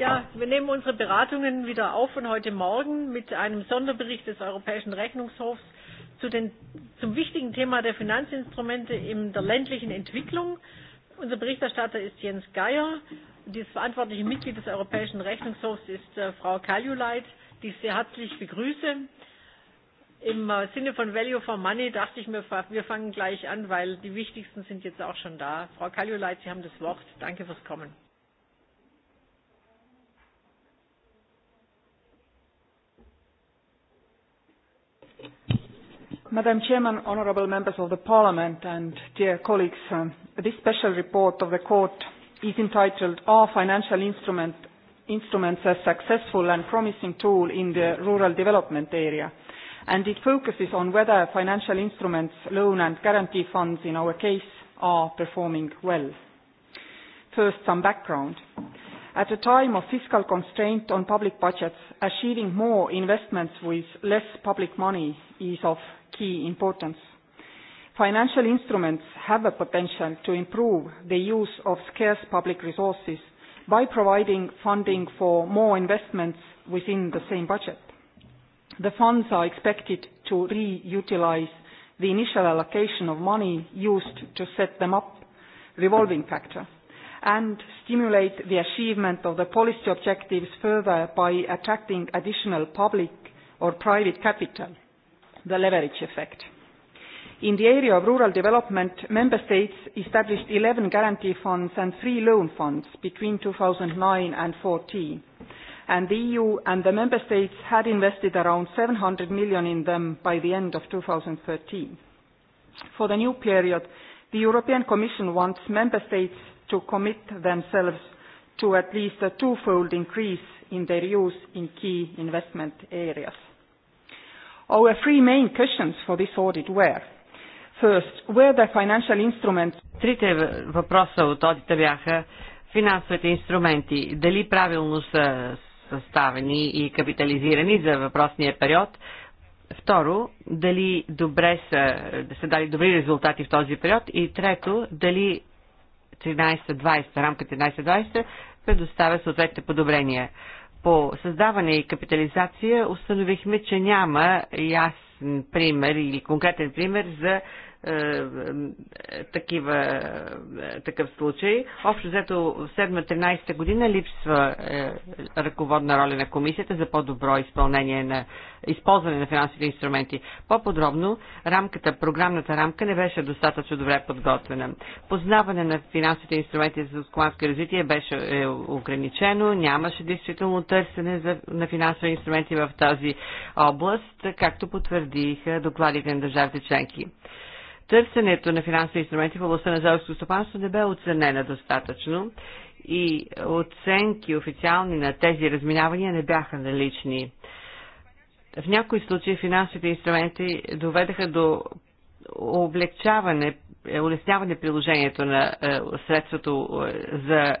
Ja, wir nehmen unsere Beratungen wieder auf von heute Morgen mit einem Sonderbericht des Europäischen Rechnungshofs zu den, zum wichtigen Thema der Finanzinstrumente in der ländlichen Entwicklung. Unser Berichterstatter ist Jens Geier. Das verantwortliche Mitglied des Europäischen Rechnungshofs ist äh, Frau Kaljuleit, die ich sehr herzlich begrüße. Im äh, Sinne von Value for Money dachte ich mir, wir fangen gleich an, weil die wichtigsten sind jetzt auch schon da. Frau Kaljuleit, Sie haben das Wort. Danke fürs Kommen. Madam Chairman, honourable members of the Parliament and dear colleagues, um, this special report of the Court is entitled Are Financial Instrument, Instruments a Successful and Promising Tool in the Rural Development Area? and it focuses on whether financial instruments, loan and guarantee funds in our case, are performing well. First, some background. At a time of fiscal constraint on public budgets, achieving more investments with less public money is of key importance. Financial instruments have a potential to improve the use of scarce public resources by providing funding for more investments within the same budget. The funds are expected to reutilize the initial allocation of money used to set them up revolving factor and stimulate the achievement of the policy objectives further by attracting additional public or private capital, the leverage effect. In the area of rural development, member states established 11 guarantee funds and three loan funds between 2009 and 2014, and the EU and the member states had invested around 700 million in them by the end of 2013. For the new period, the European Commission wants member states to commit themselves to at least a twofold increase in their use in key investment areas. Our three main questions for this audit were, first, were the financial instruments... Трите въпроса от одита бяха финансовите инструменти, дали правилно са съставени и капитализирани за въпросния период. Второ, дали добре са, са дали добри резултати в този период. И трето, дали 13-20, рамка 13-20, предоставя съответните подобрения. По създаване и капитализация установихме, че няма ясен пример или конкретен пример за е, е, такива, е, такъв случай. Общо взето в 7-13 година липсва ръководна роля на комисията за по-добро изпълнение на използване на финансовите инструменти. По-подробно, рамката, програмната рамка не беше достатъчно добре подготвена. Познаване на финансовите инструменти за скланско развитие беше ограничено, нямаше действително търсене за, на финансови инструменти в тази област, както потвърдиха докладите на държавите членки търсенето на финансови инструменти в областта на зелското стопанство не бе оценена достатъчно и оценки официални на тези разминавания не бяха налични. В някои случаи финансовите инструменти доведаха до облегчаване, е, улесняване приложението на е, средството е, за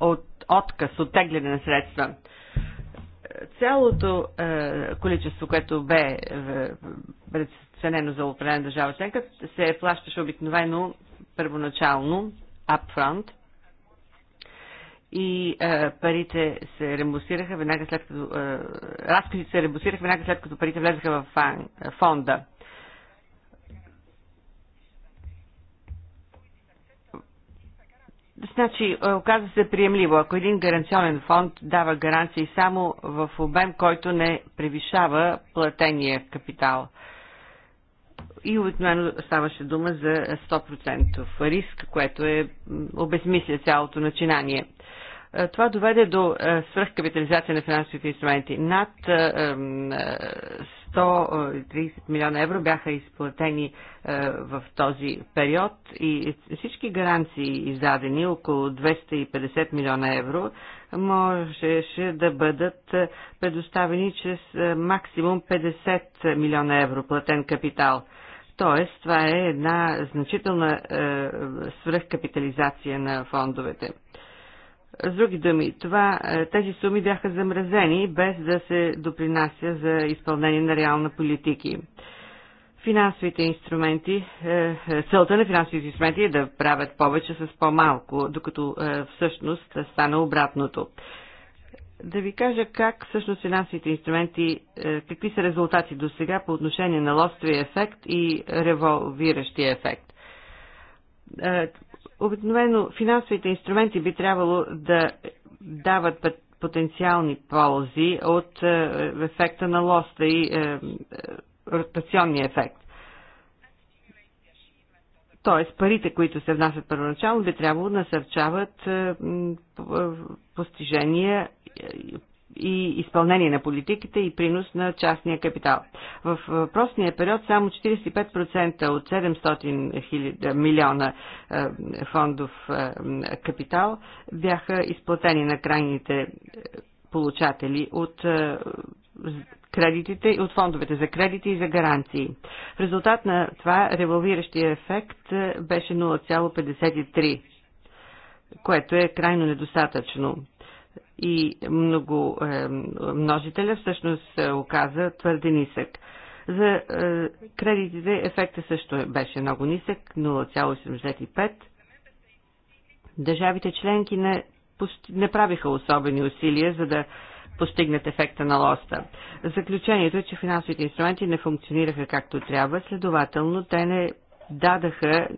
от, отказ, оттегляне на средства цялото количество, което бе е, ценено за определена държава членка, се плащаше обикновено първоначално, upfront, и е, парите се рембусираха веднага след като е, разходите се рембусираха веднага след като парите влезаха в фан, фонда. Значи, е, оказва се приемливо. Ако един гаранционен фонд дава гаранции само в обем, който не превишава платения капитал. Е, и обикновено ставаше дума за 100% риск, което е обезмисля цялото начинание. Е, това доведе до е, свръхкапитализация на финансовите инструменти. Над 130 е, милиона евро бяха изплатени в този период и всички гаранции издадени, около 250 милиона евро, можеше да бъдат предоставени чрез максимум 50 милиона евро платен капитал – Тоест, това е една значителна е, свръхкапитализация на фондовете. С други думи, това, е, тези суми бяха замразени без да се допринася за изпълнение на реална политики. Финансовите инструменти, е, е, целта на финансовите инструменти е да правят повече с по-малко, докато всъщност стана обратното да ви кажа как всъщност финансовите инструменти, е, какви са резултати до сега по отношение на лостовия ефект и револвиращия ефект. Е, обикновено финансовите инструменти би трябвало да дават потенциални ползи от е, ефекта на лоста и ротационния ефект. Т.е. парите, които се внасят първоначално, би трябвало да насърчават е, е, постижения е, и изпълнение на политиките и принос на частния капитал. В въпросния период само 45% от 700 000 милиона фондов капитал бяха изплатени на крайните получатели от кредитите, и от фондовете за кредити и за гаранции. В резултат на това револвиращия ефект е, беше 0,53, което е крайно недостатъчно. И много, е, множителя всъщност оказа твърде нисък. За е, кредитите ефекта също беше много нисък 0,85. Държавите членки не, не правиха особени усилия, за да постигнат ефекта на лоста. Заключението е, че финансовите инструменти не функционираха както трябва, следователно те не дадаха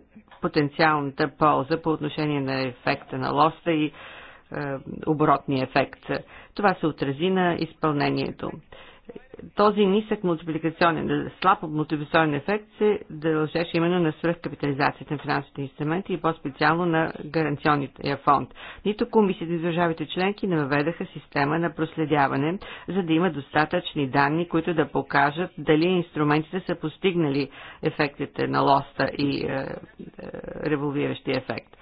потенциалната полза по отношение на ефекта на лоста и е, оборотния ефект. Това се отрази на изпълнението. Е, този нисък мултипликационен, слаб мултипликационен ефект се дължеше именно на свръхкапитализацията на финансовите инструменти и по-специално на гаранционния фонд. Нито комисията и държавите членки не въведаха система на проследяване, за да има достатъчни данни, които да покажат дали инструментите са постигнали ефектите на лоста и е, е, револвиращия ефект.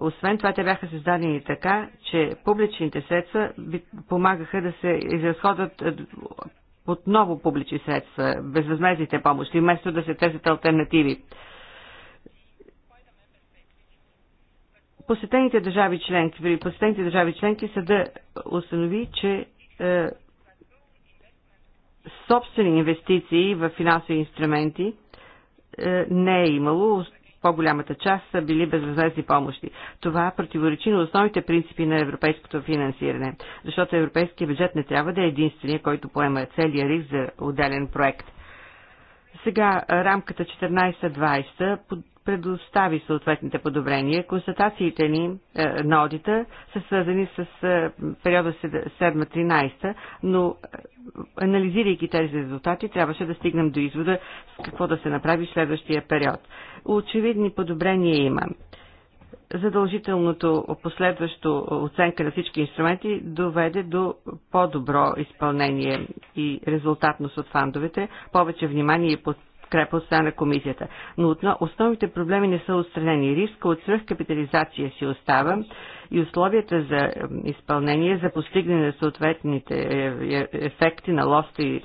Освен това, те бяха създадени така, че публичните средства помагаха да се изразходват е, отново публични средства, безвъзмезните помощи, вместо да се търсят альтернативи. Посетените държави членки, посетените държави членки да установи, че е, собствени инвестиции в финансови инструменти е, не е имало, по-голямата част са били безвъзмезни помощи. Това противоречи на основните принципи на европейското финансиране, защото европейския бюджет не трябва да е единствения, който поема целия риск за отделен проект. Сега рамката 14-20 предостави съответните подобрения. Констатациите ни е, на одита са свързани с е, периода 7-13, но е, анализирайки тези резултати, трябваше да стигнем до извода с какво да се направи в следващия период. Очевидни подобрения има задължителното последващо оценка на всички инструменти доведе до по-добро изпълнение и резултатност от фандовете, повече внимание и подкрепа от страна на комисията. Но основните проблеми не са отстранени. Риска от свръхкапитализация си остава и условията за изпълнение, за постигане на съответните е, е, ефекти на лост и е,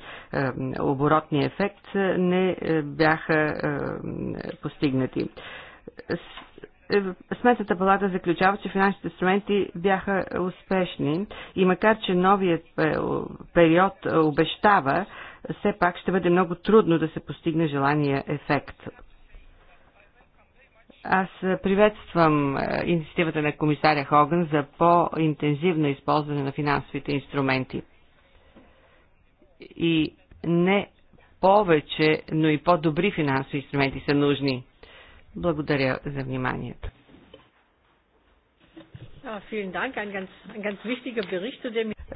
оборотния ефект не бяха постигнати. Сметната палата заключава, че финансовите инструменти бяха успешни и макар, че новият период обещава, все пак ще бъде много трудно да се постигне желания ефект. Аз приветствам е, инициативата на комисаря Хоган за по-интензивно използване на финансовите инструменти. И не повече, но и по-добри финансови инструменти са нужни. Благодаря за вниманието.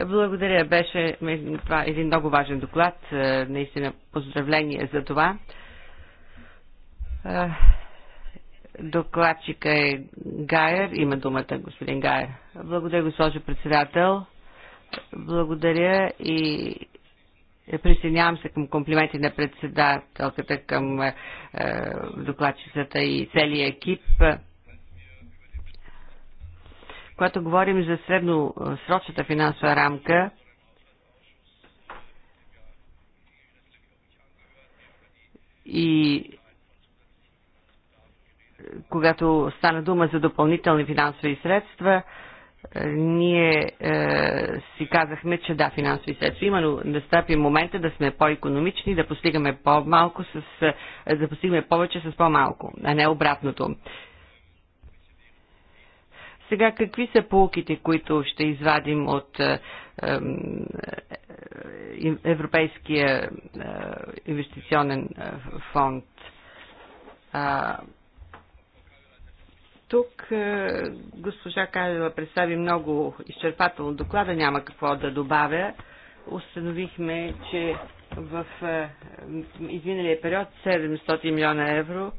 Благодаря. Беше това е един много важен доклад. Е, наистина поздравление за това. Е, докладчика е Гайер. Има думата господин Гайер. Благодаря, госпожо председател. Благодаря и Присъединявам се към комплименти на председателката, към докладчицата и целият екип. Когато говорим за средносрочната финансова рамка, и когато стана дума за допълнителни финансови средства, е, ние е, си казахме, че да, финансови средства има, но настъпи момента да сме по-економични, да постигаме по-малко с, е, да постигаме повече с по-малко, а не обратното. Е, сега какви са полуките, които ще извадим от е, е, Европейския е, инвестиционен фонд? тук госпожа Калева представи много изчерпателно доклада, няма какво да добавя. Установихме, че в изминалия период 700 милиона евро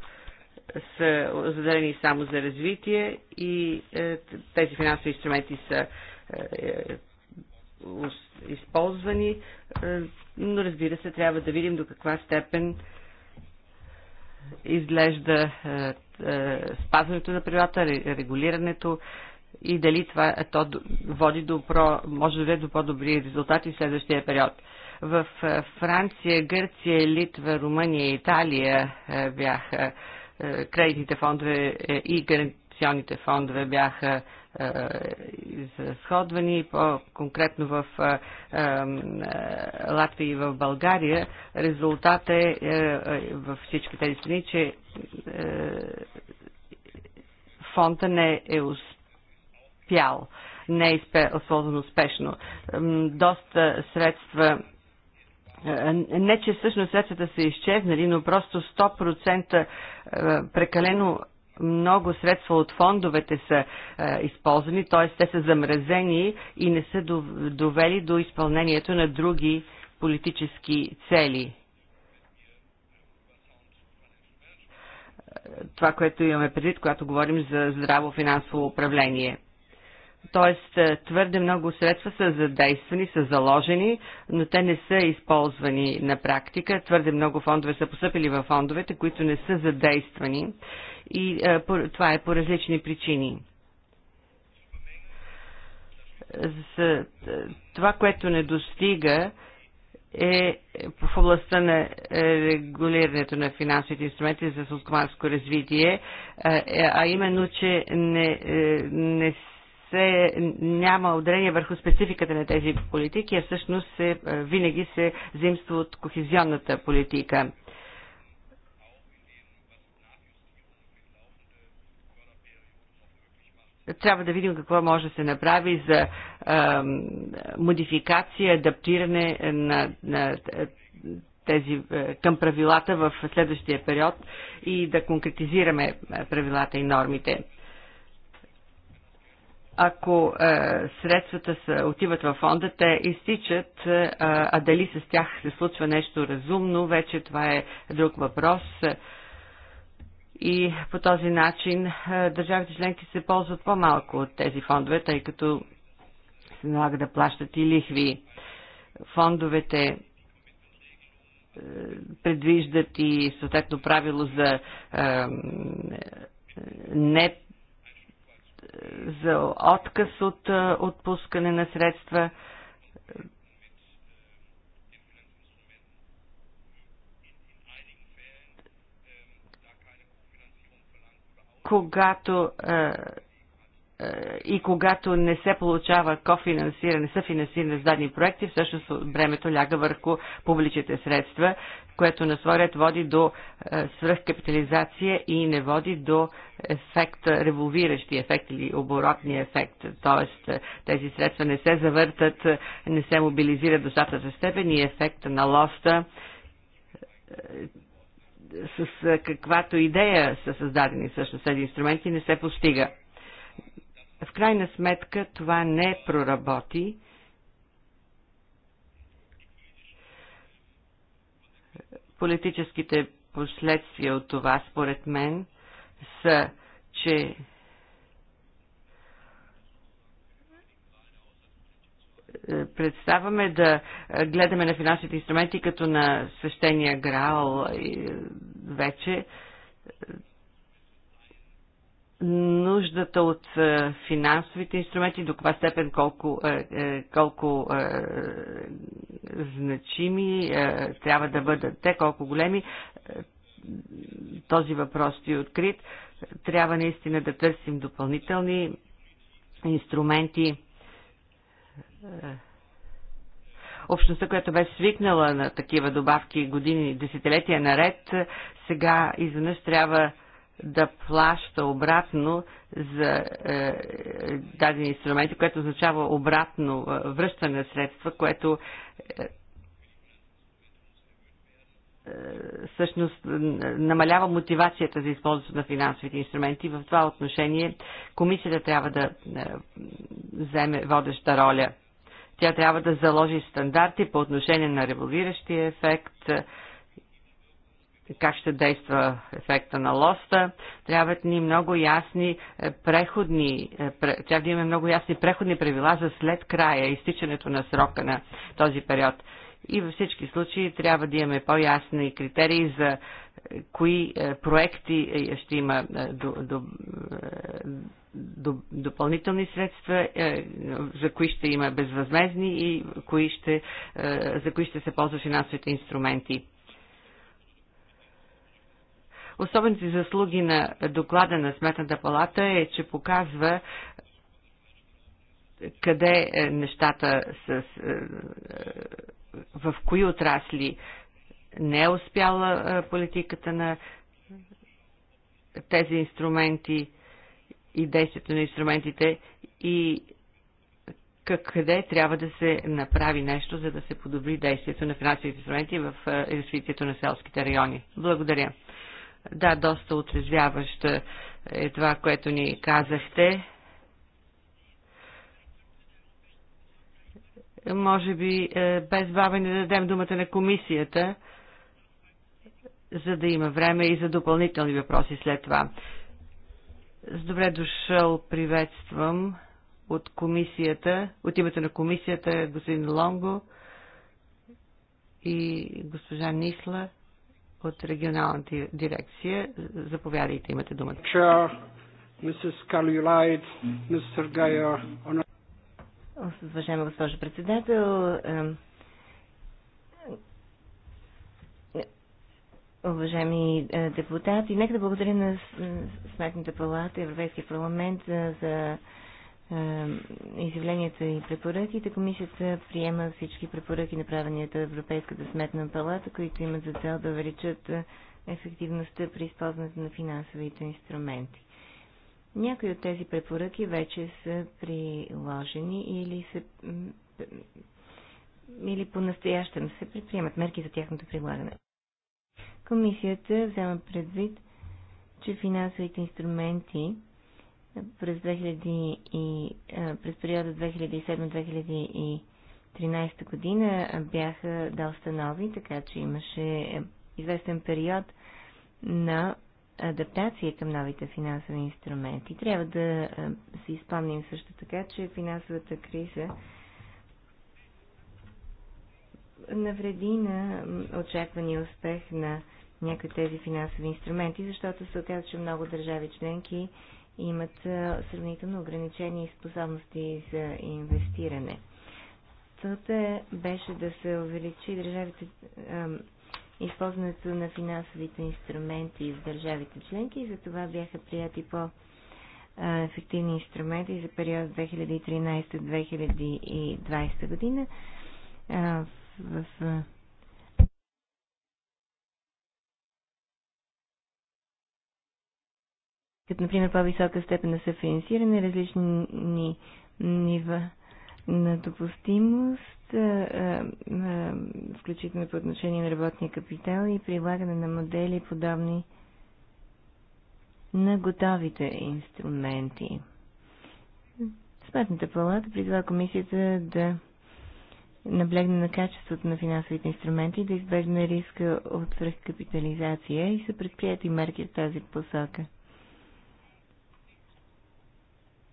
са заделени само за развитие и е, тези финансови инструменти са е, е, използвани, но разбира се, трябва да видим до каква степен изглежда спазването на природата, регулирането и дали това то води до про, може да доведе до по-добри резултати в следващия период. В Франция, Гърция, Литва, Румъния и Италия бяха е, кредитните фондове е, и гаранционните фондове бяха е, изразходвани, по-конкретно в Латвия и в България. Резултат е във всички тези страни, че фонда не е успял, не е използван успешно. Доста средства е, не, че всъщност средствата са изчезнали, но просто 100% е, прекалено много средства от фондовете са е, използвани, т.е. те са замразени и не са довели до изпълнението на други политически цели. Е, това, което имаме предвид, когато говорим за здраво финансово управление. Т.е. твърде много средства са задействани, са заложени, но те не са използвани на практика. Твърде много фондове са поступили в фондовете, които не са задействани и е, по, това е по различни причини. За, е, това, което не достига е в областта на е, регулирането на финансовите инструменти за сълскоманско развитие, е, а именно, че не, не се, няма ударение върху спецификата на тези политики, а всъщност се, е, винаги се заимства от кохезионната политика. трябва да видим какво може да се направи за е, модификация, адаптиране на, на е, тези е, към правилата в следващия период и да конкретизираме правилата и нормите ако е, средствата са, отиват във фонда, те изтичат, е, а дали с тях се случва нещо разумно, вече това е друг въпрос. И по този начин е, държавите членки се ползват по-малко от тези фондове, тъй като се налага да плащат и лихви. Фондовете е, предвиждат и съответно правило за е, е не за отказ от отпускане на средства. Когато и когато не се получава кофинансиране, съфинансиране с дадени проекти, всъщност времето ляга върху публичните средства, което на свой ред води до е, свръхкапитализация и не води до ефект, е, револвиращи ефект или оборотния ефект. Тоест е, тези средства не се завъртат, не се мобилизират до за степен и ефекта на лоста с каквато идея са създадени всъщност тези инструменти, не се постига. В крайна сметка това не проработи. Политическите последствия от това, според мен, са, че представаме да гледаме на финансовите инструменти като на свещения грал и вече нуждата от е, финансовите инструменти, до каква степен колко, е, е, колко значими трябва да бъдат те, колко големи, този въпрос е открит. Трябва наистина да търсим допълнителни инструменти. Общността, която бе свикнала на такива добавки години, десетилетия наред, сега изведнъж трябва да плаща обратно за е, дадени инструменти, което означава обратно е, връщане на средства, което е, е всъщност намалява мотивацията за използването на финансовите инструменти. В това отношение комисията трябва да е, вземе водеща роля. Тя трябва да заложи стандарти по отношение на револвиращия ефект, как ще действа ефекта на лоста. Трябват ни много ясни е, преходни, е, трябва да имаме много ясни преходни правила за след края, изтичането на срока на този период. И във всички случаи трябва да имаме по-ясни критерии за е, кои проекти ще има до, до, до, допълнителни средства, за кои ще има безвъзмезни и кои ще, за кои ще се ползва финансовите инструменти Особените заслуги на доклада на Сметната палата е, че показва къде е, нещата с, е, е, в кои отрасли не е успяла политиката на тези инструменти и действието на инструментите и къде трябва да се направи нещо, за да се подобри действието на финансовите инструменти в развитието на селските райони. Благодаря. Да, доста отрезвяваща е това, което ни казахте. Може би е, без бавене да дадем думата на комисията, за да има време и за допълнителни въпроси след това. С добре дошъл приветствам от комисията, от името на комисията господин Лонго и госпожа Нисла от регионалната дирекция. Заповядайте, имате думата. Уважаема госпожа председател, уважаеми е, депутати, нека да благодаря на Сметната палата, Европейския парламент е, за изявленията и препоръките, комисията приема всички препоръки, направени от Европейската сметна палата, които имат за цел да увеличат ефективността при използването на финансовите инструменти. Някои от тези препоръки вече са приложени или, се, или по-настоящем се предприемат мерки за тяхното прилагане. Комисията взема предвид, че финансовите инструменти през, 2000 и, през периода 2007-2013 година бяха доста нови, така че имаше известен период на адаптация към новите финансови инструменти. Трябва да си изпомним също така, че финансовата криза навреди на очаквания успех на някои тези финансови инструменти, защото се оказа, че много държави членки имат сравнително ограничени способности за инвестиране. Целта е, беше да се увеличи държавите, използването на финансовите инструменти в държавите членки и за това бяха прияти по ефективни инструменти за период 2013-2020 година в като например по-висока степен на съфинансиране, различни нива на допустимост, включително по отношение на работния капитал и прилагане на модели подобни на готовите инструменти. Сметната палата призва комисията да наблегне на качеството на финансовите инструменти да избегне риска от свръхкапитализация и са предприяти мерки в тази посока –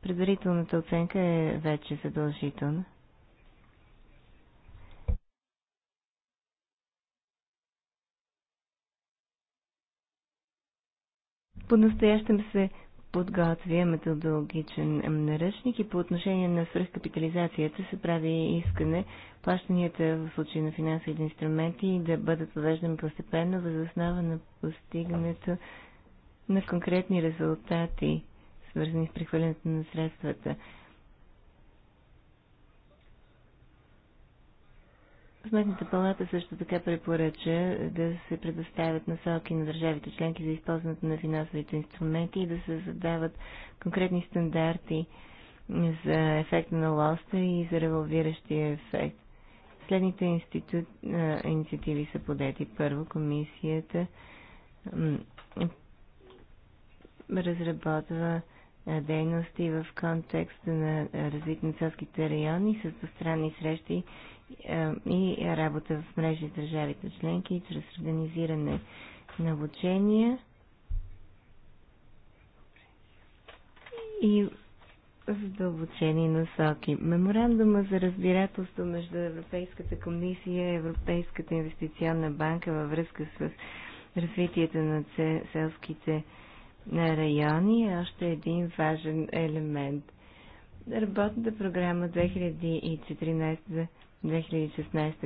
Предварителната оценка е вече задължителна. По-настоящем се подготвя методологичен наръчник и по отношение на свръхкапитализацията се прави искане плащанията в случай на финансовите инструменти да бъдат въвеждани постепенно въз основа на постигането на конкретни резултати свързани с прехвърлянето на средствата. Сметната палата също така препоръча да се предоставят насоки на държавите членки за използването на финансовите инструменти и да се задават конкретни стандарти за ефект на лоста и за револвиращия ефект. Следните институт, а, инициативи са подети. Първо, комисията разработва дейности в контекста на развитие на селските райони с двустранни срещи и работа в мрежи с държавите членки чрез организиране на обучения и задълбочени насоки. Меморандума за разбирателство между Европейската комисия и Европейската инвестиционна банка във връзка с развитието на селските райони на райони е още един важен елемент. Работната програма 2014-2016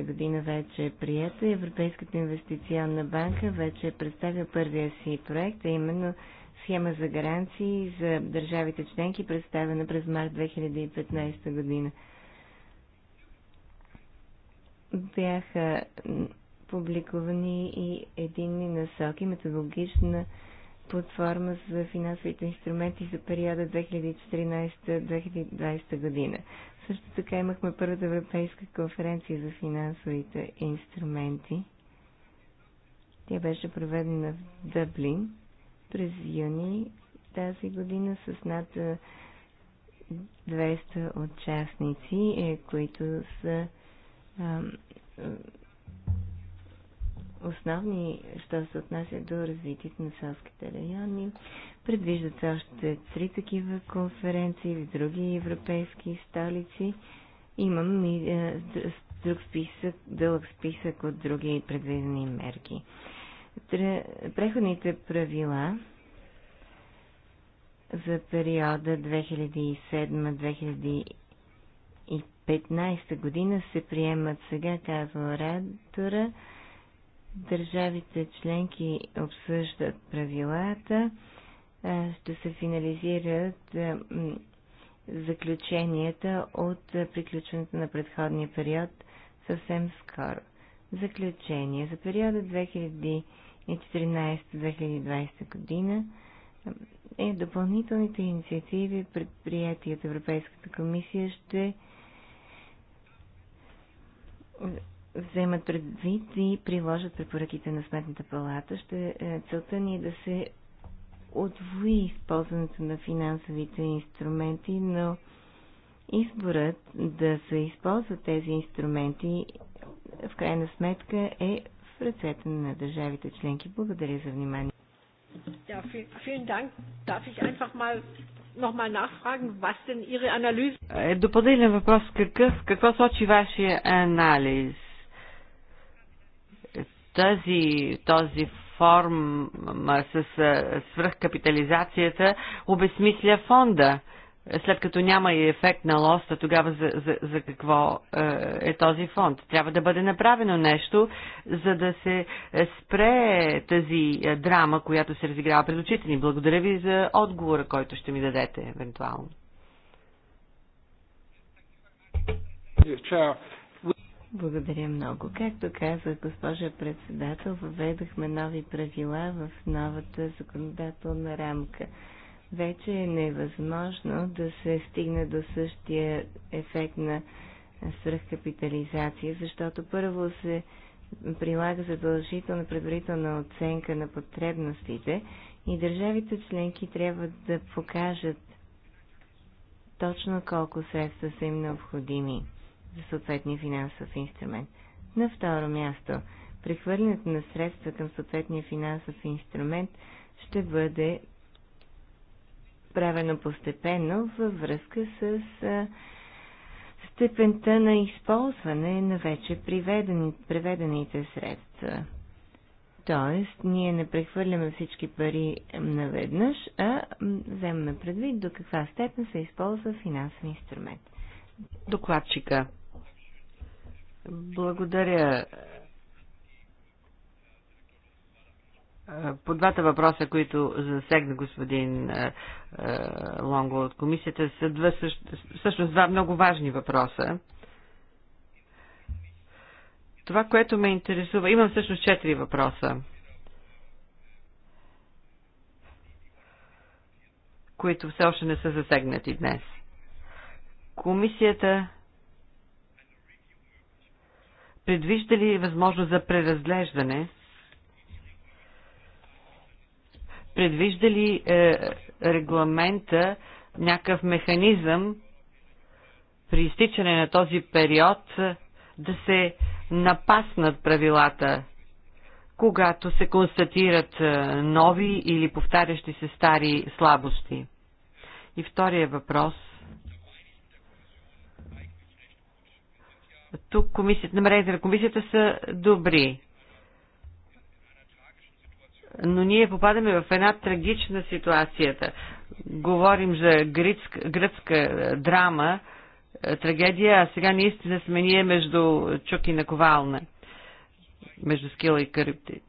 година вече е прията и Европейската инвестиционна банка вече е представя първия си проект, а именно схема за гаранции за държавите членки, представена през март 2015 година. Бяха публикувани и единни насоки, методологична платформа за финансовите инструменти за периода 2014-2020 година. Също така имахме първата европейска конференция за финансовите инструменти. Тя беше проведена в Дъблин през юни тази година с над 200 участници, е, които са основни, що се отнася до развитието на селските райони. Предвиждат още три такива конференции в други европейски столици. Имам и е, друг списък, дълъг списък от други предвидени мерки. Преходните правила за периода 2007-2015 година се приемат сега, казва оратора Държавите членки обсъждат правилата, ще се финализират заключенията от приключването на предходния период съвсем скоро. Заключение. За периода 2014-2020 година е допълнителните инициативи предприятия от Европейската комисия ще вземат предвид и приложат препоръките на Сметната палата. Ще, е, целта ни е да се отвои използването на финансовите инструменти, но изборът да се използват тези инструменти в крайна сметка е в ръцете на държавите членки. Благодаря за внимание. Ja, vielen Dank. Darf ich einfach mal nachfragen, was denn Ihre Analyse? Допълнителен въпрос. Какъв, какво сочи вашия анализ? тази, този форм с свръхкапитализацията обесмисля фонда. След като няма и ефект на лоста, тогава за, за, за какво е, е този фонд? Трябва да бъде направено нещо, за да се спре тази е, драма, която се разиграва пред очите ни. Благодаря ви за отговора, който ще ми дадете евентуално. Чао. Благодаря много. Както каза госпожа председател, въведахме нови правила в новата законодателна рамка. Вече е невъзможно да се стигне до същия ефект на свръхкапитализация, защото първо се прилага задължителна предварителна оценка на потребностите и държавите членки трябва да покажат точно колко средства са им необходими за съответния финансов инструмент. На второ място, прехвърлянето на средства към съответния финансов инструмент ще бъде правено постепенно във връзка с степента на използване на вече преведените средства. Тоест, ние не прехвърляме всички пари наведнъж, а вземаме предвид до каква степен се използва финансов инструмент. Докладчика. Благодаря. По двата въпроса, които засегна господин е, е, Лонго от комисията, са два, всъщност два много важни въпроса. Това, което ме интересува, имам всъщност четири въпроса, които все още не са засегнати днес. Комисията Предвижда ли възможност за преразглеждане? Предвижда ли е, регламента някакъв механизъм при изтичане на този период е, да се напаснат правилата, когато се констатират е, нови или повтарящи се стари слабости? И втория въпрос – Тук комисията, намеренията на комисията са добри. Но ние попадаме в една трагична ситуация. Говорим за гръцка, гръцка е, драма, е, трагедия, а сега наистина сме ние между чук и наковална, между скила и карибдит.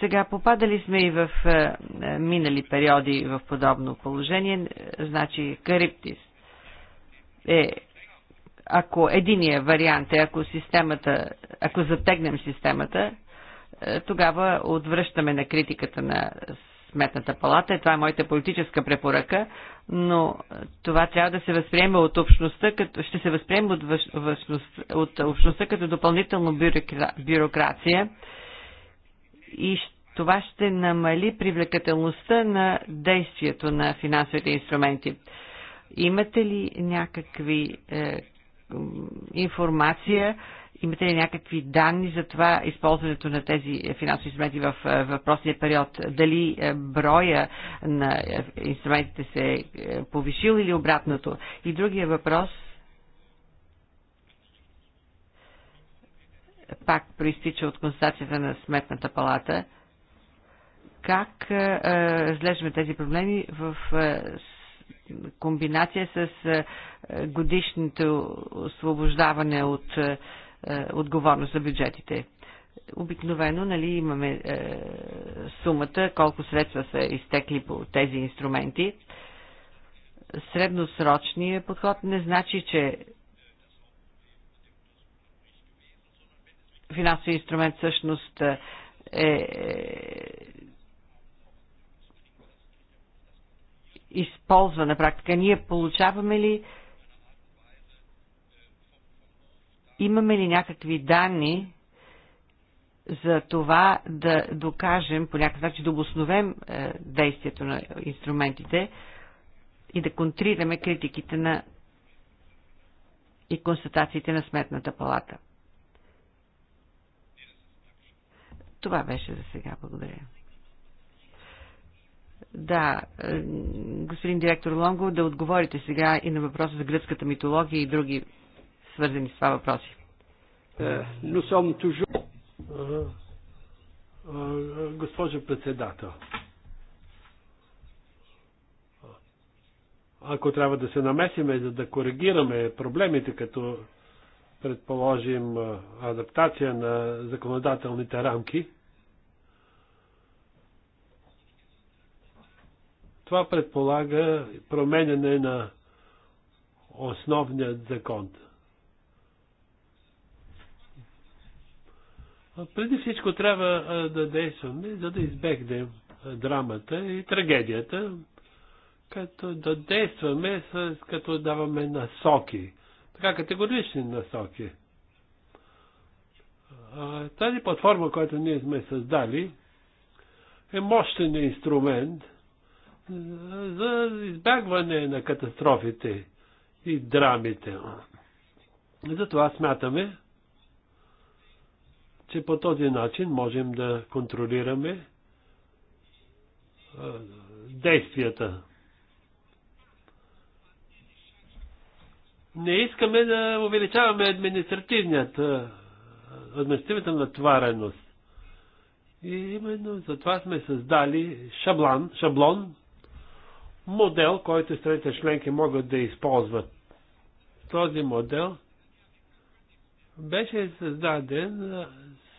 Сега попадали сме и в е, минали периоди в подобно положение, значи Кариптис е ако единия вариант е, ако системата, ако затегнем системата, е, тогава отвръщаме на критиката на Сметната палата. И е, това е моята политическа препоръка, но това трябва да се възприеме от общността, като, ще се възприеме от, въщност, от общността като допълнително бюрокра, бюрокрация и това ще намали привлекателността на действието на финансовите инструменти. Имате ли някакви е, информация? Имате ли някакви данни за това използването на тези финансови инструменти в въпросния период? Дали броя на инструментите се е повишил или обратното? И другия въпрос пак проистича от констатацията на Сметната палата. Как разглеждаме тези проблеми в комбинация с е, годишното освобождаване от е, отговорност за бюджетите. Обикновено нали, имаме е, сумата, колко средства са изтекли по тези инструменти. Средносрочният подход не значи, че финансовият инструмент всъщност е използва на практика? Ние получаваме ли имаме ли някакви данни за това да докажем, по някакъв начин да обосновем е, действието на инструментите и да контрираме критиките на и констатациите на Сметната палата. Това беше за сега. Благодаря. Да, е, господин директор Лонго, да отговорите сега и на въпроса за гръцката митология и други свързани с това въпроси. Е, но съм тужо. Е, госпожо председател, ако трябва да се намесиме, за да коригираме проблемите, като предположим адаптация на законодателните рамки, Това предполага променене на основният закон. Преди всичко трябва да действаме, за да избегнем драмата и трагедията, като да действаме, с, като даваме насоки. Така категорични насоки. Тази платформа, която ние сме създали, е мощен инструмент – за избягване на катастрофите и драмите. Затова смятаме, че по този начин можем да контролираме действията. Не искаме да увеличаваме административният, административната натвареност. И именно затова сме създали шаблон, шаблон модел, който страните членки могат да използват. Този модел беше създаден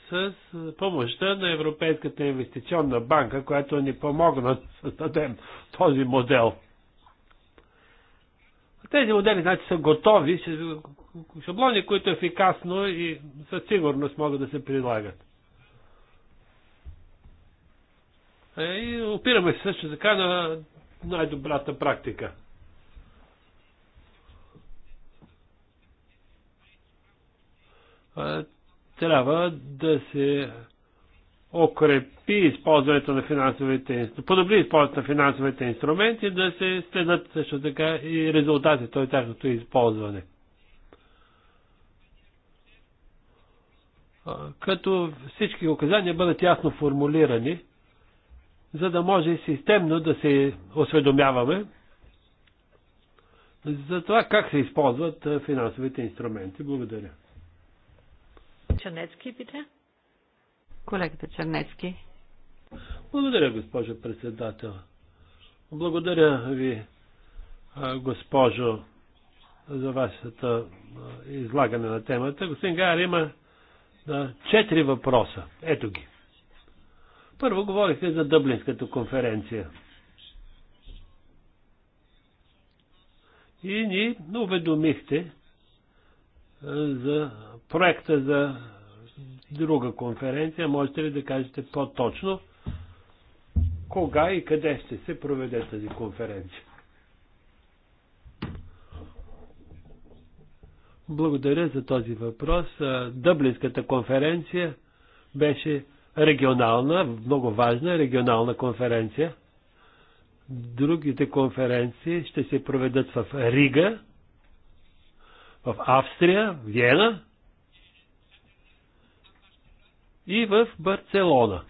с помощта на Европейската инвестиционна банка, която ни помогна да създадем този модел. Тези модели значи, са готови, шаблони, които ефикасно и със сигурност могат да се прилагат. Е, и опираме се също така на най-добрата практика. Трябва да се окрепи използването на финансовите, подобри използването на финансовите инструменти, да се следят също така и резултатите от тяхното използване. Като всички указания бъдат ясно формулирани, за да може системно да се осведомяваме за това как се използват финансовите инструменти. Благодаря. Чернецки, пите? Колегата Чернецки. Благодаря, госпожо председател. Благодаря ви, госпожо, за вашата излагане на темата. Господин Гайер има четири въпроса. Ето ги. Първо говорихте за Дъблинската конференция. И ни уведомихте за проекта за друга конференция. Можете ли да кажете по-точно кога и къде ще се проведе тази конференция? Благодаря за този въпрос. Дъблинската конференция беше регионална, много важна регионална конференция. Другите конференции ще се проведат в Рига, в Австрия, Виена и в Барселона.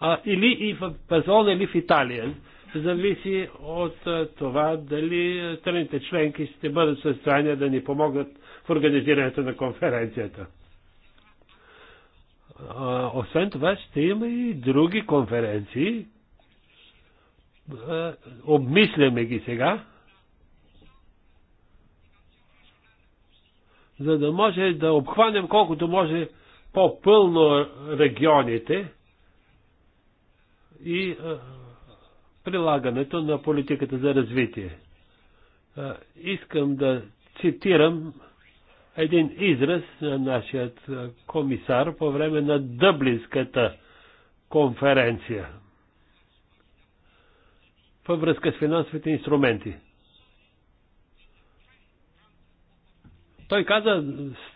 А, или и в Барселона, или в Италия. Зависи от това дали страните членки ще бъдат в състояние да ни помогнат в организирането на конференцията. Освен това ще има и други конференции. Обмисляме ги сега, за да може да обхванем колкото може по-пълно регионите и прилагането на политиката за развитие. Искам да цитирам един израз на нашият комисар по време на Дъблинската конференция във връзка с финансовите инструменти. Той каза,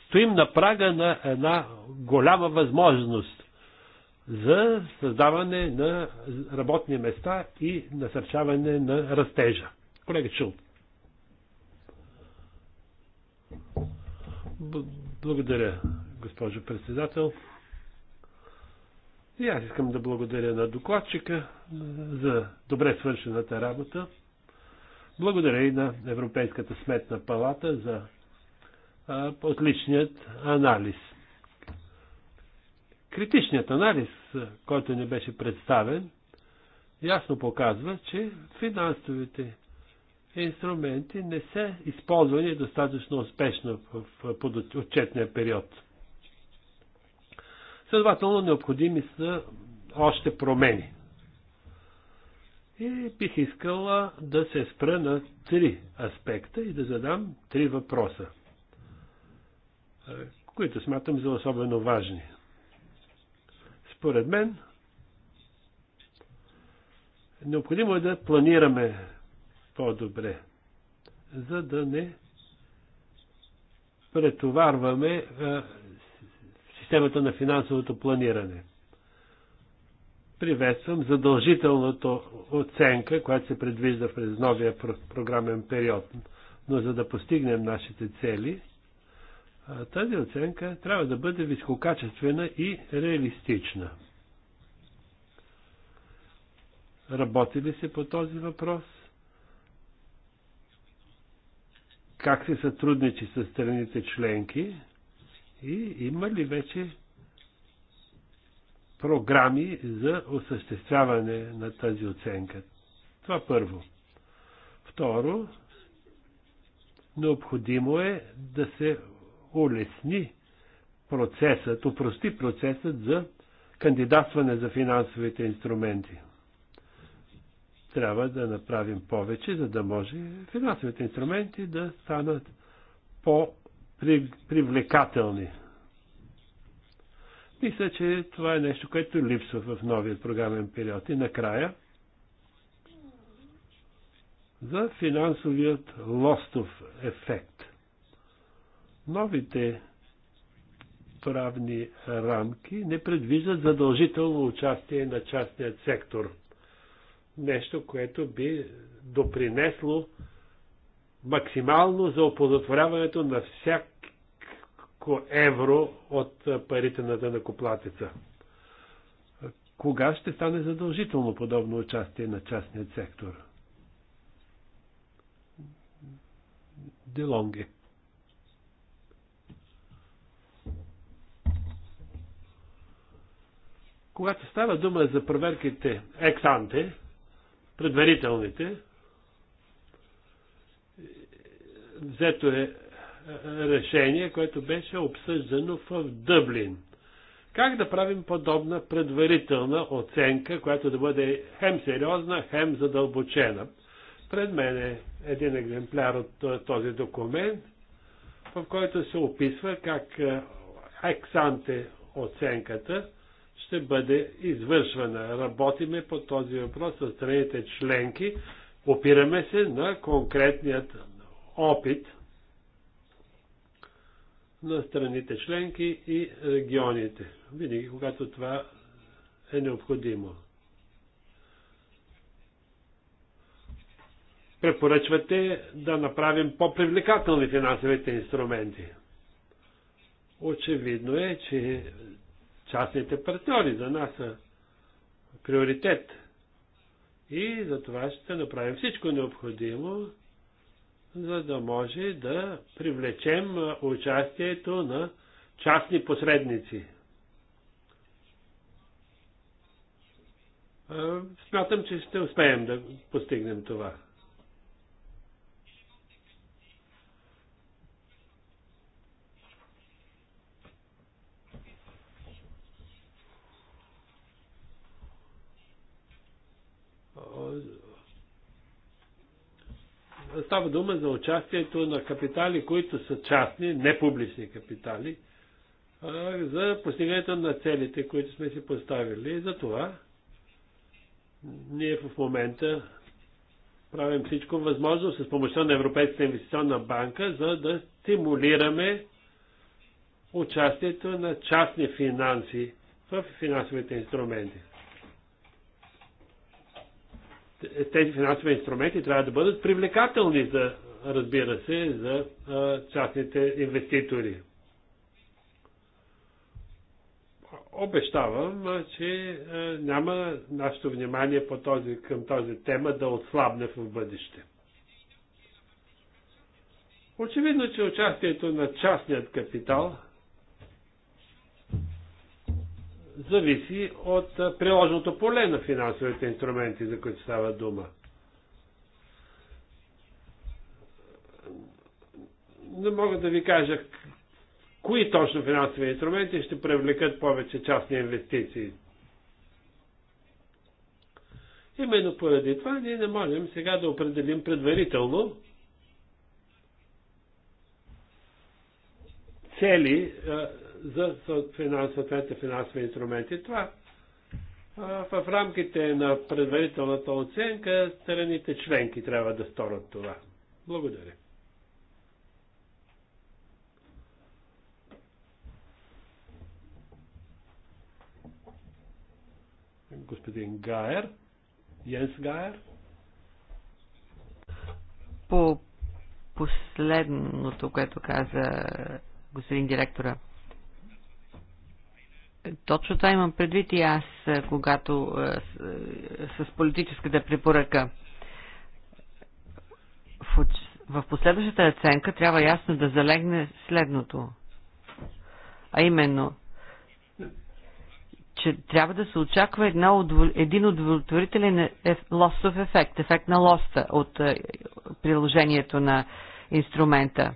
стоим на прага на една голяма възможност за създаване на работни места и насърчаване на растежа. Колега Чулт. Благодаря, госпожо председател. И аз искам да благодаря на докладчика за добре свършената работа. Благодаря и на Европейската сметна палата за а, отличният анализ. Критичният анализ, който ни беше представен, ясно показва, че финансовите инструменти не са използвани достатъчно успешно в, в отчетния период. Следователно, необходими са още промени. И бих искала да се спра на три аспекта и да задам три въпроса, е, които смятам за особено важни. Според мен, необходимо е да планираме по-добре, за да не претоварваме системата на финансовото планиране. Приветствам задължителната оценка, която се предвижда през новия програмен период. Но за да постигнем нашите цели, тази оценка трябва да бъде висококачествена и реалистична. Работи ли се по този въпрос? как се сътрудничи с страните членки и има ли вече програми за осъществяване на тази оценка. Това първо. Второ, необходимо е да се улесни процесът, упрости процесът за кандидатстване за финансовите инструменти трябва да направим повече, за да може финансовите инструменти да станат по-привлекателни. Мисля, че това е нещо, което липсва в новия програмен период. И накрая, за финансовият лостов ефект. Новите правни рамки не предвиждат задължително участие на частният сектор – нещо, което би допринесло максимално за оподотворяването на всяко евро от парите на дънакоплатеца. Кога ще стане задължително подобно участие на частния сектор? Делонге. Когато става дума за проверките ексанте, предварителните. Взето е, е решение, което беше обсъждано в Дъблин. Как да правим подобна предварителна оценка, която да бъде хем сериозна, хем задълбочена? Пред мен е един екземпляр от е, този документ, в който се описва как е, ексанте оценката ще бъде извършвана. Работиме по този въпрос с страните членки, опираме се на конкретният опит на страните членки и регионите, винаги когато това е необходимо. Препоръчвате да направим по-привлекателни финансовите инструменти. Очевидно е, че частните партньори. За нас са е приоритет. И за това ще направим всичко необходимо, за да може да привлечем участието на частни посредници. Смятам, че ще успеем да постигнем това. Е, става дума за участието на капитали, които са частни, не публични капитали, за постигането на целите, които сме си поставили. И за това ние в момента правим всичко възможно с помощта на Европейската инвестиционна банка, за да стимулираме участието на частни финанси в финансовите инструменти тези финансови инструменти трябва да бъдат привлекателни за, разбира се, за частните инвеститори. Обещавам, че няма нашето внимание по този, към този тема да отслабне в бъдеще. Очевидно, че участието на частният капитал зависи от приложното поле на финансовите инструменти, за които става дума. Не мога да ви кажа кои точно финансови инструменти ще привлекат повече частни инвестиции. Именно поради това ние не можем сега да определим предварително цели за съответните финансови инструменти. Това в рамките на предварителната оценка страните членки трябва да сторят това. Благодаря. Господин Гайер, Йенс Гайер. По последното, което каза господин директора, точно това имам предвид и аз, е, когато е, е, с политическата препоръка. В последващата оценка трябва ясно да залегне следното. А именно, че трябва да се очаква една, един удовлетворителен лостов ефект, ефект на лоста от приложението на инструмента.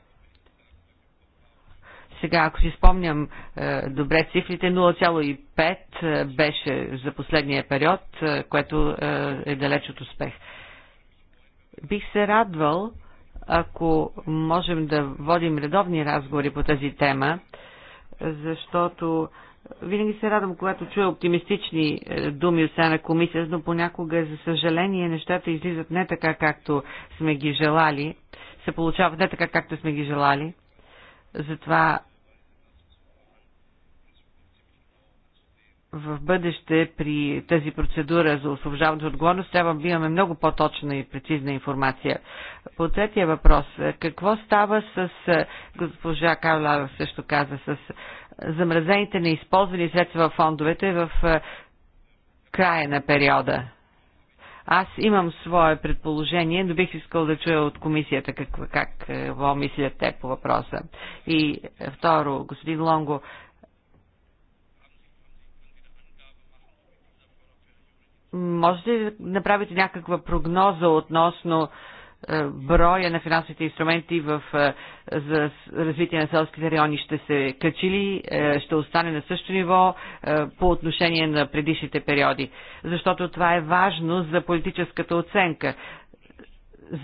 Сега, ако си спомням е, добре цифрите, 0,5 е, беше за последния период, е, което е далеч от успех. Бих се радвал, ако можем да водим редовни разговори по тази тема, защото винаги се радвам, когато чуя оптимистични думи от страна на комисията, но понякога, за съжаление, нещата излизат не така, както сме ги желали, се получават не така, както сме ги желали. Затова в бъдеще при тази процедура за освобождаването отговорност трябва да имаме много по-точна и прецизна информация. По третия въпрос, какво става с, госпожа Кавла също каза, с замразените неизползвани средства в фондовете в края на периода? Аз имам свое предположение, но бих искал да чуя от комисията какво, как, какво мислят те по въпроса. И второ, господин Лонго, Можете ли да направите някаква прогноза относно е, броя на финансовите инструменти в, е, за развитие на селските райони ще се качи ли, е, ще остане на същото ниво по отношение на предишните периоди. Защото това е важно за политическата оценка,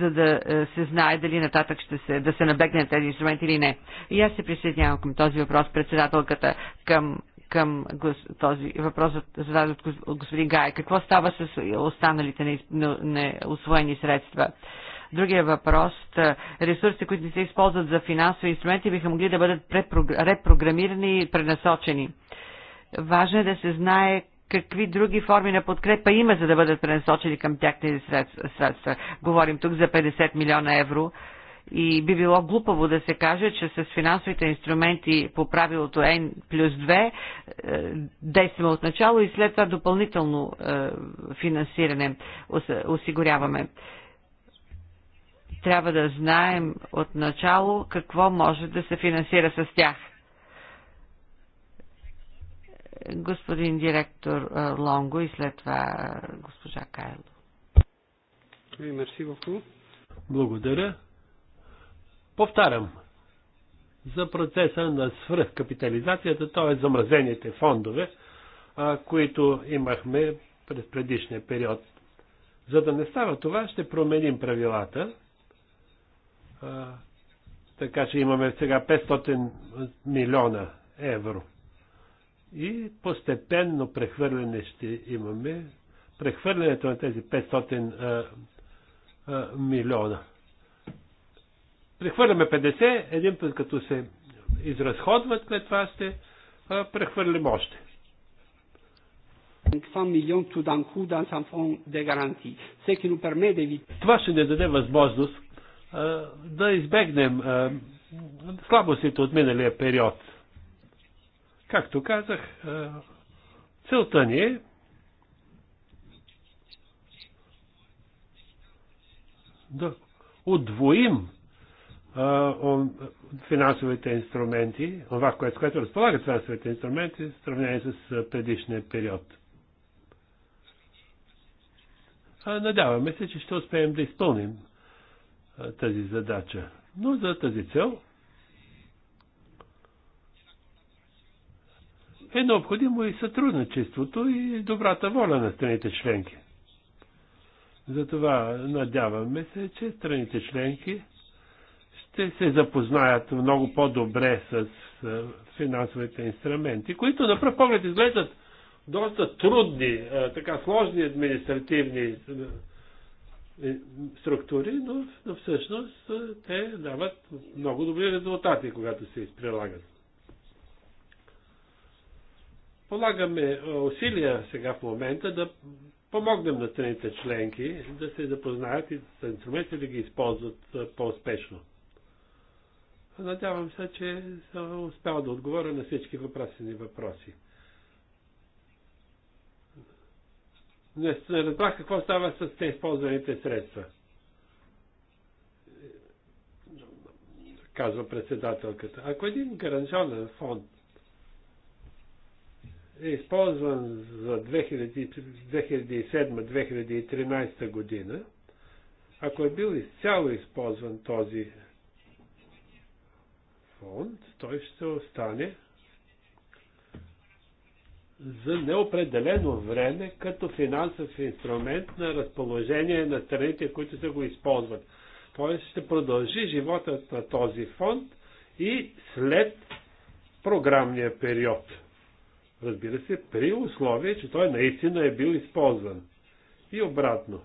за да се знае дали нататък ще се, да се набегне на тези инструменти или не. И аз се присъединявам към този въпрос, председателката, към към този въпрос, зададен от господин Гай. Какво става с останалите неосвоени средства? Другия въпрос. Е, ресурсите, които не се използват за финансови инструменти, биха могли да бъдат репрограмирани и пренасочени. Важно е да се знае какви други форми на подкрепа има, за да бъдат пренасочени към тях тези средства. Говорим тук за 50 милиона евро и би било глупаво да се каже, че с финансовите инструменти по правилото N плюс 2 е, действаме от начало и след това допълнително е, финансиране осигуряваме. Трябва да знаем от начало какво може да се финансира с тях. Господин директор е, Лонго и след това госпожа Кайло. Благодаря. Повтарям, за процеса на свръхкапитализацията, т.е. замразените фондове, които имахме през предишния период. За да не става това, ще променим правилата. Така че имаме сега 500 милиона евро. И постепенно прехвърляне ще имаме. Прехвърлянето на тези 500 а, а, милиона прехвърляме 50, един път като се изразходват, след това ще прехвърлим още. 500 милион Това ще ни даде възможност а, да избегнем а, слабостите от миналия период. Както казах, а, целта ни е да удвоим финансовите инструменти, това, което, което разполагат финансовите инструменти, в сравнение с предишния период. Надяваме се, че ще успеем да изпълним тази задача. Но за тази цел е необходимо и сътрудничеството и добрата воля на страните членки. Затова надяваме се, че страните членки ще се запознаят много по-добре с финансовите инструменти, които на пръв поглед изглеждат доста трудни, така сложни административни структури, но, всъщност те дават много добри резултати, когато се прилагат. Полагаме усилия сега в момента да помогнем на страните членки да се запознаят и с инструментите да ги използват по-успешно. Надявам се, че съм успял да отговоря на всички въпросени въпроси. Не, не разбрах какво става с те използваните средства. Казва председателката. Ако един гаранционен фонд е използван за 2007-2013 година, ако е бил изцяло използван този фонд, той ще остане за неопределено време като финансов инструмент на разположение на страните, които се го използват. Той ще продължи животът на този фонд и след програмния период. Разбира се, при условие, че той наистина е бил използван. И обратно.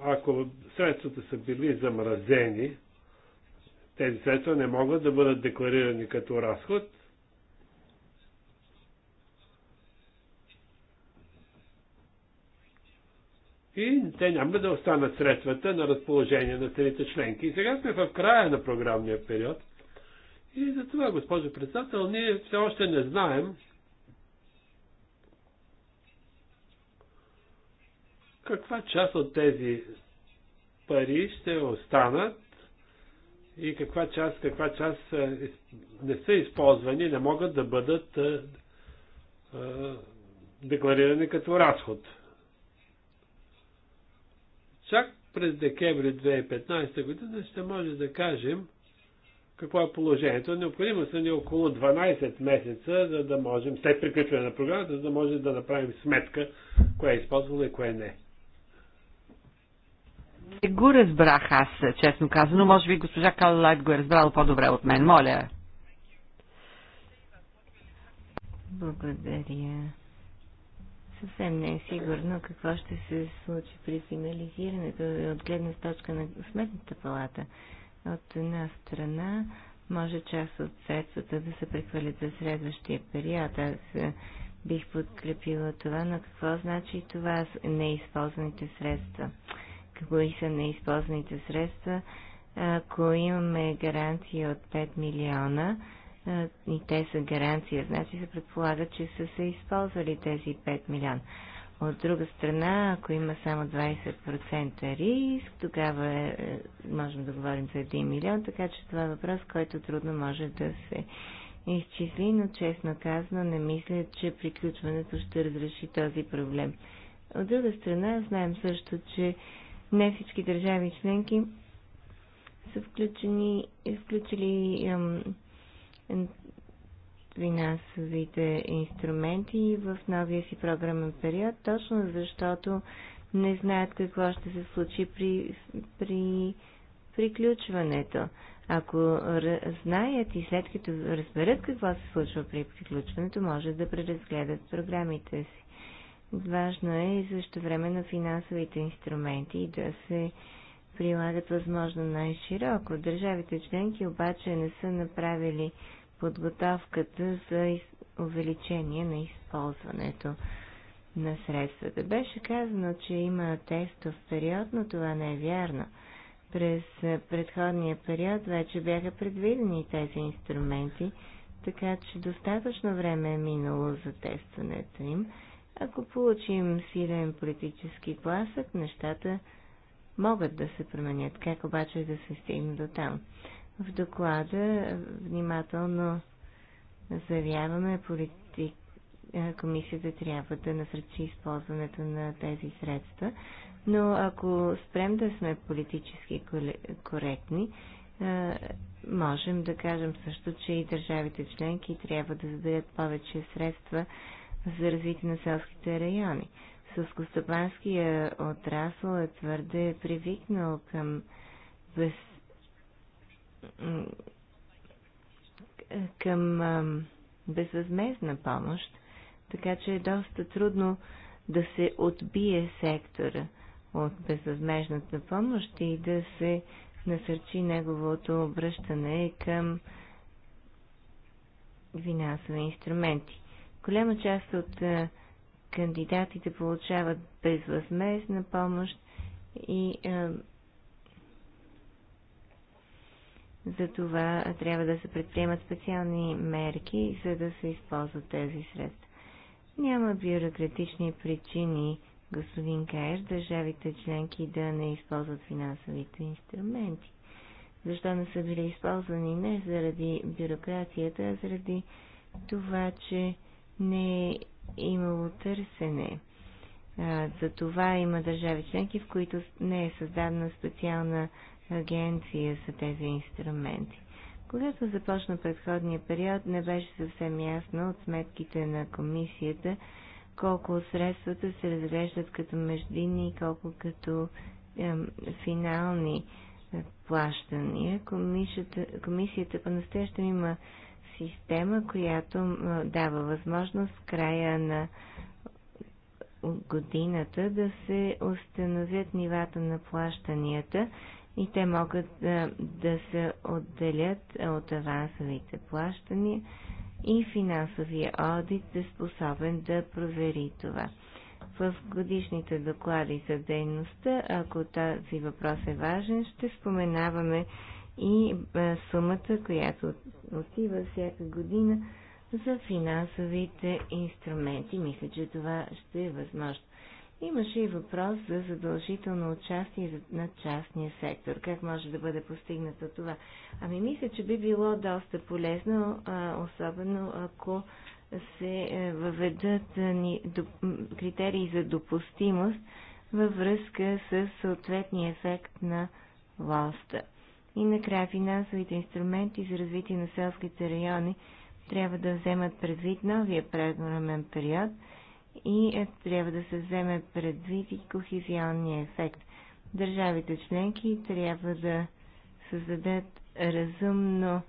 Ако средствата са били замразени, тези средства не могат да бъдат декларирани като разход. И те няма да останат средствата на разположение на страните членки. И сега сме в края на програмния период. И за това, госпожо председател, ние все още не знаем каква част от тези пари ще останат и каква част, каква част не са използвани, не могат да бъдат декларирани като разход. Чак през декември 2015 година ще може да кажем какво е положението. Необходимо са ни около 12 месеца, за да можем, след приключване на програмата, за да можем да направим сметка кое е използвано и кое не не го разбрах аз, честно казано. Може би госпожа Каллайт го е разбрала по-добре от мен. Моля. Благодаря. Съвсем не е сигурно какво ще се случи при финализирането от гледна точка на сметната палата. От една страна може част от средствата да се прехвърлят за следващия период. Аз е, бих подкрепила това, но какво значи това с неизползваните средства? кои са неизползваните средства, ако имаме гаранция от 5 милиона, и те са гаранция, значи се предполага, че са се използвали тези 5 милиона. От друга страна, ако има само 20% риск, тогава е, е, можем да говорим за 1 милион, така че това е въпрос, който трудно може да се изчисли, но честно казано не мисля, че приключването ще разреши този проблем. От друга страна, знаем също, че не всички държави членки са включени, включили ам, финансовите инструменти в новия си програмен период, точно защото не знаят какво ще се случи при, при приключването. Ако знаят и след като разберат какво се случва при приключването, може да преразгледат програмите си. Важно е и също време на финансовите инструменти да се прилагат възможно най-широко. Държавите членки обаче не са направили подготовката за увеличение на използването на средствата. Беше казано, че има тестов период, но това не е вярно. През предходния период вече бяха предвидени тези инструменти, така че достатъчно време е минало за тестването им. Ако получим силен политически пласък, нещата могат да се променят. Как обаче да се стигне до там? В доклада внимателно заявяваме, политик... комисията трябва да насръчи използването на тези средства, но ако спрем да сме политически коректни, можем да кажем също, че и държавите членки трябва да зададат повече средства за развитие на селските райони. Сълскостопанския отрасъл е твърде привикнал към без... към безвъзмезна помощ, така че е доста трудно да се отбие сектора от безвъзмежната помощ и да се насърчи неговото обръщане към финансови инструменти. Голяма част от е, кандидатите получават безвъзмезна помощ и е, за това трябва да се предприемат специални мерки, за да се използват тези средства. Няма бюрократични причини, господин Каер, държавите членки да не използват финансовите инструменти. Защо не са били използвани не заради бюрокрацията, а заради това, че не е имало търсене. За това има държави членки, в които не е създадена специална агенция за тези инструменти. Когато започна предходния период, не беше съвсем ясно от сметките на комисията колко от средствата се разглеждат като междинни и колко като е, финални плащания. Комисията, комисията по-настоящем има система, която дава възможност в края на годината да се установят нивата на плащанията и те могат да, да се отделят от авансовите плащания и финансовия одит е способен да провери това. В годишните доклади за дейността, ако този въпрос е важен, ще споменаваме и е, сумата, която отива всяка година за финансовите инструменти. Мисля, че това ще е възможно. Имаше и въпрос за задължително участие на частния сектор. Как може да бъде постигнато това? Ами мисля, че би било доста полезно, особено ако се е, въведат е, критерии за допустимост във връзка с съответния ефект на лоста. И накрая финансовите инструменти за развитие на селските райони трябва да вземат предвид новия преднорамен период и е, трябва да се вземе предвид и кохезионния ефект. Държавите членки трябва да създадат разумно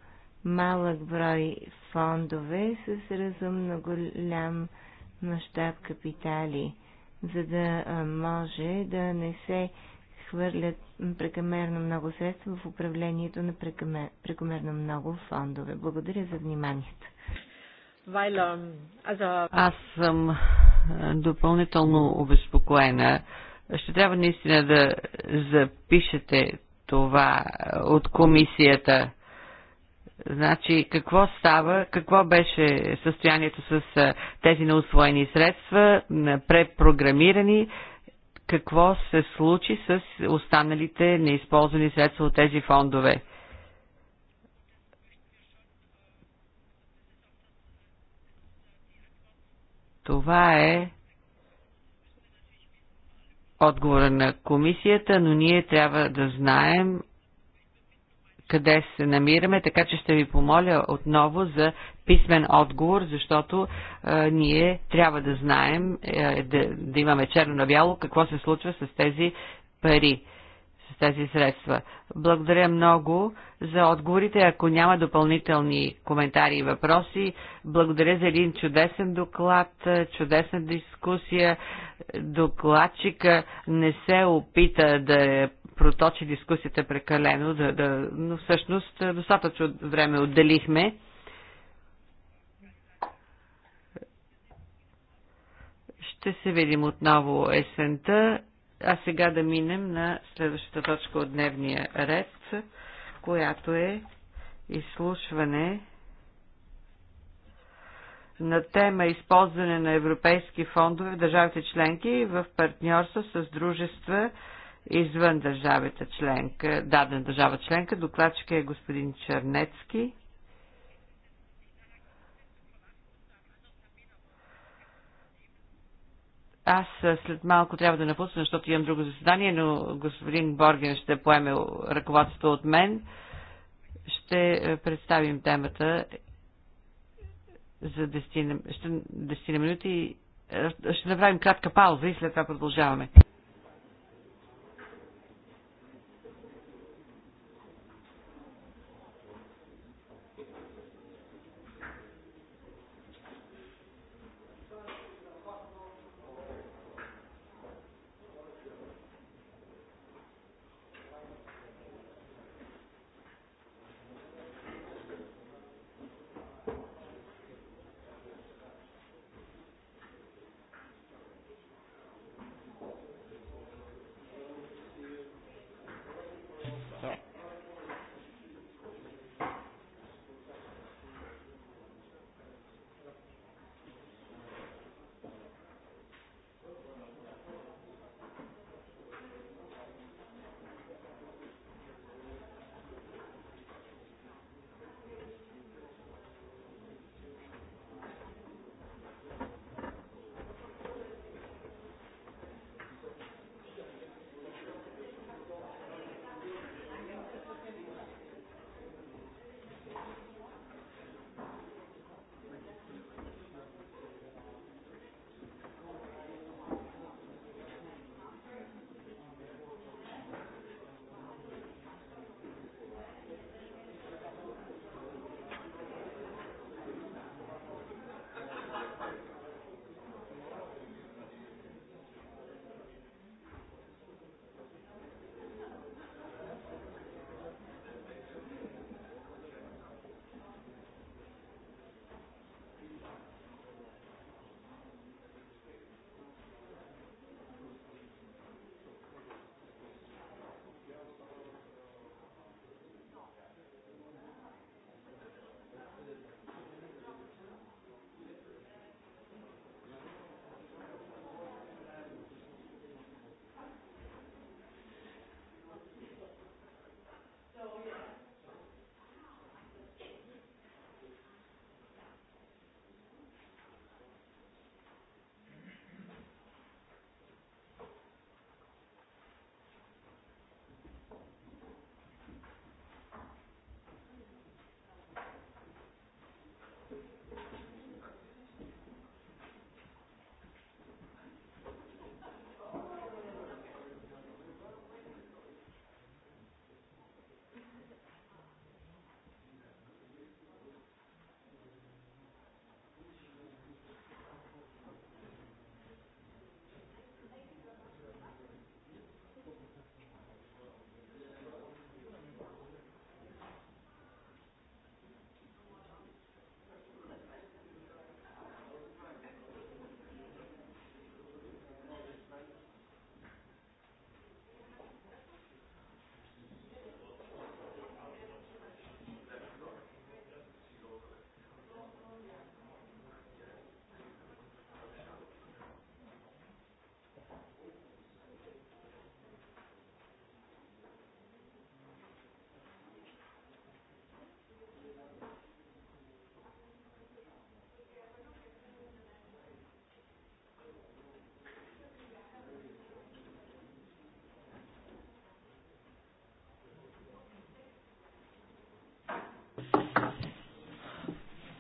малък брой фондове с разумно голям мащаб капитали, за да може да не се хвърлят прекамерно много средства в управлението на прекомерно много фондове. Благодаря за вниманието. Аз съм допълнително обезпокоена. Ще трябва наистина да запишете това от комисията. Значи, какво става, какво беше състоянието с тези неусвоени средства, препрограмирани, какво се случи с останалите неизползвани средства от тези фондове. Това е отговора на комисията, но ние трябва да знаем къде се намираме, така че ще ви помоля отново за писмен отговор, защото е, ние трябва да знаем, е, да, да имаме черно на бяло какво се случва с тези пари, с тези средства. Благодаря много за отговорите. Ако няма допълнителни коментари и въпроси, благодаря за един чудесен доклад, е, чудесна дискусия. Докладчика не се опита да е проточи дискусията прекалено, да, да, но всъщност достатъчно време отделихме. Ще се видим отново есента, а сега да минем на следващата точка от дневния ред, която е изслушване на тема използване на европейски фондове в държавите членки в партньорство с дружества извън държавата членка, дадена държава членка. Докладчика е господин Чернецки. Аз след малко трябва да напусна, защото имам друго заседание, но господин Борген ще поеме ръководството от мен. Ще представим темата за 10, 10 минути. Ще направим кратка пауза и след това продължаваме.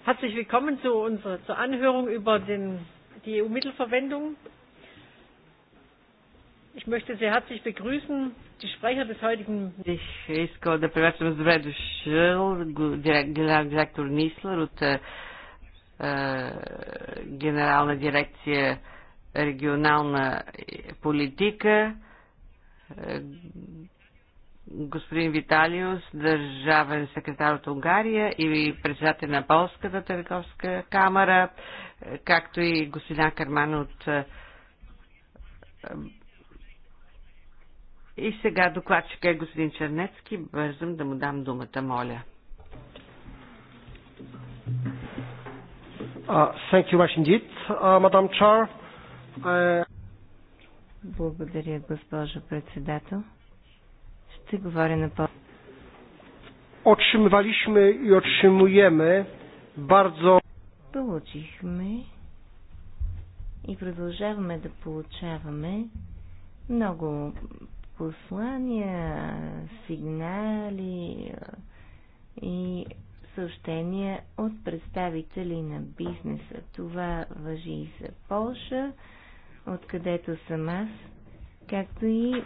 Herzlich willkommen zu unserer, zur Anhörung über den, die EU-Mittelverwendung. Ich möchte sehr herzlich begrüßen die Sprecher des heutigen. Бих искал да приветствам с добре дошъл генерал директор Нислер от е, господин Виталиус, държавен секретар от Унгария и председател на Полската търговска камера, както и господина Карман от е, и сега докладчика е господин Чернецки. Бързам да му дам думата, моля. Uh, thank you much indeed, uh, Madam Char. Uh... Е, Благодаря, госпожо председател ще говоря на по... Otrzymywaliśmy i otrzymujemy bardzo... Получихме и продължаваме да получаваме много послания, сигнали и съобщения от представители на бизнеса. Това въжи и за Полша, откъдето съм аз, както и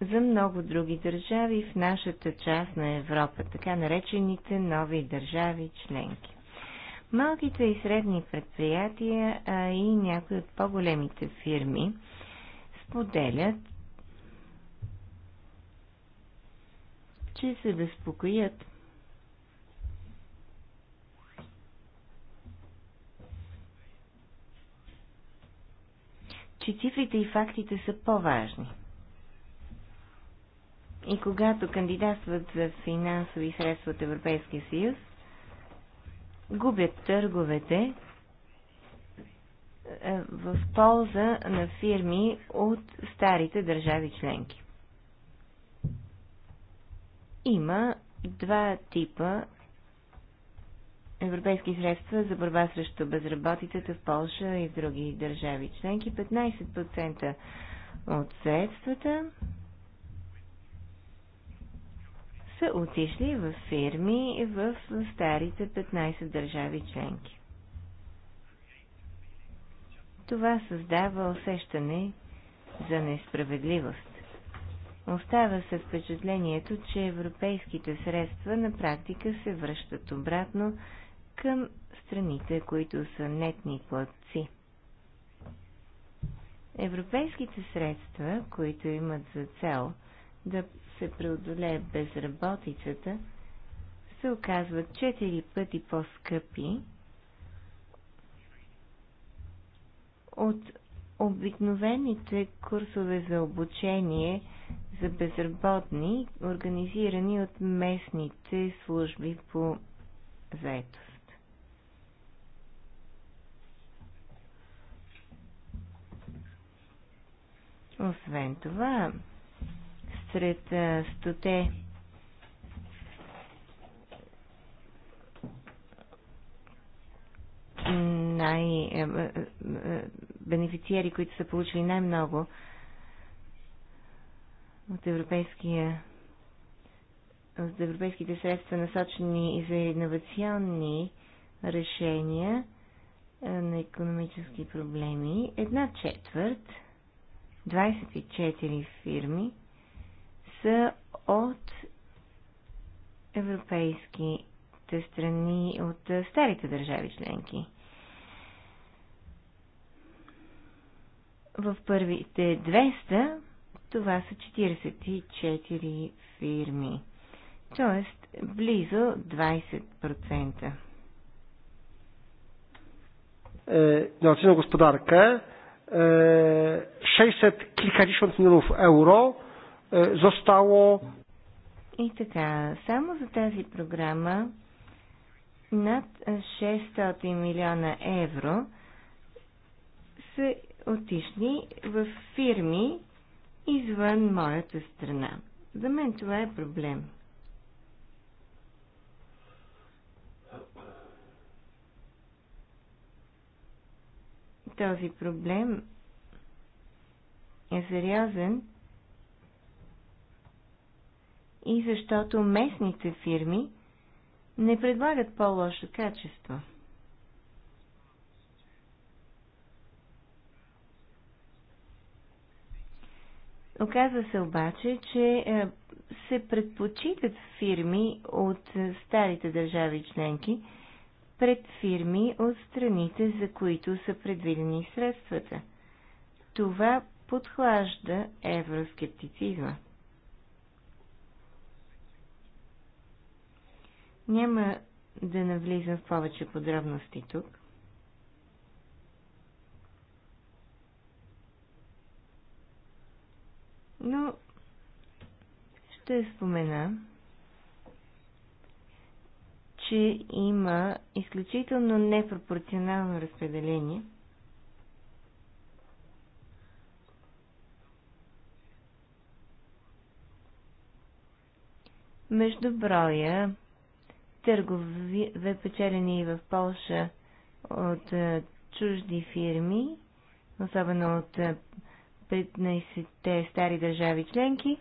за много други държави в нашата част на Европа, така наречените нови държави членки. Малките и средни предприятия, а и някои от по-големите фирми споделят, че се безпокоят че цифрите и фактите са по-важни – и когато кандидатстват за финансови средства от Европейския съюз, губят търговете е, в полза на фирми от старите държави членки. Има два типа европейски средства за борба срещу безработицата в Польша и в други държави членки. 15% от средствата са отишли в фирми в старите 15 държави членки. Това създава усещане за несправедливост. Остава се впечатлението, че европейските средства на практика се връщат обратно към страните, които са нетни платци. Европейските средства, които имат за цел да се преодолее безработицата, се оказват 4 пъти по-скъпи от обикновените курсове за обучение за безработни, организирани от местните служби по заетост. Освен това, сред стоте най бенефициери, които са получили най-много от европейския от европейските средства насочени и за инновационни решения на економически проблеми. Една четвърт, 24 фирми, са от европейските страни, от старите държави членки. В първите 200 това са 44 фирми, т.е. близо 20%. На gospodarkę 600 kilkadziesiąt milionów euro zostało. Е, И така, само за тази програма над 600 милиона евро са отишли в фирми извън моята страна. За мен това е проблем. Този проблем е сериозен и защото местните фирми не предлагат по-лошо качество. Оказва се обаче, че е, се предпочитат фирми от старите държави членки пред фирми от страните, за които са предвидени средствата. Това подхлажда евроскептицизма. Няма да навлизам в повече подробности тук. Но ще спомена, че има изключително непропорционално разпределение между броя търгове, печелени в Польша от е, чужди фирми, особено от 15-те е, стари държави членки,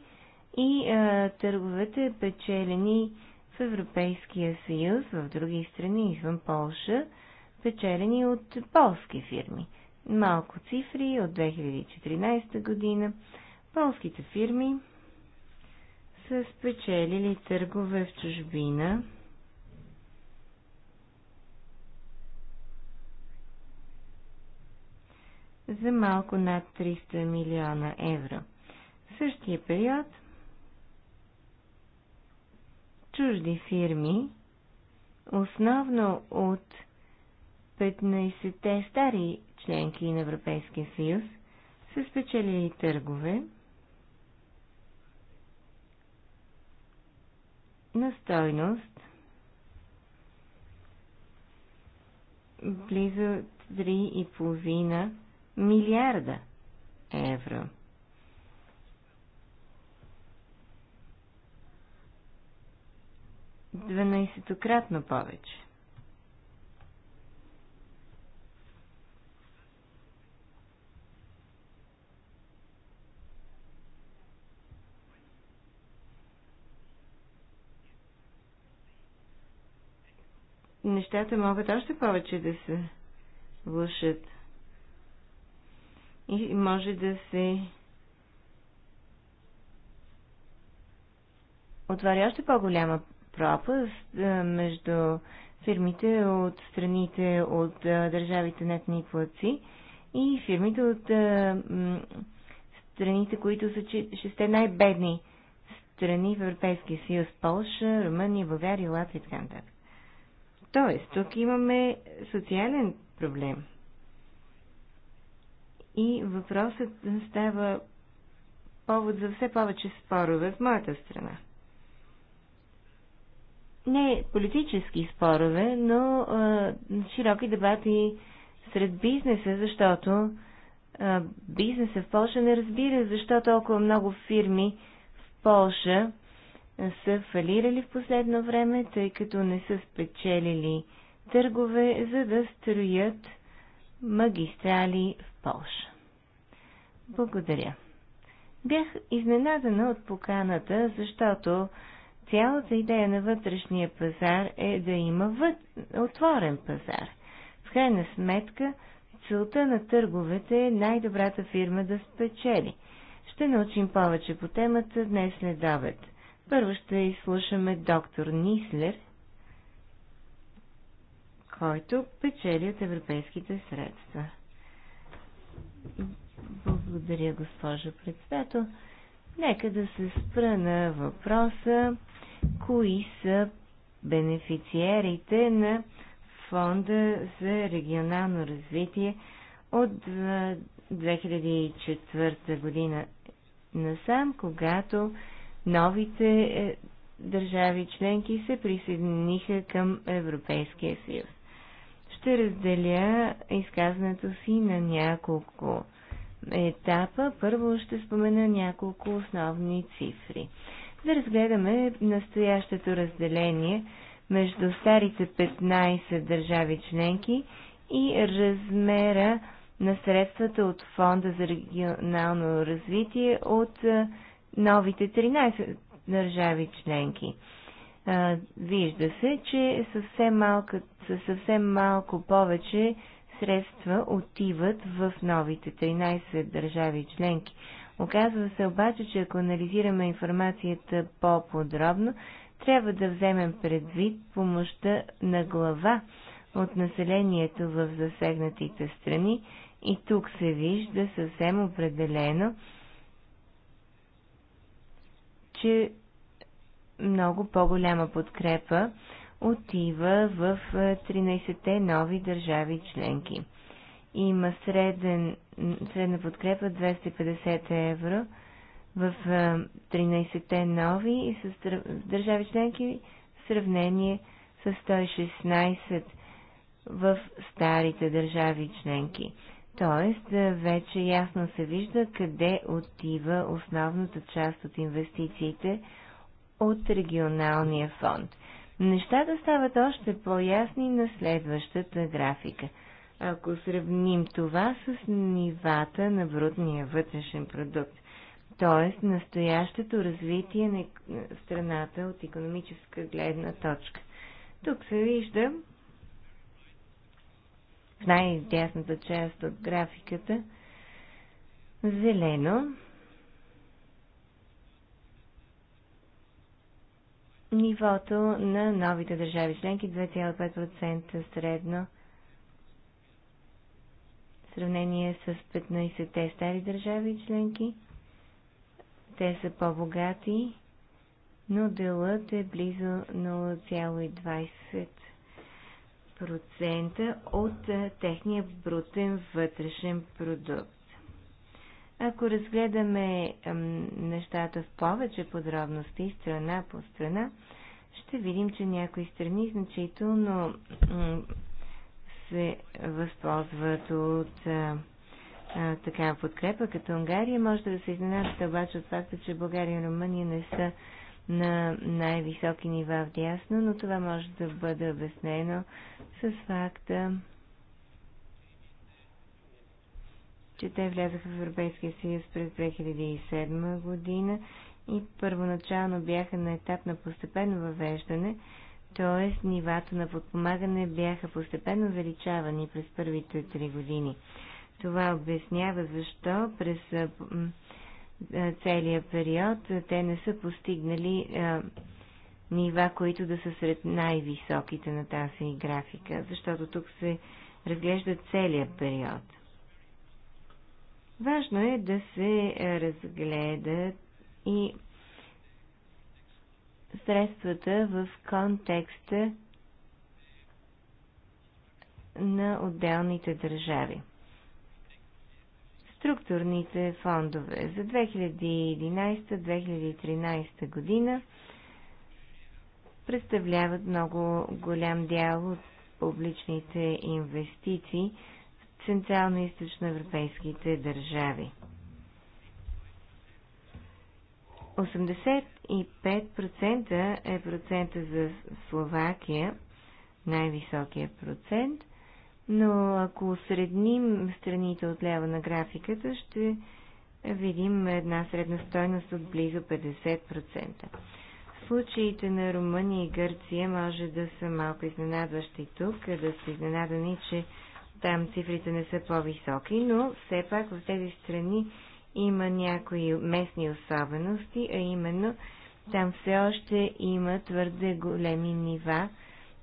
и е, търговете печелени в Европейския съюз, в други страни, извън Полша, печелени от полски фирми. Малко цифри от 2014 година. Полските фирми са спечелили търгове в чужбина за малко над 300 милиона евро. В същия период чужди фирми, основно от 15-те стари членки на Европейския съюз, са спечелили търгове на стойност близо 3,5 милиарда евро. Дванайсетократно повече. нещата могат още повече да се влушат и може да се отваря още по-голяма пропаст между фирмите от страните от държавите нетни платци и фирмите от страните, които са шесте най-бедни страни в Европейския съюз Полша, Румъния, България, Латвия и така нататък. Тоест, тук имаме социален проблем – и въпросът става повод за все повече спорове в моята страна. Не политически спорове, но а, широки дебати сред бизнеса, защото а, бизнеса в Польша не разбира защо толкова много фирми в Польша са фалирали в последно време, тъй като не са спечелили търгове, за да строят магистрали в Польша. Благодаря. Бях изненадана от поканата, защото цялата идея на вътрешния пазар е да има въд... отворен пазар. В крайна сметка, целта на търговете е най-добрата фирма да спечели. Ще научим повече по темата днес след обед. Първо ще изслушаме доктор Нислер, който печели от европейските средства. Благодаря, госпожо председател. Нека да се спра на въпроса кои са бенефициерите на Фонда за регионално развитие от 2004 година насам, когато новите е, държави членки се присъединиха към Европейския съюз ще разделя изказването си на няколко етапа. Първо ще спомена няколко основни цифри. Да разгледаме настоящето разделение между старите 15 държави членки и размера на средствата от Фонда за регионално развитие от новите 13 държави членки вижда се, че съвсем, със съвсем малко повече средства отиват в новите 13 държави членки. Оказва се обаче, че ако анализираме информацията по-подробно, трябва да вземем предвид помощта на глава от населението в засегнатите страни и тук се вижда съвсем определено, че много по-голяма подкрепа отива в 13-те е, нови държави членки. Има среден, средна подкрепа 250 евро в 13-те е, нови и с държави членки в сравнение с 116 в старите държави членки. Тоест, е, вече ясно се вижда къде отива основната част от инвестициите от регионалния фонд. Нещата стават още по-ясни на следващата графика. Ако сравним това с нивата на брутния вътрешен продукт, т.е. настоящето развитие на страната от економическа гледна точка. Тук се вижда в най-дясната част от графиката зелено нивото на новите държави членки 2,5% средно в сравнение с 15-те стари държави членки. Те са по-богати, но делът е близо 0,20% от техния брутен вътрешен продукт. Ако разгледаме нещата в повече подробности, страна по страна, ще видим, че някои страни значително се възползват от а, а, такава подкрепа, като Унгария. Може да се изненадате обаче от факта, че България и Румъния не са на най-високи нива в дясно, но това може да бъде обяснено с факта, че те влязаха в Европейския съюз през 2007 година и първоначално бяха на етап на постепенно въвеждане, т.е. нивата на подпомагане бяха постепенно увеличавани през първите три години. Това обяснява защо през целият период те не са постигнали нива, които да са сред най-високите на тази графика, защото тук се разглежда целият период. Важно е да се разгледат и средствата в контекста на отделните държави. Структурните фондове за 2011-2013 година представляват много голям дял от публичните инвестиции Централно и източноевропейските държави. 85% е процента за Словакия, най-високия процент, но ако средним страните от лява на графиката, ще видим една средна стойност от близо 50%. Случаите на Румъния и Гърция може да са малко изненадващи тук, да са изненадани, че там цифрите не са по-високи, но все пак в тези страни има някои местни особености, а именно там все още има твърде големи нива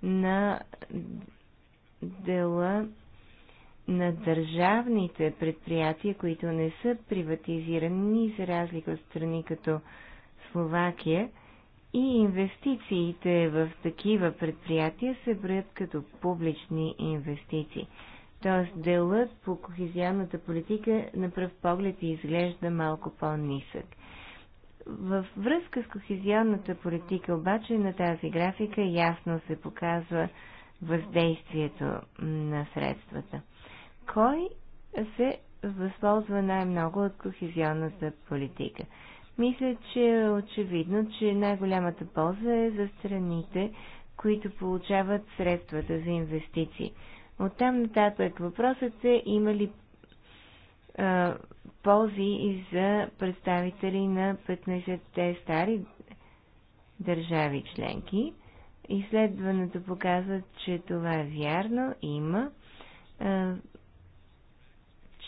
на дела на държавните предприятия, които не са приватизирани, за разлика от страни като Словакия, и инвестициите в такива предприятия се броят като публични инвестиции. Т.е. делът по кохезионната политика на пръв поглед изглежда малко по-нисък. Във връзка с кохезионната политика обаче на тази графика ясно се показва въздействието на средствата. Кой се възползва най-много от кохезионната политика? Мисля, че е очевидно, че най-голямата полза е за страните, които получават средствата за инвестиции. Оттам нататък въпросът е има ли а, ползи и за представители на 15-те стари държави членки. Изследването показва, че това е вярно, има. А,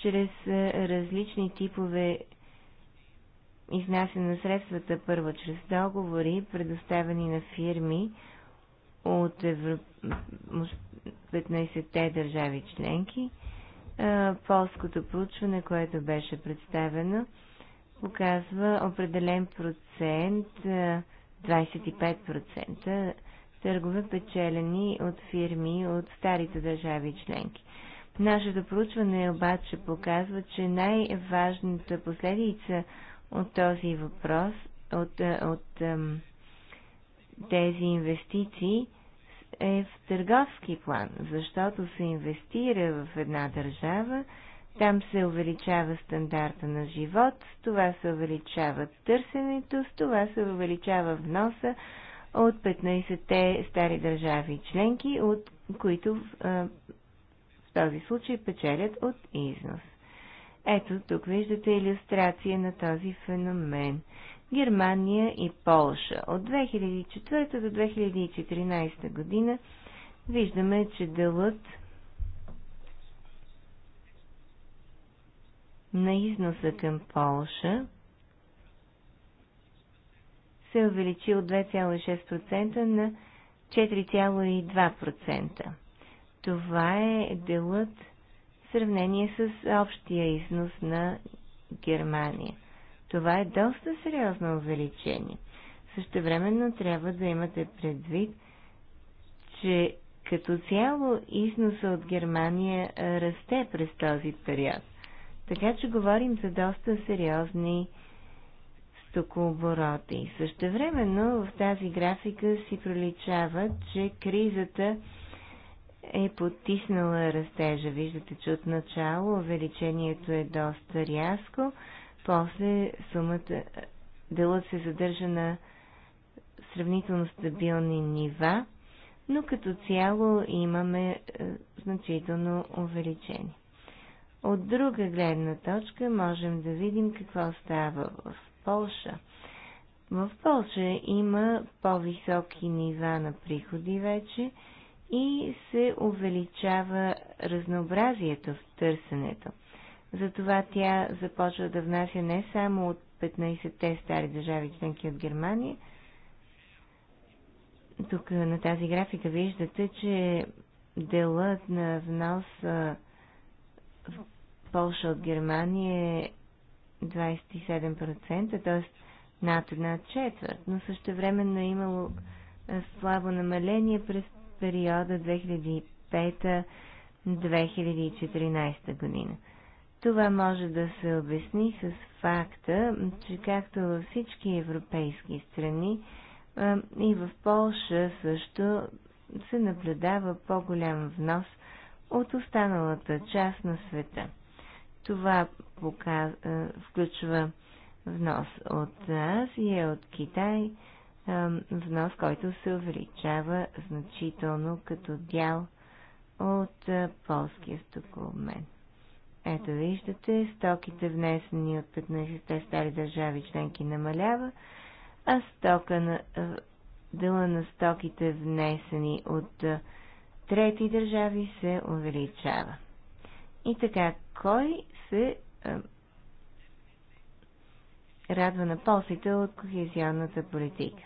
чрез различни типове изнасяне на средствата, първо чрез договори, предоставени на фирми от, Евро... 15-те държави членки. Полското проучване, което беше представено, показва определен процент, 25% търгове печелени от фирми от старите държави членки. Нашето проучване обаче показва, че най-важната последица от този въпрос, от, от, от тези инвестиции, е в търговски план, защото се инвестира в една държава, там се увеличава стандарта на живот, с това се увеличава търсенето, с това се увеличава вноса от 15-те стари държави членки, от които в, в този случай печелят от износ. Ето, тук виждате иллюстрация на този феномен. Германия и Полша. От 2004 до 2014 година виждаме, че делът на износа към Полша се е увеличи от 2,6% на 4,2%. Това е делът в сравнение с общия износ на Германия. Това е доста сериозно увеличение. Също времено трябва да имате предвид, че като цяло износа от Германия расте през този период. Така че говорим за доста сериозни стокообороти. Същевременно в тази графика си проличава, че кризата е потиснала растежа. Виждате, че от начало увеличението е доста рязко, после сумата, делът се задържа на сравнително стабилни нива, но като цяло имаме е, значително увеличение. От друга гледна точка можем да видим какво става в Полша. В Польша има по-високи нива на приходи вече и се увеличава разнообразието в търсенето. Затова тя започва да внася не само от 15-те стари държави членки от Германия. Тук на тази графика виждате, че делът на внос в Польша от Германия е 27%, т.е. над една четвърт, но също времено е имало слабо намаление през периода 2005-2014 година. Това може да се обясни с факта, че както във всички европейски страни, и в Полша също се наблюдава по-голям внос от останалата част на света. Това включва внос от Азия, от Китай, внос, който се увеличава значително като дял от полския стокообмен. Ето виждате, стоките внесени от 15-те стари държави членки намалява, а стока на, дъла на стоките внесени от трети държави се увеличава. И така, кой се а, радва на ползите от кохезионната политика?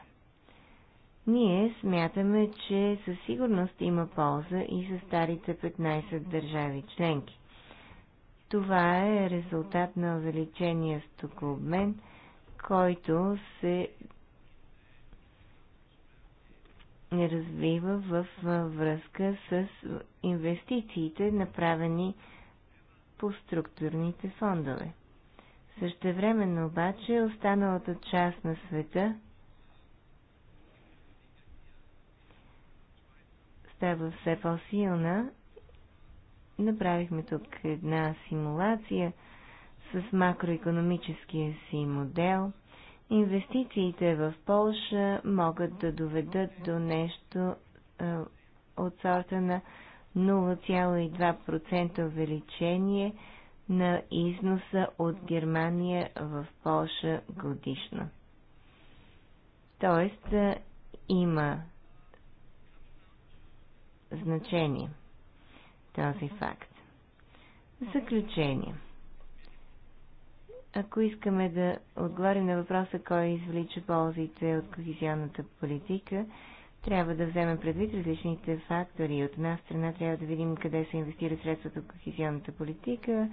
Ние смятаме, че със сигурност има полза и за старите 15 държави членки. Това е резултат на увеличения стокообмен, който се развива в връзка с инвестициите, направени по структурните фондове. Същевременно обаче останалата част на света става все по-силна Направихме тук една симулация с макроекономическия си модел. Инвестициите в Полша могат да доведат до нещо е, от сорта на 0,2% увеличение на износа от Германия в Польша годишно. Тоест има значение този факт. Заключение. Ако искаме да отговорим на въпроса кой извлича ползите от кохезионната политика, трябва да вземем предвид различните фактори. От една страна трябва да видим къде се инвестира средствата от кохезионната политика,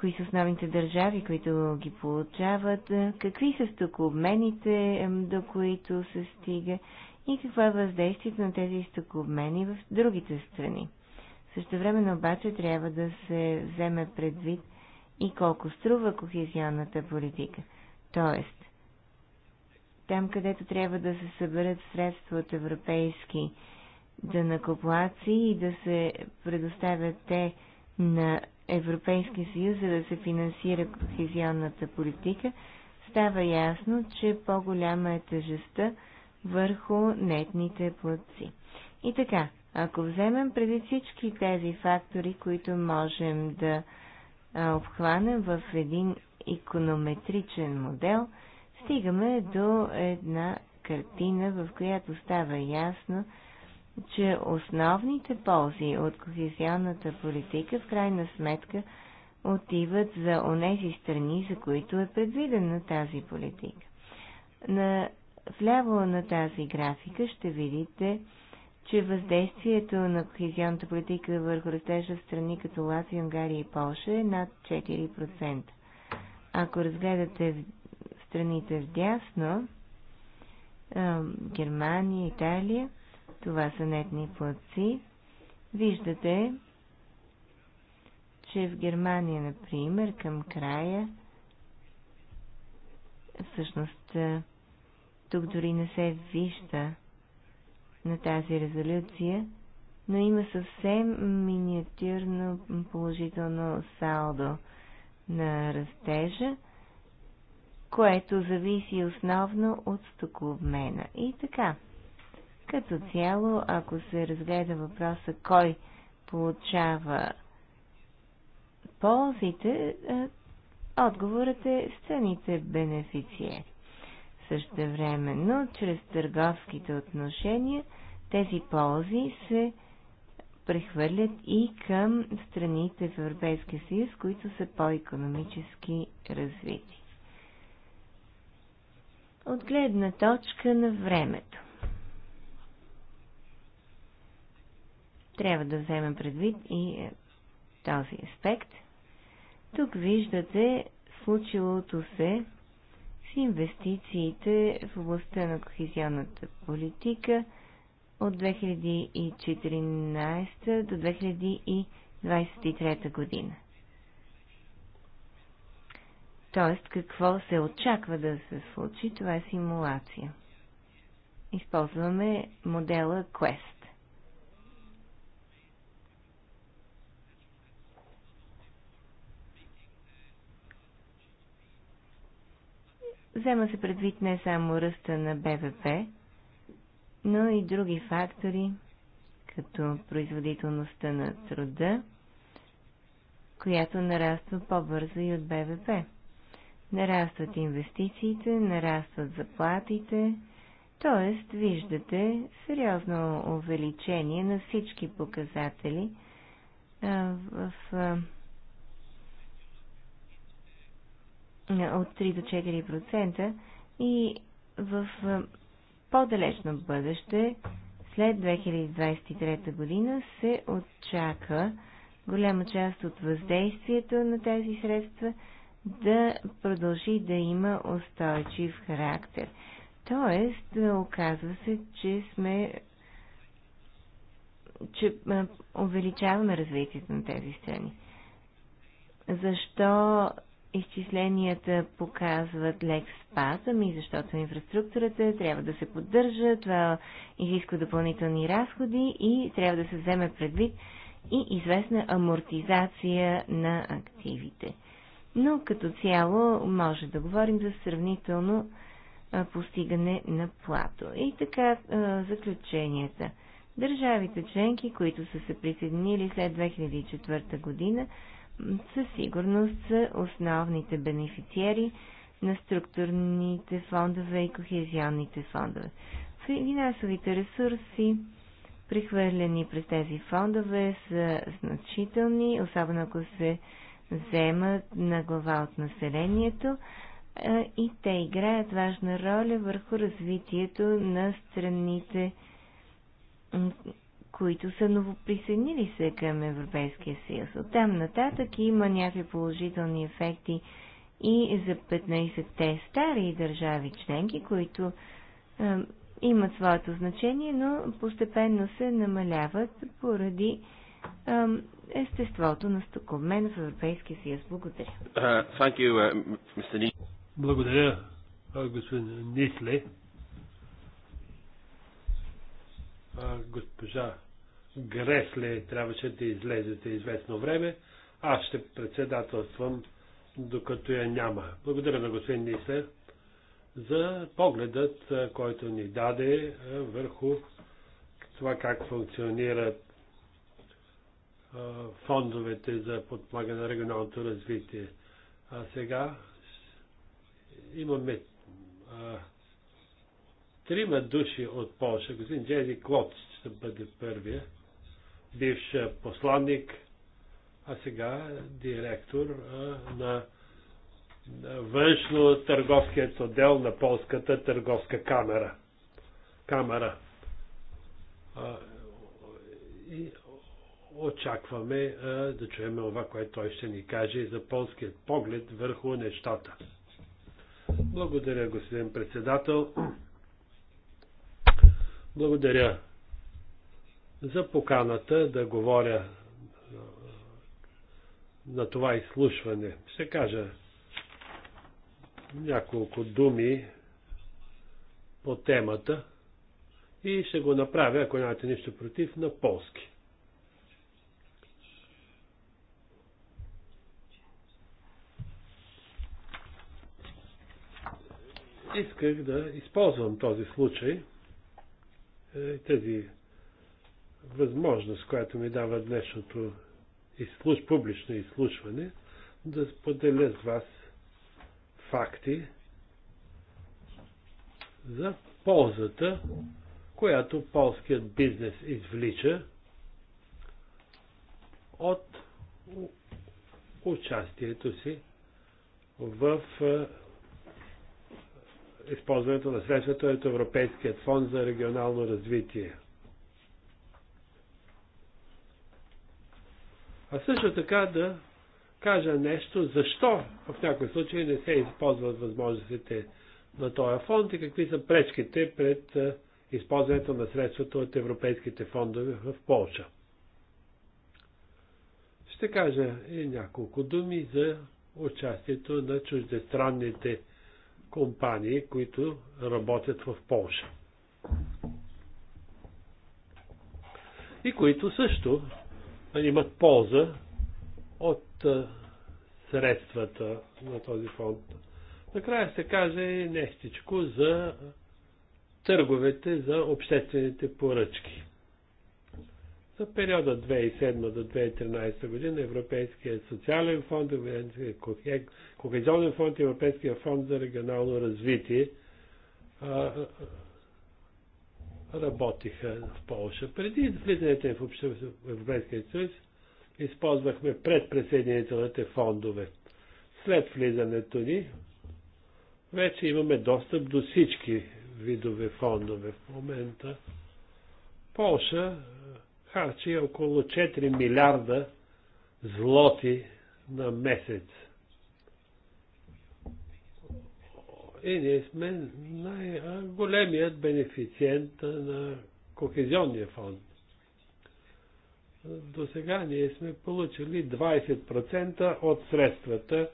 кои са основните държави, които ги получават, какви са стокообмените, до които се стига и какво е въздействието на тези стокообмени в другите страни. Също време обаче трябва да се вземе предвид и колко струва кохезионната политика. Тоест, там където трябва да се съберат средства от европейски данакоплаци и да се предоставят те на Европейския съюз, за да се финансира кохезионната политика, става ясно, че по-голяма е тежестта върху нетните платци. И така, ако вземем преди всички тези фактори, които можем да обхванем в един иконометричен модел, стигаме до една картина, в която става ясно, че основните ползи от кохезионната политика в крайна сметка отиват за онези страни, за които е предвидена тази политика. На, вляво на тази графика ще видите че въздействието на кохезионната политика върху растежа в страни като Латвия, Унгария и Польша е над 4%. Ако разгледате страните дясно, Германия, Италия, това са нетни платци, виждате, че в Германия, например, към края, всъщност тук дори не се вижда на тази резолюция, но има съвсем миниатюрно положително салдо на растежа, което зависи основно от стокообмена. И така, като цяло, ако се разгледа въпроса кой получава ползите, е, отговорът е страните бенефициери. Същевременно, чрез търговските отношения, тези ползи се прехвърлят и към страните в Европейския съюз, които са по-економически развити. От гледна точка на времето. Трябва да вземем предвид и е, този аспект. Тук виждате случилото се инвестициите в областта на кохезионната политика от 2014 до 2023 година. Тоест, какво се очаква да се случи, това е симулация. Използваме модела Quest. Взема се предвид не само ръста на БВП, но и други фактори, като производителността на труда, която нараства по-бързо и от БВП. Нарастват инвестициите, нарастват заплатите, т.е. виждате сериозно увеличение на всички показатели в от 3 до 4% и в по-далечно бъдеще, след 2023 година, се очаква голяма част от въздействието на тези средства да продължи да има устойчив характер. Тоест, оказва се, че сме че увеличаваме развитието на тези страни. Защо изчисленията показват лек спад, ами защото инфраструктурата трябва да се поддържа, това изисква допълнителни разходи и трябва да се вземе предвид и известна амортизация на активите. Но като цяло може да говорим за сравнително постигане на плато. И така заключенията. Държавите членки, които са се присъединили след 2004 година, със сигурност са основните бенефициери на структурните фондове и кохезионните фондове. Финансовите ресурси, прехвърлени през тези фондове, са значителни, особено ако се вземат на глава от населението и те играят важна роля върху развитието на страните които са новоприсъединили се към Европейския съюз. Оттам нататък има някакви положителни ефекти и за 15-те стари държави членки, които е, имат своето значение, но постепенно се намаляват поради е, естеството на стокомена в Европейския съюз. Благодаря. Uh, you, uh, Благодаря, господин Нисле. госпожа Гресле трябваше да излезете известно време. Аз ще председателствам, докато я няма. Благодаря на господин Нисле за погледът, който ни даде върху това как функционират фондовете за подпомагане на регионалното развитие. А сега имаме Трима души от Польша, господин Джези Клоц ще бъде първия, бивш посланник, а сега директор на външно-търговският отдел на Полската търговска камера. камера. И очакваме да чуем това, което той ще ни каже за полският поглед върху нещата. Благодаря, господин председател. Благодаря за поканата да говоря на това изслушване. Ще кажа няколко думи по темата и ще го направя, ако нямате нищо против, на полски. Исках да използвам този случай – е, тази възможност, която ми дава днешното изслуш, публично изслушване, да споделя с вас факти за ползата, която полският бизнес извлича от участието си в е, използването на средствата от Европейският фонд за регионално развитие. А също така да кажа нещо, защо в някои случаи не се използват възможностите на този фонд и какви са пречките пред използването на средствата от европейските фондове в Полша. Ще кажа и няколко думи за участието на чуждестранните компании, които работят в Польша. И които също имат полза от средствата на този фонд. Накрая се каже нещичко за търговете за обществените поръчки. За периода 2007 до 2013 година Европейския социален фонд, Европейския кохезионен фонд и Европейския фонд за регионално развитие а, работиха в Польша. Преди влизането в Европейския съюз използвахме предпресъединителните фондове. След влизането ни вече имаме достъп до всички видове фондове в момента. Полша харчи около 4 милиарда злоти на месец. И ние сме най-големият бенефициент на Кохезионния фонд. До сега ние сме получили 20% от средствата,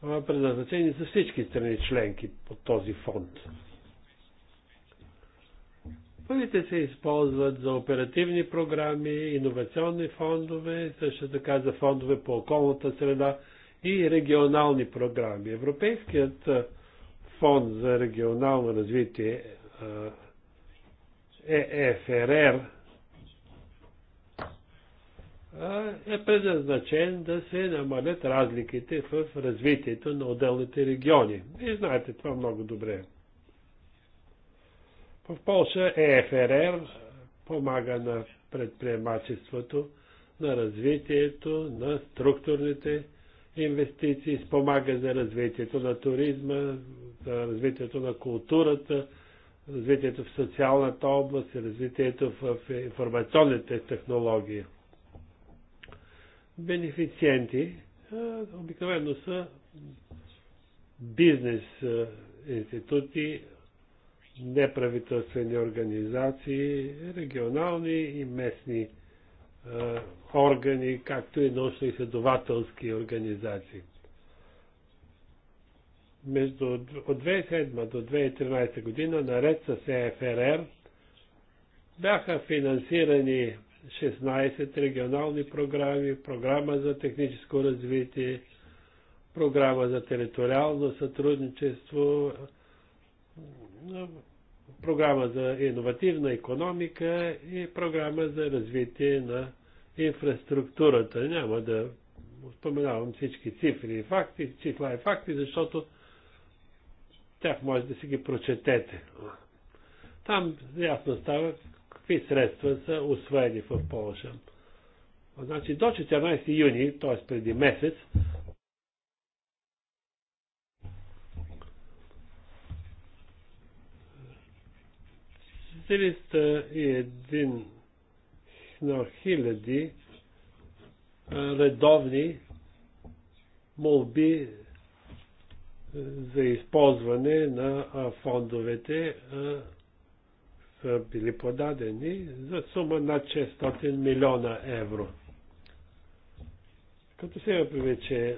предназначени за всички страни членки по този фонд. Парите се използват за оперативни програми, иновационни фондове, също така за фондове по околната среда и регионални програми. Европейският фонд за регионално развитие ЕФРР е предназначен да се намалят разликите в развитието на отделните региони. И знаете това много добре. В Польша ЕФРР помага на предприемачеството, на развитието, на структурните инвестиции, спомага за развитието на туризма, за развитието на културата, развитието в социалната област и развитието в информационните технологии. Бенефициенти обикновено са бизнес институти, неправителствени организации, регионални и местни е, органи, както и научно-изследователски организации. Между, от 2007 до 2013 година, наред с ЕФРР, бяха финансирани 16 регионални програми, програма за техническо развитие, програма за териториално сътрудничество, програма за иновативна економика и програма за развитие на инфраструктурата. Няма да споменавам всички цифри и факти, числа и факти, защото тях може да си ги прочетете. Там ясно става какви средства са освоени в Полша. Значи до 14 юни, т.е. преди месец, 401 хиляди редовни молби за използване на фондовете са били подадени за сума на 600 милиона евро. Като се има предвид, че е,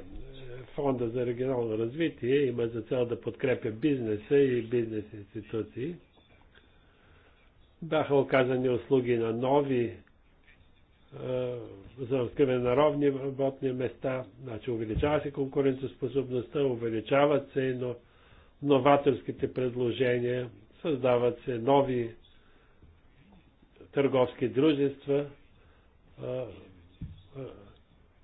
Фонда за регионално развитие има за цел да подкрепя бизнеса и бизнес институции, бяха оказани услуги на нови за разкриване на ровни работни места, значи увеличава се конкурентоспособността, увеличават се и новаторските предложения, създават се нови търговски дружества,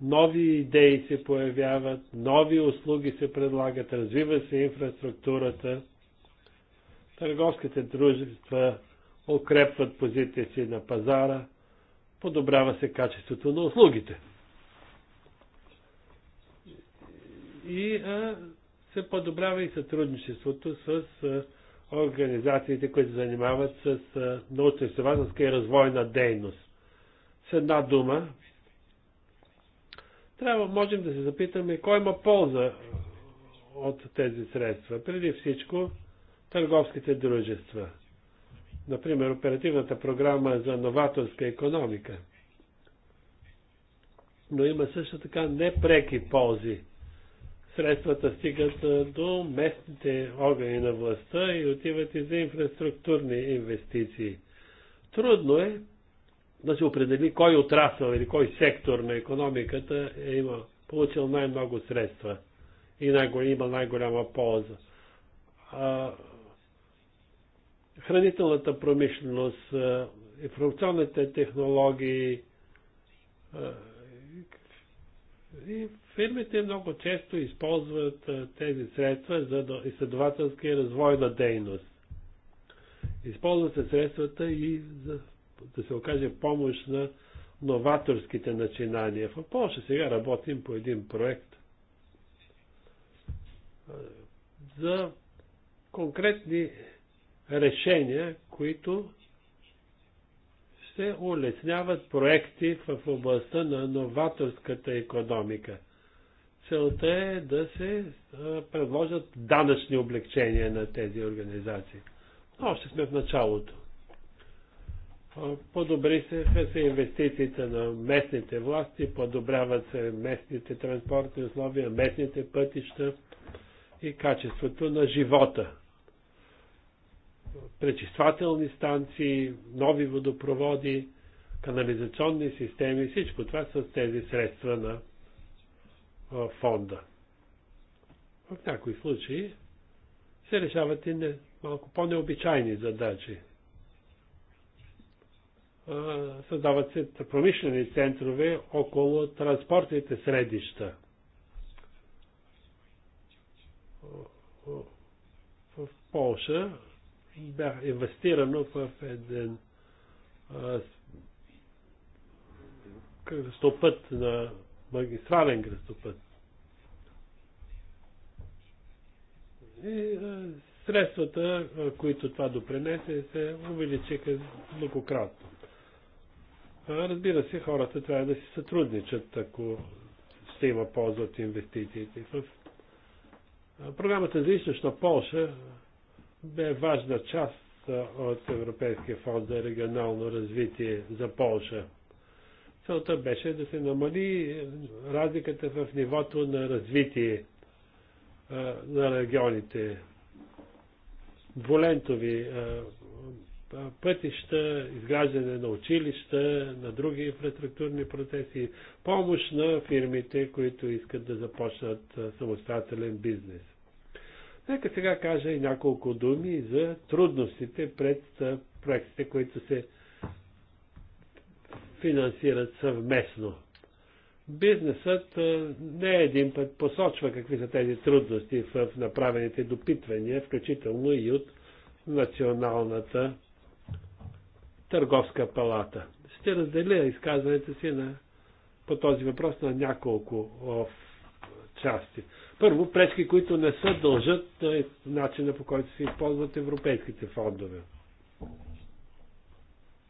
нови идеи се появяват, нови услуги се предлагат, развива се инфраструктурата, търговските дружества укрепват позиция си на пазара, подобрява се качеството на услугите. И а, се подобрява и сътрудничеството с а, организациите, които занимават с научно-изследователска и развойна дейност. С една дума, трябва, можем да се запитаме, кой има полза от тези средства. Преди всичко, търговските дружества – Например, оперативната програма за новаторска економика. Но има също така непреки ползи. Средствата стигат до местните органи на властта и отиват и за инфраструктурни инвестиции. Трудно е да се определи кой отрасъл или кой сектор на економиката е има, получил най-много средства и най има най-голяма полза. А, хранителната промишленост, информационните технологии. И фирмите много често използват тези средства за изследователска и развойна дейност. Използват се средствата и за, да се окаже помощ на новаторските начинания. В Польша сега работим по един проект за конкретни решения, които ще улесняват проекти в областта на новаторската економика. Целта е да се предложат данъчни облегчения на тези организации. Но още сме в началото. Подобри се, се инвестициите на местните власти, подобряват се местните транспортни условия, местните пътища и качеството на живота пречиствателни станции, нови водопроводи, канализационни системи, всичко това с тези средства на фонда. В някои случаи се решават и не, малко по-необичайни задачи. Създават се промишлени центрове около транспортните средища. В Полша бях инвестирано в един кръстопът на магистрален кръстопът. И а, средствата, а, които това допренесе, се увеличиха многократно. разбира се, хората трябва да си сътрудничат, ако ще има полза от инвестициите. В програмата за източна Польша, бе важна част от Европейския фонд за регионално развитие за Полша. Целта беше да се намали разликата в нивото на развитие на регионите. Волентови пътища, изграждане на училища, на други инфраструктурни процеси, помощ на фирмите, които искат да започнат самостоятелен бизнес. Нека сега кажа и няколко думи за трудностите пред проектите, които се финансират съвместно. Бизнесът не един път посочва какви са тези трудности в направените допитвания, включително и от Националната търговска палата. Ще разделя изказването си на, по този въпрос на няколко части. Първо, пречки, които не се дължат на е начина по който се използват европейските фондове.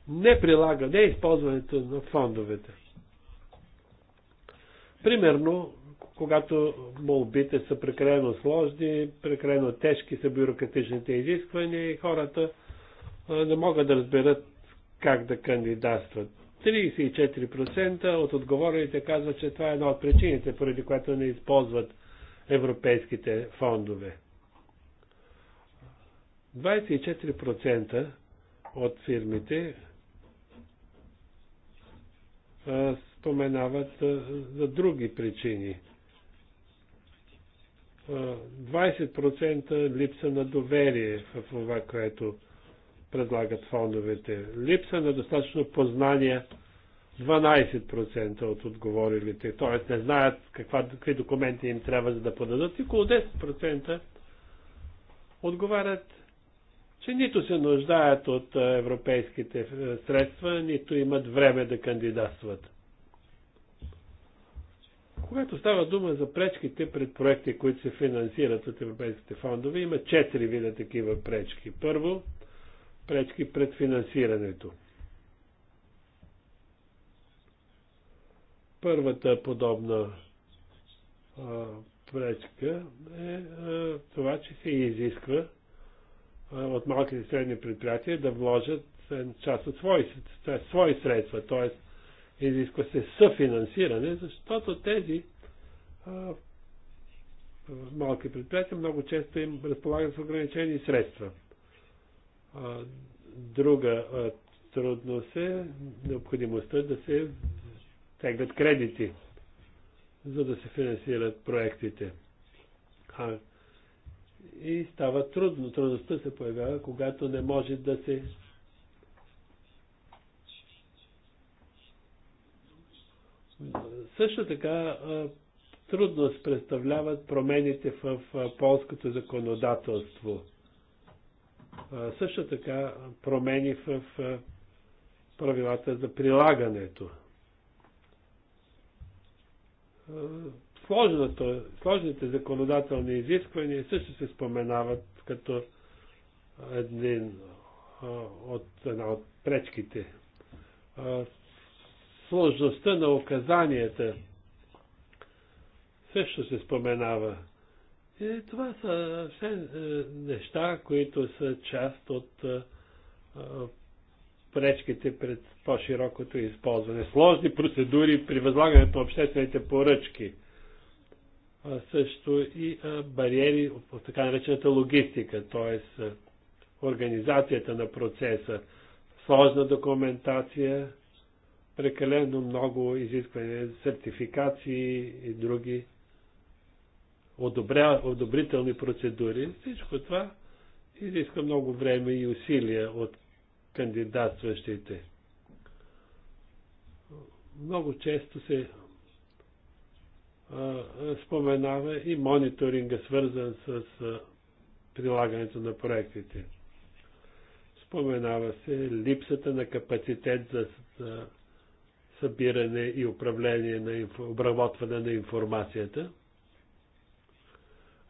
Не прилага, не е използването на фондовете. Примерно, когато молбите са прекалено сложни, прекалено тежки са бюрократичните изисквания и хората не могат да разберат как да кандидатстват. 34% от отговорите казват, че това е една от причините, поради която не използват европейските фондове. 24% от фирмите споменават за други причини. 20% липса на доверие в това, което предлагат фондовете. Липса на достатъчно познания 12% от отговорилите, т.е. не знаят каква, какви документи им трябва за да подадат и около 10% отговарят, че нито се нуждаят от европейските средства, нито имат време да кандидатстват. Когато става дума за пречките пред проекти, които се финансират от европейските фондове, има четири вида такива пречки. Първо, пречки пред финансирането – Първата подобна пречка е а, това, че се изисква а, от малките и средни предприятия да вложат част от свои, свои средства, т.е. изисква се съфинансиране, защото тези а, малки предприятия много често им разполагат с ограничени средства. А, друга а, трудност е необходимостта да се теглят кредити, за да се финансират проектите. А, и става трудно. Трудността се появява, когато не може да се Също така трудност представляват промените в полското законодателство. Също така промени в правилата за прилагането сложното, е- сложните законодателни изисквания също се споменават като един от, една от пречките. Сложността на указанията също се споменава. И това са все е, неща, които са част от е, пречките пред по-широкото използване. Сложни процедури при възлагането на обществените поръчки. А, също и а, бариери от така наречената логистика, т.е. организацията на процеса, сложна документация, прекалено много изисквания, сертификации и други одобря, одобрителни процедури. Всичко това изиска много време и усилия от кандидатстващите много често се а, споменава и мониторинга, свързан с а, прилагането на проектите. Споменава се липсата на капацитет за, за събиране и управление на обработване на информацията.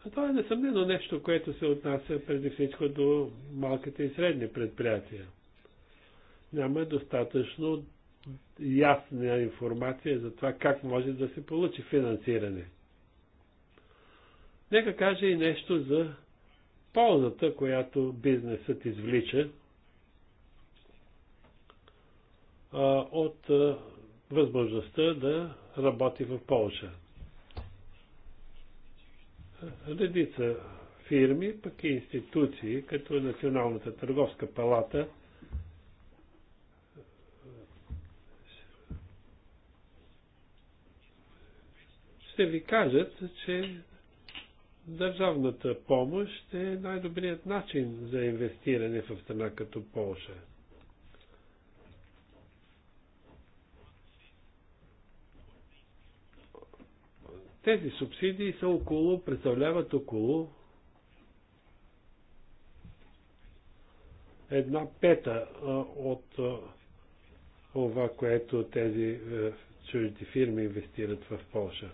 А това е несъмнено нещо, което се отнася преди всичко до малките и средни предприятия. Няма достатъчно ясна информация за това как може да се получи финансиране. Нека каже и нещо за ползата, която бизнесът извлича а, от а, възможността да работи в Полша. Редица фирми, пък и институции, като Националната търговска палата – ще ви кажат, че държавната помощ е най-добрият начин за инвестиране в страна като Полша. Тези субсидии са около, представляват около една пета от това, което тези чужди фирми инвестират в Польша.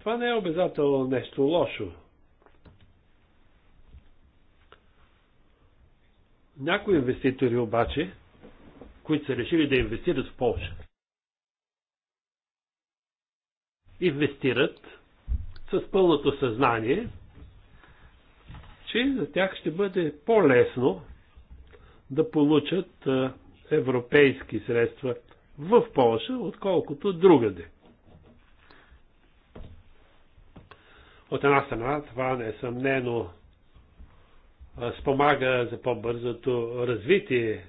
Това не е обязателно нещо лошо. Някои инвеститори обаче, които са решили да инвестират в Польша, инвестират с пълното съзнание, че за тях ще бъде по-лесно да получат европейски средства в Польша, отколкото другаде. От една страна, това несъмнено спомага за по-бързото развитие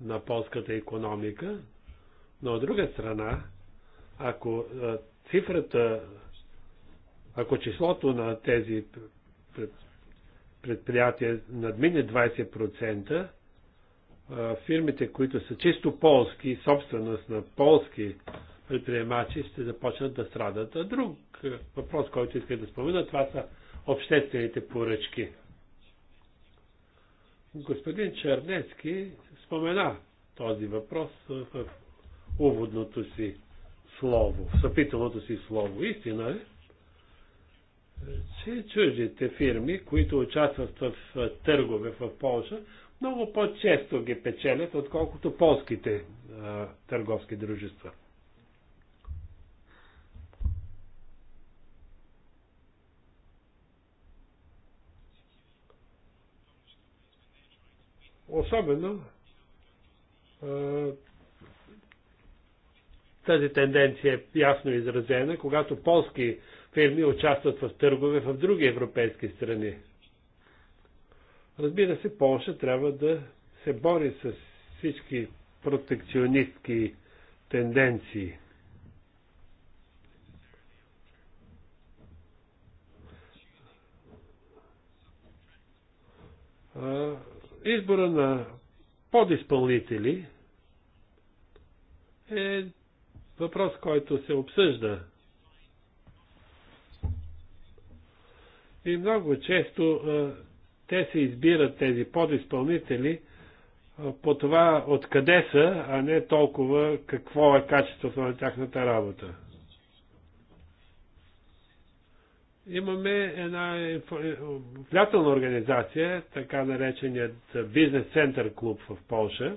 на полската економика, но от друга страна, ако цифрата, ако числото на тези предприятия надмине 20%, фирмите, които са чисто полски, собственост на полски предприемачи, ще започнат да страдат. А друг въпрос, който иска да спомена, това са обществените поръчки. Господин Чернецки спомена този въпрос в уводното си слово, в съпителното си слово. Истина е, че чуждите фирми, които участват в търгове в Польша, много по-често ги печелят, отколкото полските а, търговски дружества. Особено тази тенденция е ясно изразена, когато полски фирми участват в търгове в други европейски страни. Разбира се, Полша трябва да се бори с всички протекционистки тенденции. А, избора на подизпълнители е въпрос, който се обсъжда. И много често те се избират тези подизпълнители по това откъде са, а не толкова какво е качеството на тяхната работа. имаме една е, влиятелна организация, така нареченият бизнес център клуб в Польша.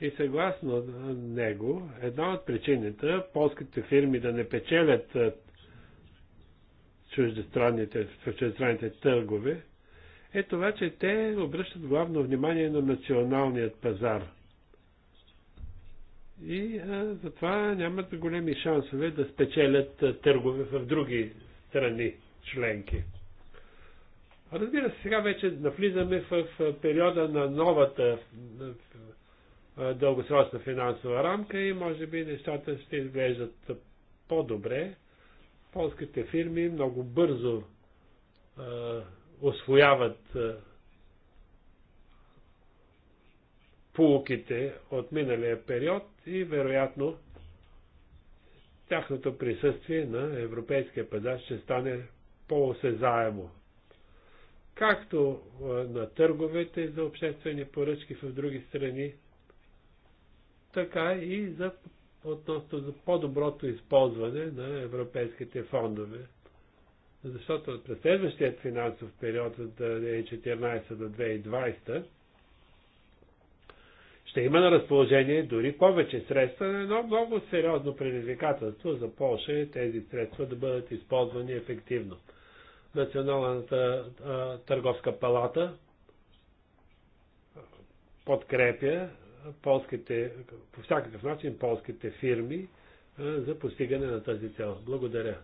И съгласно него, една от причините полските фирми да не печелят е, чуждестранните, чуждестранните търгове е това, че те обръщат главно внимание на националният пазар. И а, е, затова нямат големи шансове да спечелят търгове в други страни членки. Разбира се, сега вече навлизаме в периода на новата дългосрочна финансова рамка и може би нещата ще изглеждат по-добре. Полските фирми много бързо освояват полуките от миналия период и вероятно тяхното присъствие на европейския пазар ще стане по-осезаемо. Както на търговете за обществени поръчки в други страни, така и за относно за по-доброто използване на европейските фондове. Защото през следващия финансов период от 2014 до 2020 ще има на разположение дори повече средства, на едно много сериозно предизвикателство за Польша е тези средства да бъдат използвани ефективно. Националната а, търговска палата подкрепя полските, по всякакъв начин полските фирми а, за постигане на тази цел. Благодаря.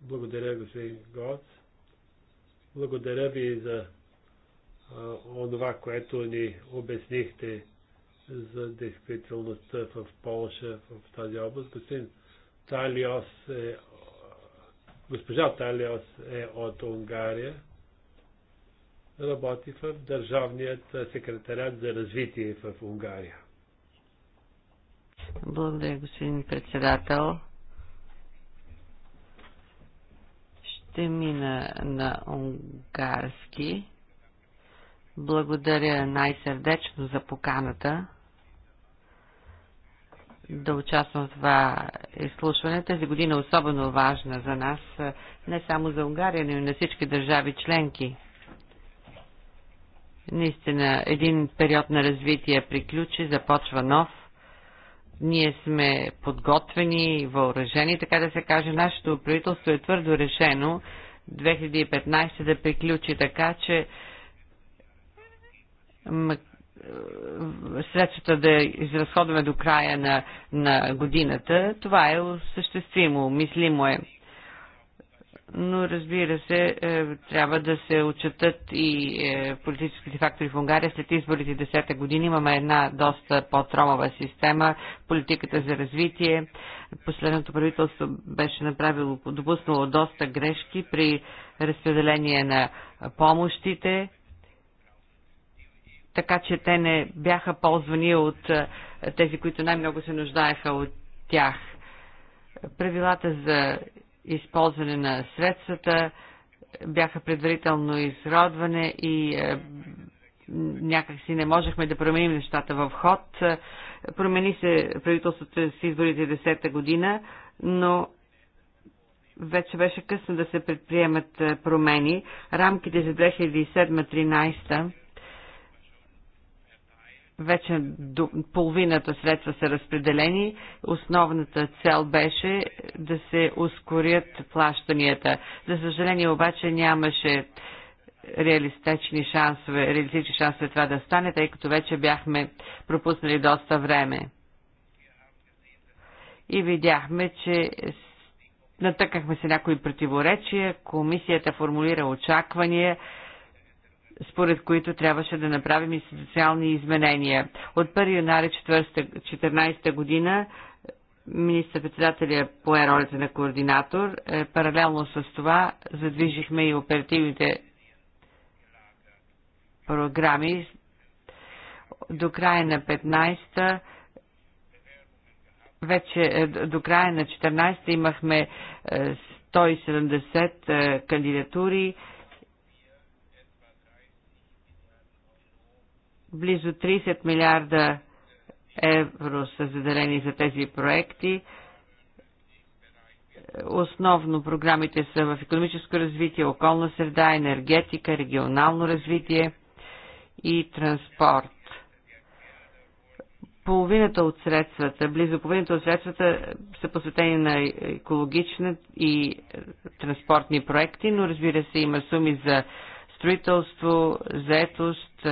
Благодаря, господин Гоц. Благодаря ви за онова, което ни обяснихте за действителността в Полша в тази област. Господин Талиос е, госпожа Талиос е от Унгария. Работи в Държавният секретарят за развитие в Унгария. Благодаря, господин председател. Ще мина на унгарски. Благодаря най-сърдечно за поканата да участвам в това изслушване. Тази година е особено важна за нас, е, не само за Унгария, но и на всички държави членки. Наистина, един период на развитие приключи, започва нов. Ние сме подготвени, въоръжени, така да се каже. Нашето правителство е твърдо решено 2015 да приключи така, че е, средствата да изразходваме до края на, на годината, това е осъществимо, мислимо е. Но разбира се, е, трябва да се отчетат и е, политическите фактори в Унгария. След изборите 10-та години имаме една доста по-тромава система, политиката за развитие. Последното правителство беше направило, допуснало доста грешки при разпределение на помощите така че те не бяха ползвани от е, тези, които най-много се нуждаеха от тях. Правилата за използване на средствата бяха предварително изродване и е, някакси не можехме да променим нещата в ход. Промени се правителството с изборите 10-та година, но вече беше късно да се предприемат е, промени. Рамките за 2007-13 вече до половината средства са разпределени. Основната цел беше да се ускорят плащанията. За съжаление обаче нямаше реалистични шансове, реалистични шансове това да стане, тъй като вече бяхме пропуснали доста време. И видяхме, че натъкахме се някои противоречия, комисията формулира очаквания, според които трябваше да направим институционални изменения. От 1 януари 2014 година министър-председателя пое ролята на координатор. Е, паралелно с това задвижихме и оперативните програми до края на 15-та вече е, до края на 14-та имахме 170 е, кандидатури, Близо 30 милиарда евро са заделени за тези проекти. Основно програмите са в економическо развитие, околна среда, енергетика, регионално развитие и транспорт. Половината от средствата, близо половината от средствата са посветени на екологични и транспортни проекти, но разбира се има суми за строителство, заетост,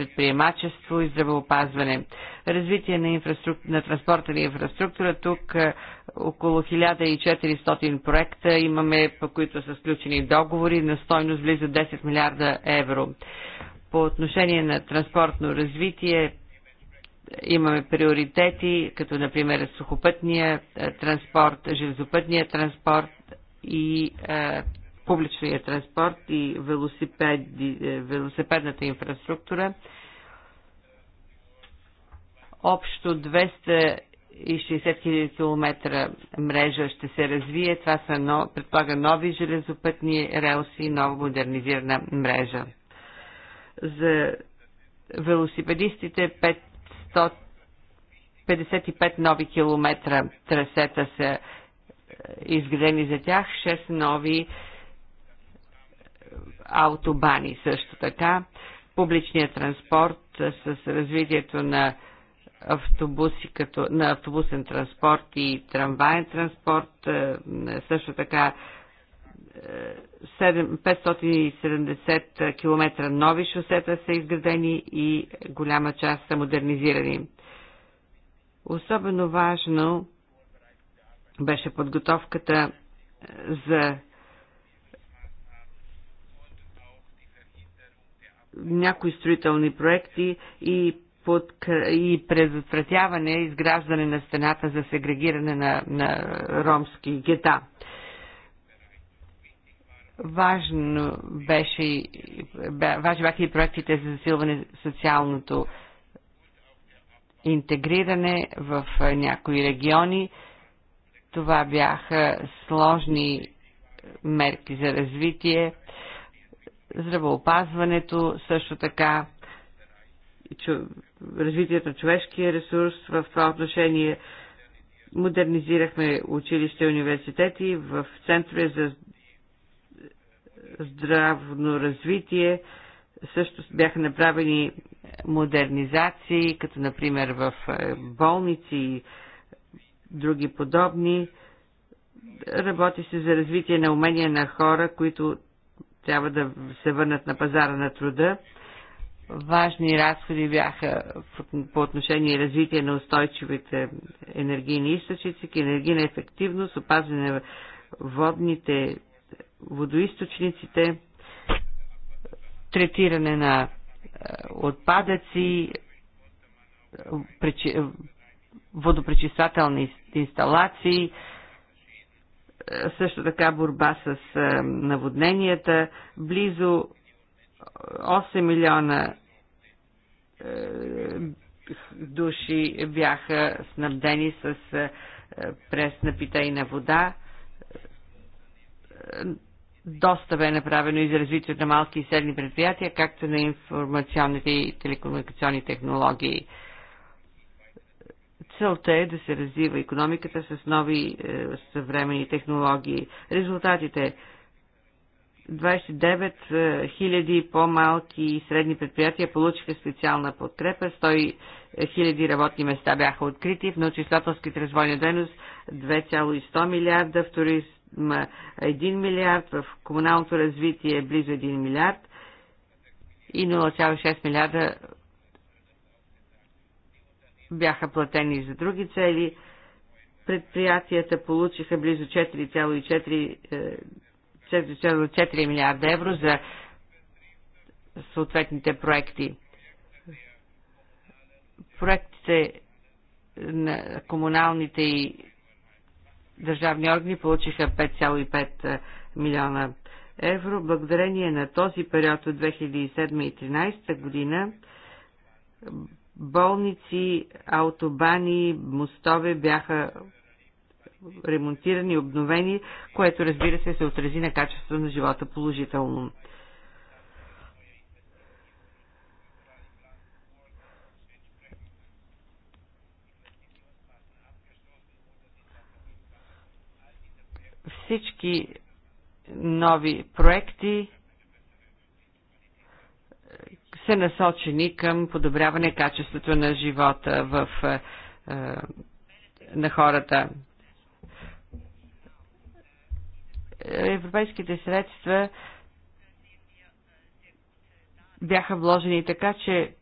предприемачество и здравеопазване. Развитие на, инфраструк... на и инфраструктура. Тук е, около 1400 проекта имаме, по които са сключени договори на стойност близо 10 милиарда евро. По отношение на транспортно развитие, имаме приоритети, като например сухопътния е, транспорт, железопътния транспорт и е, публичния транспорт и велосипеди, е, велосипедната инфраструктура. Общо 260 хиляди км мрежа ще се развие. Това са, но, предполага нови железопътни релси и нова модернизирана мрежа. За велосипедистите 500 55 нови километра трасета са е, изградени за тях, 6 нови аутобани също така, публичният транспорт с развитието на автобуси като, на автобусен транспорт и трамваен транспорт, е, също така 570 е, км нови шосета са изградени и голяма част са модернизирани. Особено важно беше подготовката за някои строителни проекти и под, и предотвратяване изграждане на стената за сегрегиране на, на ромски гета. Важно беше, важни бяха и проектите за засилване социалното интегриране в някои региони. Това бяха сложни мерки за развитие здравеопазването също така, развитието на човешкия ресурс в това отношение. Модернизирахме училище и университети в центрове за здравно развитие. Също бяха направени модернизации, като например в е, болници и други подобни. Работи се за развитие на умения на хора, които трябва да се върнат на пазара на труда. Важни разходи бяха по отношение развитие на устойчивите енергийни източници, енергийна ефективност, опазване на водните водоисточниците, третиране на е, отпадъци, е, е, водопречиствателни инсталации, също така борба с е, наводненията, близо 8 милиона е, души бяха снабдени с е, пресна питейна вода. Доста бе направено и за на малки и средни предприятия, както на информационните и телекомуникационни технологии. Целта е да се развива економиката с нови е, съвремени технологии. Резултатите 29 000 е, по-малки и средни предприятия получиха специална подкрепа, 100 000 е, работни места бяха открити, в научно развойни дейност 2,100 милиарда, в туризма 1 милиард, в комуналното развитие близо 1 милиард и 0,6 милиарда бяха платени за други цели. Предприятията получиха близо 4,4 е, милиарда евро за съответните проекти. Проектите на комуналните и държавни органи получиха 5,5 милиона евро. Благодарение на този период от 2007 и 2013 година Болници, аутобани, мостове бяха ремонтирани, обновени, което разбира се се отрази на качеството на живота положително. Всички нови проекти са насочени към подобряване качеството на живота в, е, е, на хората. Европейските средства бяха вложени така, че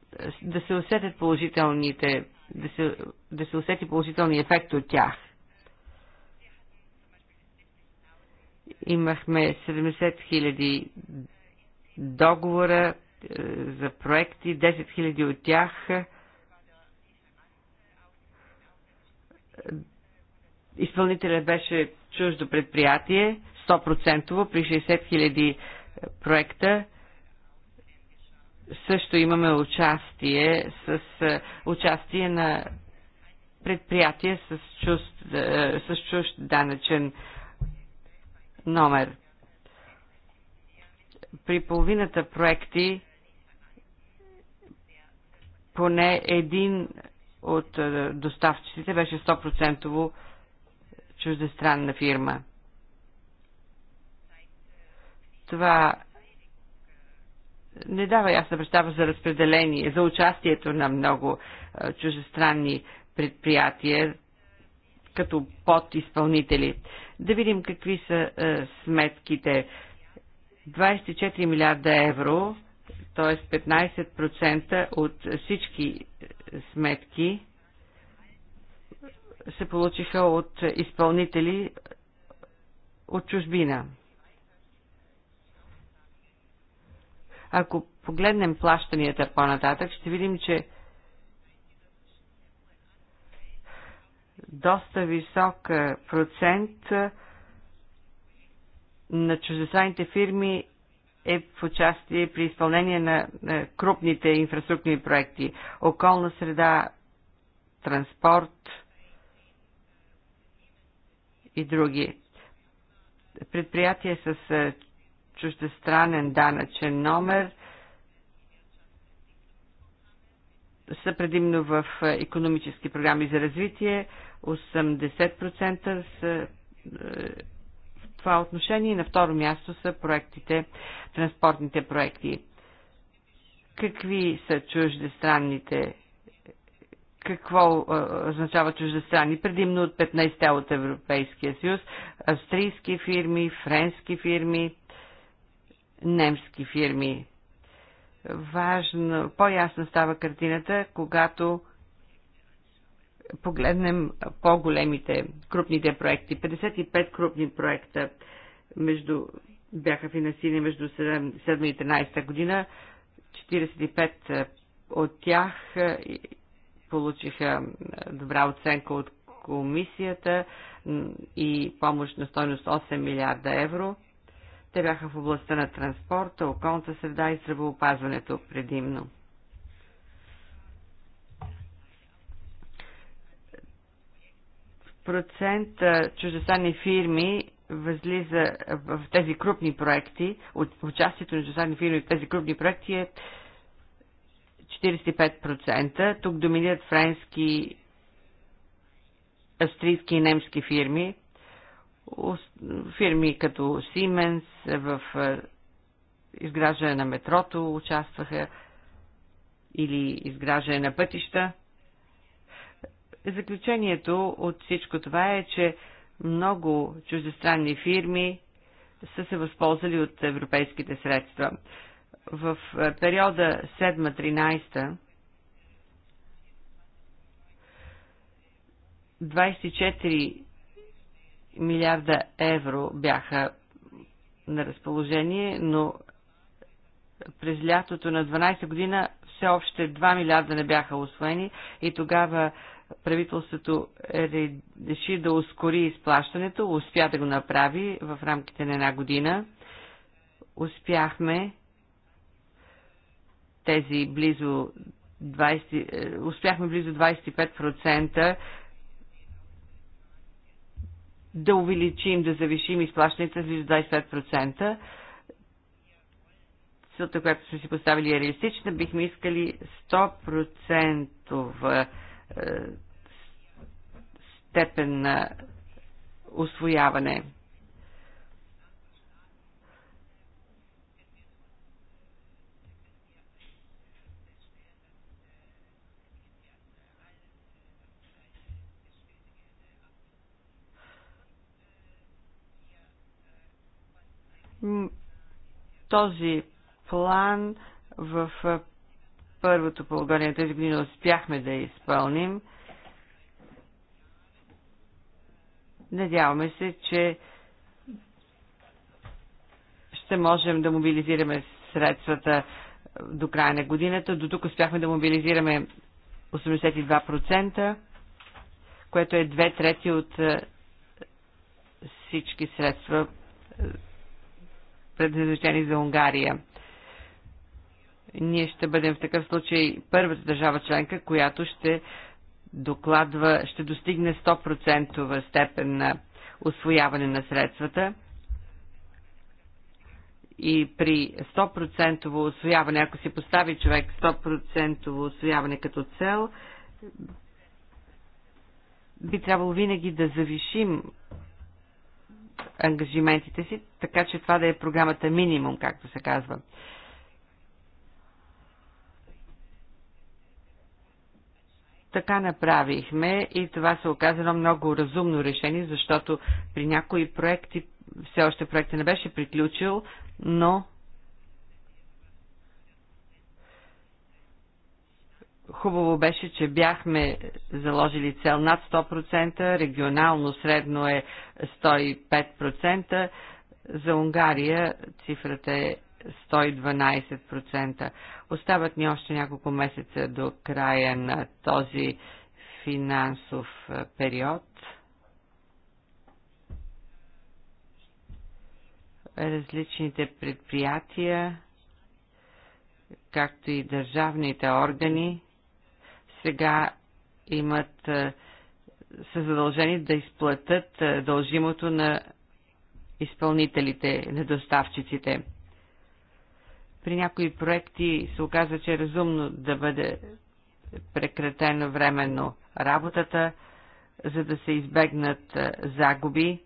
да се усетят положителните, да се, да се усети положителния ефект от тях. Имахме 70 000 договора за проекти, 10 000 от тях е, изпълнителят беше чуждо предприятие, 100% при 60 000 е, проекта също имаме участие с е, участие на предприятие с чужд, с чужд данъчен номер. При половината проекти поне един от е, доставчиците беше 100% чуждестранна фирма. Това не дава ясна представа за разпределение, за участието на много е, чужестранни предприятия като подизпълнители. Да видим какви са е, сметките. 24 милиарда евро т.е. 15% от всички сметки се получиха от изпълнители от чужбина. Ако погледнем плащанията по-нататък, ще видим, че доста висок процент на чуждестранните фирми е в участие при изпълнение на крупните инфраструктурни проекти. Околна среда, транспорт и други. Предприятие с е, чуждестранен данъчен номер са предимно в економически програми за развитие. 80% са е, това отношение. И на второ място са проектите, транспортните проекти. Какви са чуждестранните какво е, означава чуждестранни, предимно от 15-те от Европейския съюз, австрийски фирми, френски фирми, немски фирми. Важно, по-ясно става картината, когато погледнем по-големите, крупните проекти. 55 крупни проекта между, бяха финансирани между 7, и 13 година. 45 е, от тях е, получиха е, добра оценка от комисията и помощ на стойност 8 милиарда евро. Те бяха в областта на транспорта, околната среда и здравеопазването предимно. процента чуждестранни фирми възлиза в тези крупни проекти, участието на чуждестранни фирми в тези крупни проекти е 45%. Тук доминират френски, австрийски и немски фирми. Фирми като Siemens в е, изграждане на метрото участваха или изграждане на пътища. Заключението от всичко това е, че много чуждестранни фирми са се възползвали от европейските средства. В е, периода 7-13 24 милиарда евро бяха на разположение, но през лятото на 12 година все още 2 милиарда не бяха освоени и тогава правителството е реши да ускори изплащането, успя да го направи в рамките на една година. Успяхме тези близо 20, е, успяхме близо 25% да увеличим, да завишим изплащането с близо 25%. Целта, която сме си поставили е реалистична. Бихме искали 100% е, степен на освояване. Този план в е, първото полугодие тази година успяхме да изпълним. Надяваме се, че ще можем да мобилизираме средствата до края на годината. До тук успяхме да мобилизираме 82%, което е две трети от е, всички средства е, предназначени за Унгария. Ние ще бъдем в такъв случай първата държава членка, която ще докладва, ще достигне 100% степен на освояване на средствата и при 100% освояване, ако си постави човек 100% освояване като цел, би трябвало винаги да завишим ангажиментите си, така че това да е програмата минимум, както се казва. Така направихме и това се оказа едно много разумно решение, защото при някои проекти, все още проекта не беше приключил, но хубаво беше, че бяхме заложили цел над 100%, регионално средно е 105%, за Унгария цифрата е 112%. Остават ни още няколко месеца до края на този финансов период. Различните предприятия, както и държавните органи, сега имат, са задължени да изплатят дължимото на изпълнителите, на доставчиците. При някои проекти се оказа, че е разумно да бъде прекратено временно работата, за да се избегнат загуби.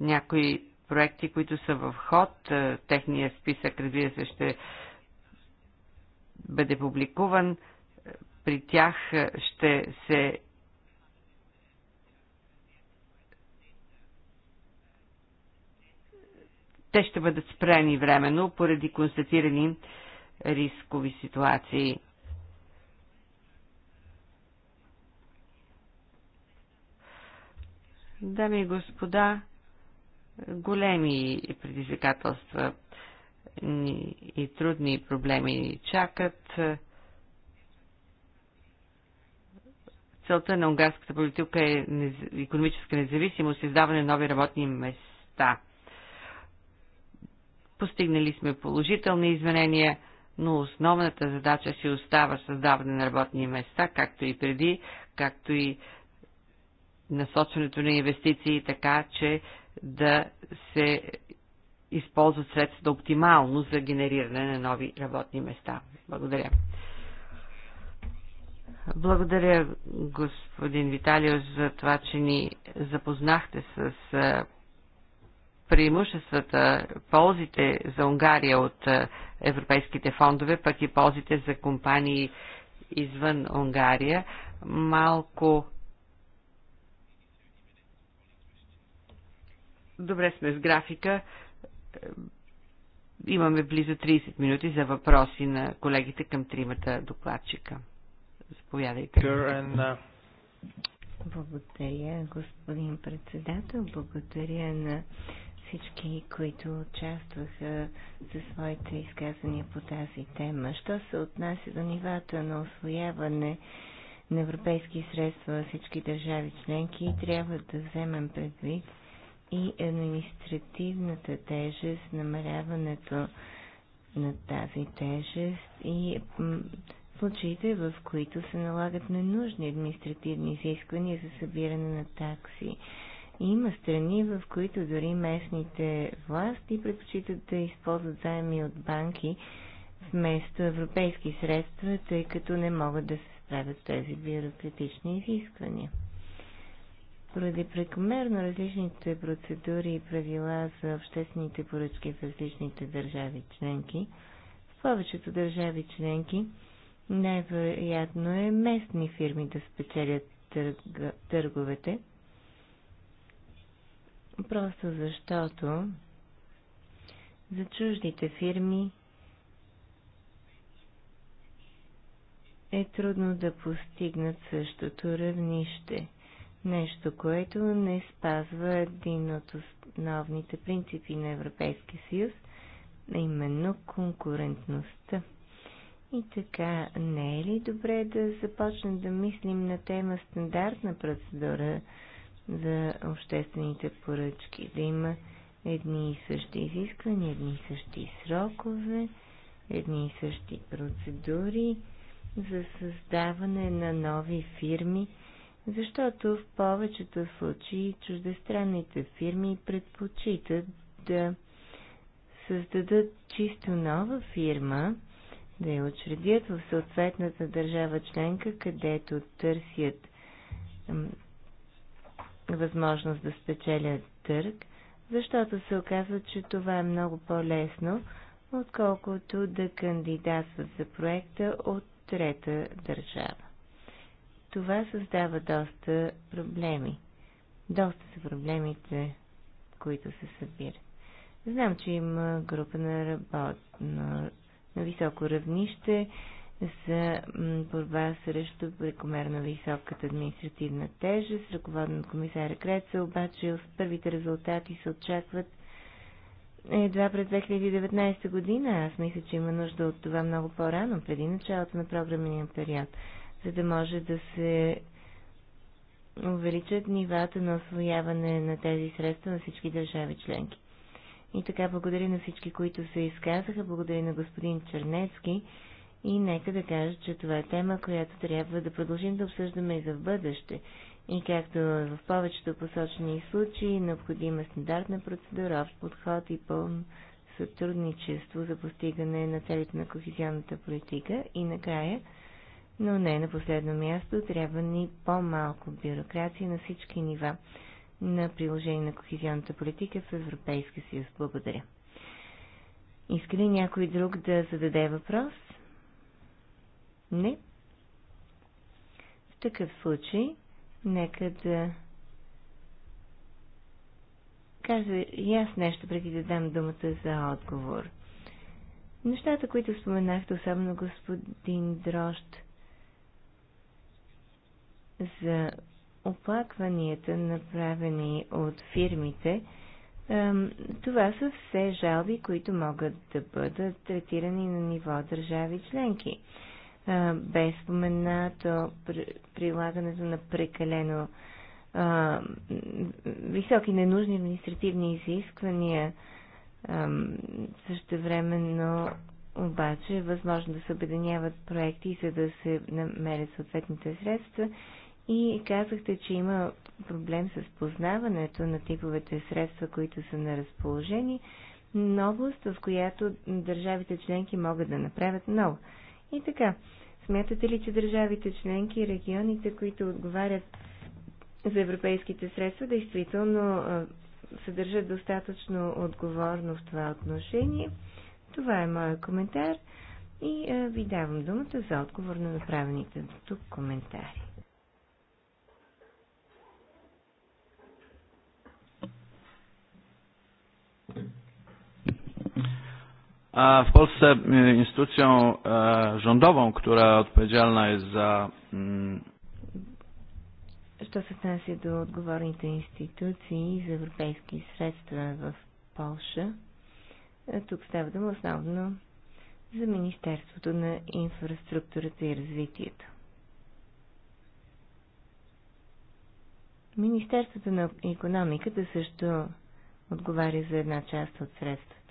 Някои проекти, които са в ход, техният списък, разбира се, ще бъде публикуван. При тях ще се те ще бъдат спрени временно поради констатирани рискови ситуации. Дами и господа, големи предизвикателства и трудни проблеми ни чакат. Целта на унгарската политика е економическа независимост и издаване на нови работни места – Постигнали сме положителни изменения, но основната задача си остава създаване на работни места, както и преди, както и насочването на инвестиции, така че да се използват средствата оптимално за генериране на нови работни места. Благодаря. Благодаря, господин Виталио, за това, че ни запознахте с преимуществата, ползите за Унгария от европейските фондове, пък и ползите за компании извън Унгария, малко добре сме с графика. Имаме близо 30 минути за въпроси на колегите към тримата докладчика. Заповядайте. Благодаря, господин председател. Благодаря на всички, които участваха за своите изказвания по тази тема. Що се отнася до нивата на освояване на европейски средства във всички държави членки, трябва да вземем предвид и административната тежест, намеряването на тази тежест и случаите, в които се налагат ненужни административни изисквания за събиране на такси има страни, в които дори местните власти предпочитат да използват заеми от банки вместо европейски средства, тъй като не могат да се справят с тези бюрократични изисквания. Поради прекомерно различните процедури и правила за обществените поръчки в различните държави членки, в повечето държави членки най-вероятно е местни фирми да спечелят търг... търговете – Просто защото за чуждите фирми е трудно да постигнат същото равнище, нещо, което не спазва един от основните принципи на Европейския съюз, а именно конкурентността. И така, не е ли добре да започнем да мислим на тема стандартна процедура за обществените поръчки, да има едни и същи изисквания, едни и същи срокове, едни и същи процедури за създаване на нови фирми, защото в повечето случаи чуждестранните фирми предпочитат да създадат чисто нова фирма, да я учредят в съответната държава членка, където търсят възможност да спечелят търг, защото се оказва, че това е много по-лесно, отколкото да кандидатстват за проекта от трета държава. Това създава доста проблеми. Доста са проблемите, които се събират. Знам, че има група на работ на, на високо равнище, за борба срещу прекомерно високата административна тежест. Ръководен от комисаря Креца обаче първите резултати се очакват едва през 2019 година. Аз мисля, че има нужда от това много по-рано, преди началото на програмния период, за да може да се увеличат нивата на освояване на тези средства на всички държави членки. И така, благодаря на всички, които се изказаха, благодаря на господин Чернецки и нека да кажа, че това е тема, която трябва да продължим да обсъждаме и за в бъдеще. И както в повечето посочени случаи, необходима стандартна процедура, общ подход и пълно сътрудничество за постигане на целите на кохезионната политика. И накрая, но не на последно място, трябва ни по-малко бюрокрация на всички нива на приложение на кохезионната политика в Европейския съюз. Благодаря. Иска ли някой друг да зададе въпрос? Не. В такъв случай, нека да кажа и аз нещо преди да дам думата за отговор. Нещата, които споменахте, особено господин Дрожд, за оплакванията, направени от фирмите, това са все жалби, които могат да бъдат третирани на ниво държави членки бе споменато прилагането на прекалено а, високи ненужни административни изисквания. Също времено обаче е възможно да се обединяват проекти, за да се намерят съответните средства. И казахте, че има проблем с познаването на типовете средства, които са на разположение. Новост, в която държавите членки могат да направят много. И така, смятате ли, че държавите членки и регионите, които отговарят за европейските средства, действително съдържат достатъчно отговорно в това отношение? Това е моят коментар и ви давам думата за отговор на направените тук коментари. A w Polsce e, instytucją e, rządową, która odpowiedzialna jest za. Mm, Що се отнася до отговорните институции за европейски средства в Польша, е, тук става дума основно за Министерството на инфраструктурата и развитието. Министерството на економиката също отговаря за една част от средствата.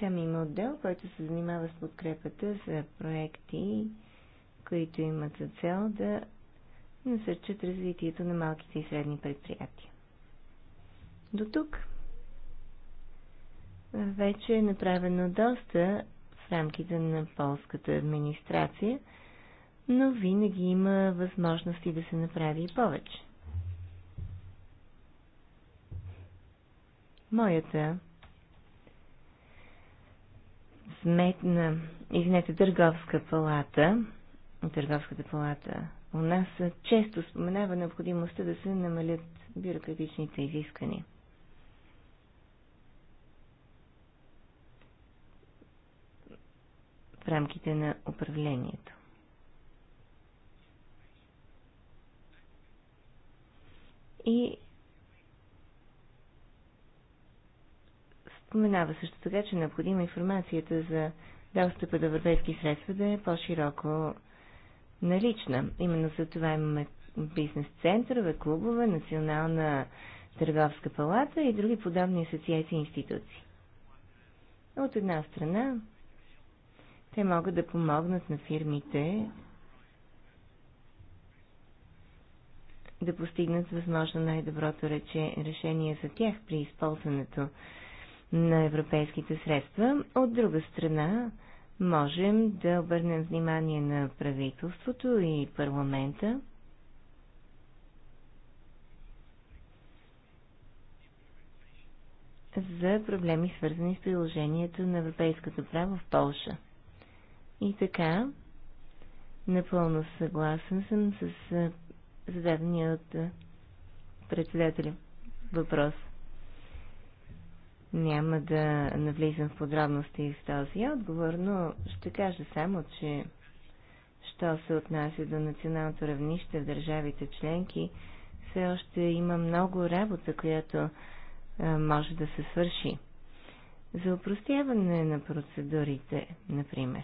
Там има отдел, който се занимава с подкрепата за проекти, които имат за цел да насърчат развитието на малките и средни предприятия. До тук вече е направено доста в рамките на полската администрация, но винаги има възможности да се направи и повече. Моята сметна, извинете, търговска палата, търговската палата у нас често споменава необходимостта да се намалят бюрократичните изисквания. в рамките на управлението. И Споменава също така, че е необходима информацията за достъпа до европейски средства да е по-широко налична. Именно за това имаме бизнес центрове, клубове, национална търговска палата и други подобни асоциации и институции. От една страна, те могат да помогнат на фирмите да постигнат възможно най-доброто решение за тях при използването на европейските средства. От друга страна, можем да обърнем внимание на правителството и парламента, за проблеми, свързани с приложението на европейското право в Полша. И така, напълно съгласен съм с зададения от председателя въпрос. Няма да навлизам в подробности в този отговор, но ще кажа само, че що се отнася до националното равнище в държавите членки, все още има много работа, която може да се свърши. За упростяване на процедурите, например.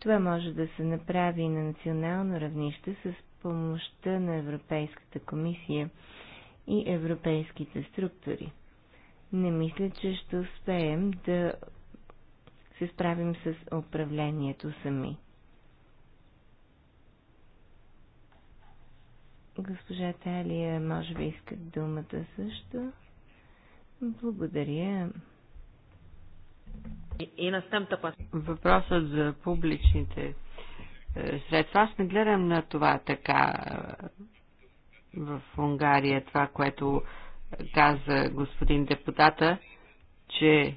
Това може да се направи на национално равнище с помощта на Европейската комисия и европейските структури – не мисля, че ще успеем да се справим с управлението сами. Госпожа Талия, може би искат думата също. Благодаря. И настъмта пас. Въпросът за публичните е, средства. Аз не гледам на това така е, в Унгария, това, което каза господин депутата, че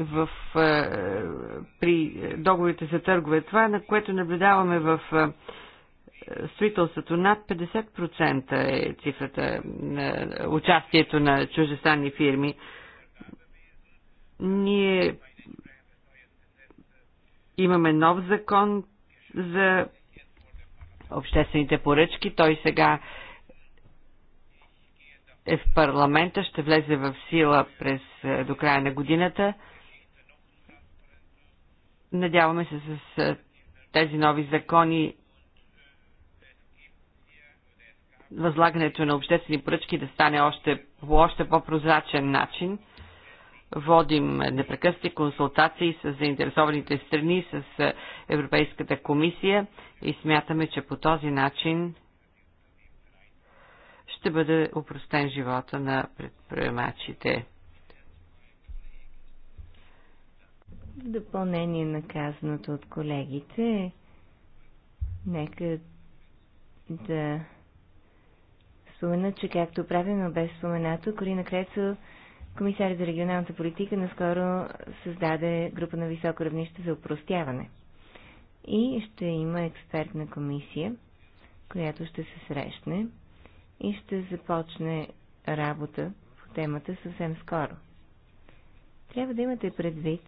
в, е, при договорите за търгове. Това е на което наблюдаваме в е, строителството. Над 50% е цифрата на участието на чуждестранни фирми. Ние Имаме нов закон за обществените поръчки. Той сега е в парламента, ще влезе в сила през е, до края на годината. Надяваме се с е, тези нови закони възлагането на обществени поръчки да стане още, по още по-прозрачен начин – водим непрекъснати консултации с заинтересованите страни, с е, Европейската комисия и смятаме, че по този начин ще бъде упростен живота на предприемачите. В допълнение на казаното от колегите, нека да спомена, че както правилно бе споменато, Корина Крецо Комисарят за регионалната политика наскоро създаде група на високо равнище за упростяване. И ще има експертна комисия, която ще се срещне и ще започне работа по темата съвсем скоро. Трябва да имате предвид,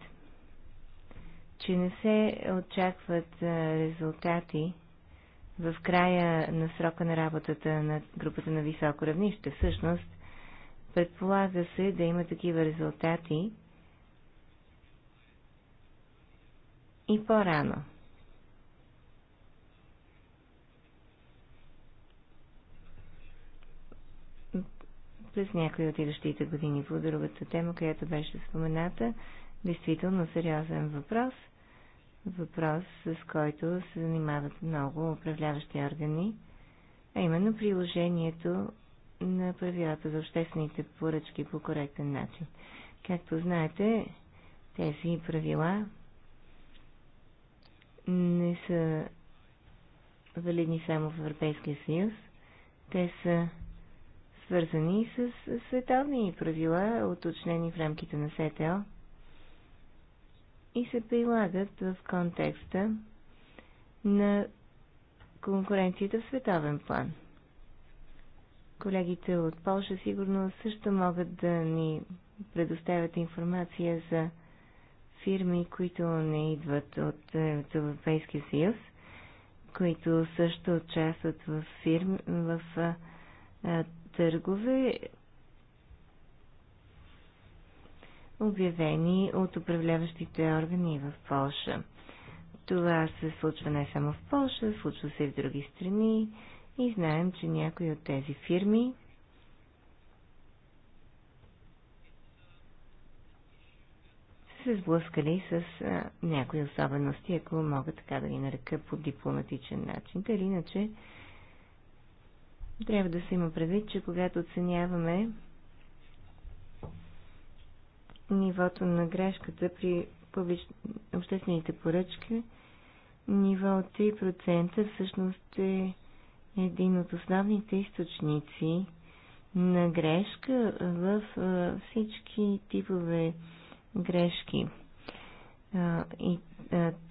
че не се очакват резултати в края на срока на работата на групата на високо равнище. Всъщност, Предполага се да има такива резултати и по-рано. през някои от идващите години. По другата тема, която беше спомената, действително сериозен въпрос. Въпрос, с който се занимават много управляващи органи, а именно приложението на правилата за обществените поръчки по коректен начин. Както знаете, тези правила не са валидни само в Европейския съюз. Те са свързани с световни правила, уточнени в рамките на СТО и се прилагат в контекста на конкуренцията в световен план. Колегите от Польша сигурно също могат да ни предоставят информация за фирми, които не идват от, е, Европейския съюз, които също участват в, фирми, в а, е, а, е, търгове, обявени от управляващите органи в Польша. Това се случва не само в Польша, случва се и в други страни и знаем, че някои от тези фирми са се сблъскали с а, някои особености, ако мога така да ги нарека по дипломатичен начин. Та или иначе, трябва да се има предвид, че когато оценяваме нивото на грешката при публич... обществените поръчки, ниво от 3% всъщност е един от основните източници на грешка в всички типове грешки. И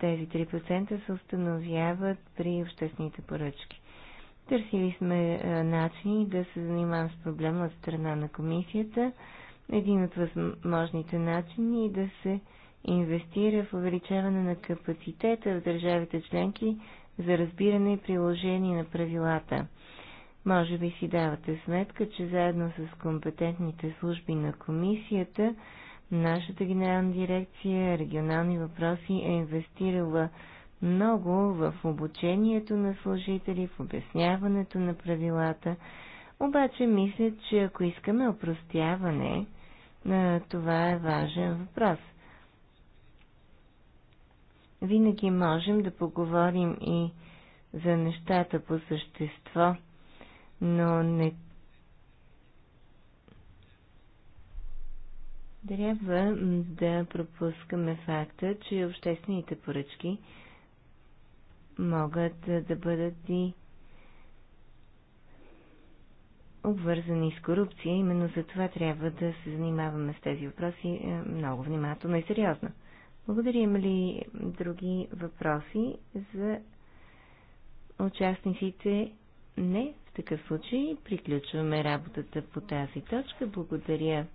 тези 3% се установяват при обществените поръчки. Търсили сме начини да се занимавам с проблема от страна на комисията. Един от възможните начини е да се инвестира в увеличаване на капацитета в държавите членки за разбиране и приложение на правилата. Може би си давате сметка, че заедно с компетентните служби на комисията, нашата генерална дирекция регионални въпроси е инвестирала много в обучението на служители, в обясняването на правилата, обаче мисля, че ако искаме опростяване, това е важен въпрос – винаги можем да поговорим и за нещата по същество, но не трябва да пропускаме факта, че обществените поръчки могат да бъдат и обвързани с корупция. Именно за това трябва да се занимаваме с тези въпроси е, много внимателно и сериозно. Благодаря. Има ли други въпроси за участниците? Не. В такъв случай приключваме работата по тази точка. Благодаря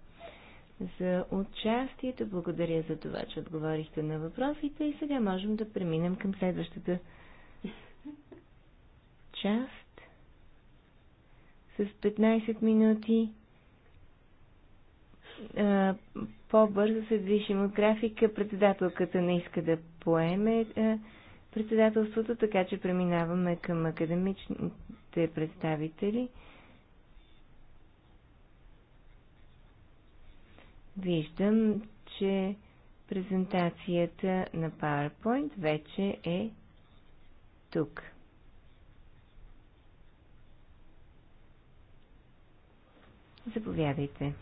за участието. Благодаря за това, че отговорихте на въпросите. И сега можем да преминем към следващата част с 15 минути по-бързо се движим от графика. Председателката не иска да поеме е, председателството, така че преминаваме към академичните представители. Виждам, че презентацията на PowerPoint вече е тук. Заповядайте.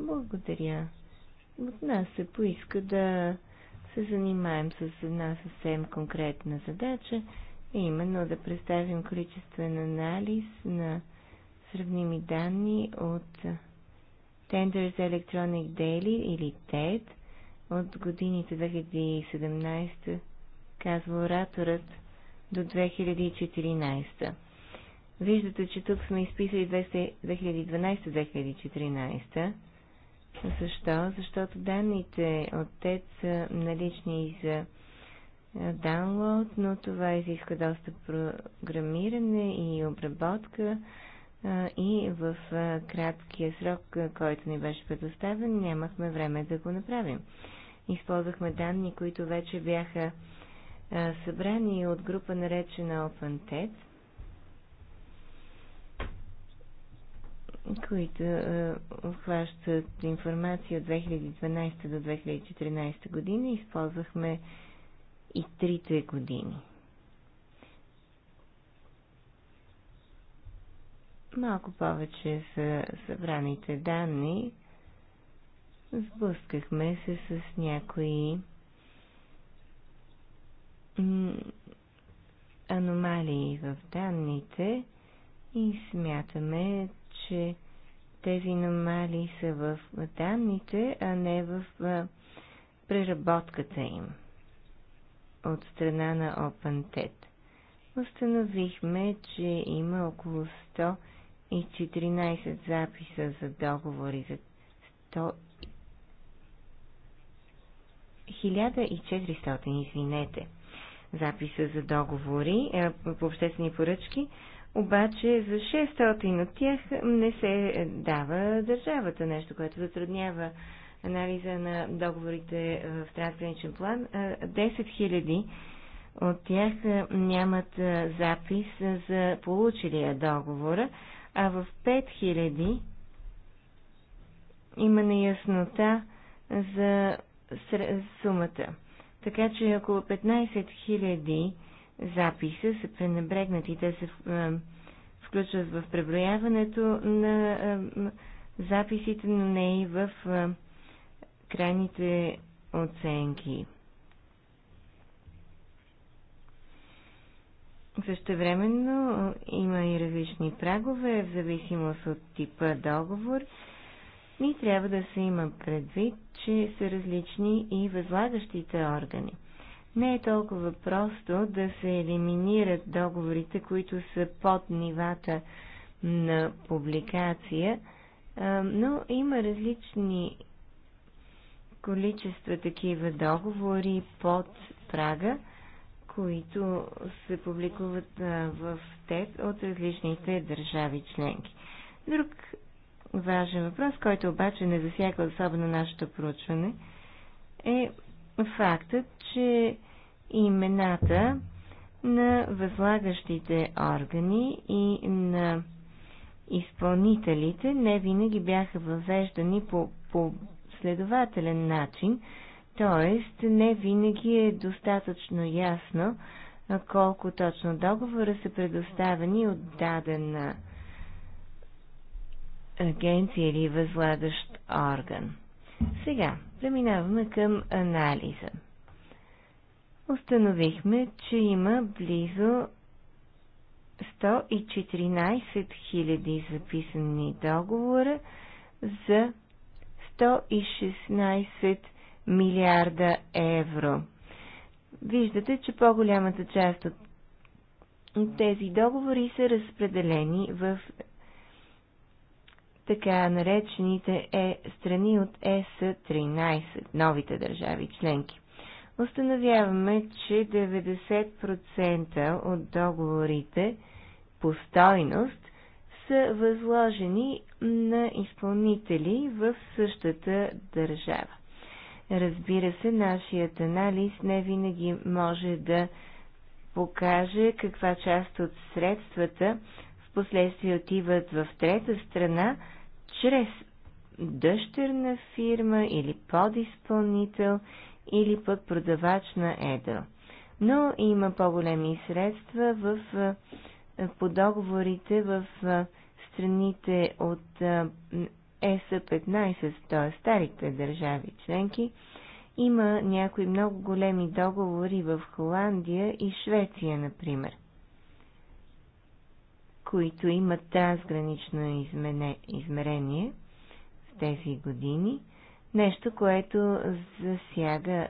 Благодаря. От нас се поиска да се занимаем с една съвсем конкретна задача, именно да представим количествен анализ на сравними данни от Tenders Electronic Daily или TED от годините 2017, казва ораторът, до 2014. Виждате, че тук сме изписали 2012-2014 защо? Защото данните от ТЕД са налични и за даунлоад, но това изисква доста програмиране и обработка и в краткия срок, който ни беше предоставен, нямахме време да го направим. Използвахме данни, които вече бяха събрани от група наречена OpenTED – които е, обхващат информация от 2012 до 2013 година. Използвахме и трите години. Малко повече са събраните данни. Сблъскахме се с някои аномалии в данните и смятаме, че тези номали са в данните, а не в преработката им от страна на Опантет. Установихме, че има около 114 записа за договори за 100... 1400, извинете, записа за договори е, по обществени поръчки, обаче за 600 от тях не се дава държавата, нещо, което затруднява анализа на договорите в трансграничен план. 10 000 от тях нямат запис за получилия договора, а в 5000 има неяснота за сумата. Така че около 15 000 записа са пренебрегнати. Те се е, включват в преброяването на е, записите, но не и в е, крайните оценки. Същевременно има и различни прагове в зависимост от типа договор и трябва да се има предвид, че са различни и възлагащите органи не е толкова просто да се елиминират договорите, които са под нивата на публикация, но има различни количества такива договори под прага, които се публикуват в ТЕД от различните държави членки. Друг важен въпрос, който обаче не засяга особено нашето проучване, е фактът, че имената на възлагащите органи и на изпълнителите не винаги бяха въвеждани по, по следователен начин, т.е. не винаги е достатъчно ясно колко точно договора са предоставени от дадена агенция или възлагащ орган. Сега, Преминаваме към анализа. Установихме, че има близо 114 000 записани договора за 116 милиарда евро. Виждате, че по-голямата част от тези договори са разпределени в така наречените е страни от ЕС-13, новите държави членки. Установяваме, че 90% от договорите по стойност са възложени на изпълнители в същата държава. Разбира се, нашият анализ не винаги може да покаже каква част от средствата последствие отиват в трета страна чрез дъщерна фирма или подизпълнител или пък продавач на Едро. Но има по-големи средства в, по договорите в страните от ЕС-15, т.е. старите държави членки. Има някои много големи договори в Холандия и Швеция, например които имат трансгранично измерение в тези години, нещо, което засяга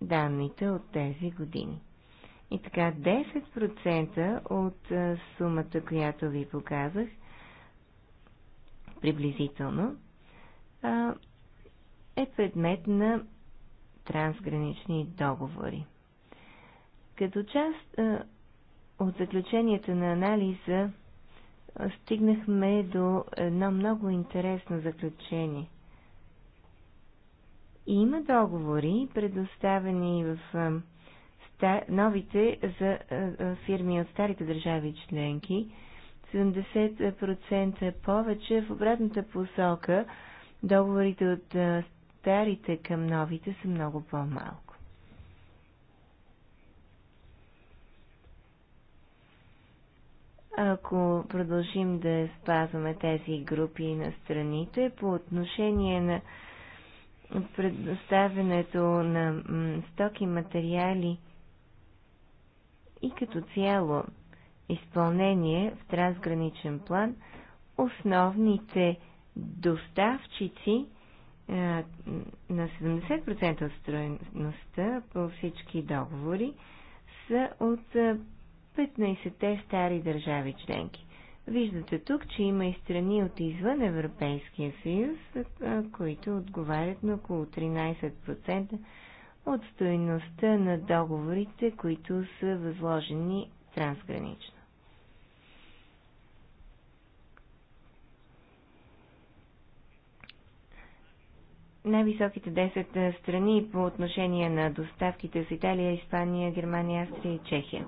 данните от тези години. И така, 10% от сумата, която ви показах, приблизително, е предмет на трансгранични договори. Като част от заключенията на анализа стигнахме до едно много интересно заключение. Има договори, предоставени в новите за фирми от старите държави членки, 70% повече в обратната посока, договорите от старите към новите са много по-малко. ако продължим да спазваме тези групи на страните по отношение на предоставянето на стоки, материали и като цяло изпълнение в трансграничен план, основните доставчици на 70% от стройността по всички договори са от 15-те стари държави членки. Виждате тук, че има и страни от извън Европейския съюз, които отговарят на около 13% от стоеността на договорите, които са възложени трансгранично. най-високите 10 страни по отношение на доставките с Италия, Испания, Германия, Австрия и Чехия.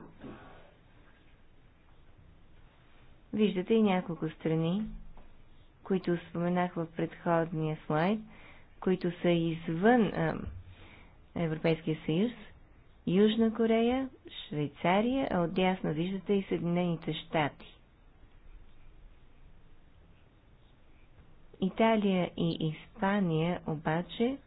Виждате и няколко страни, които споменах в предходния слайд, които са извън а, Европейския съюз, Южна Корея, Швейцария, а отдясно виждате и Съединените щати. Италия и Испания обаче –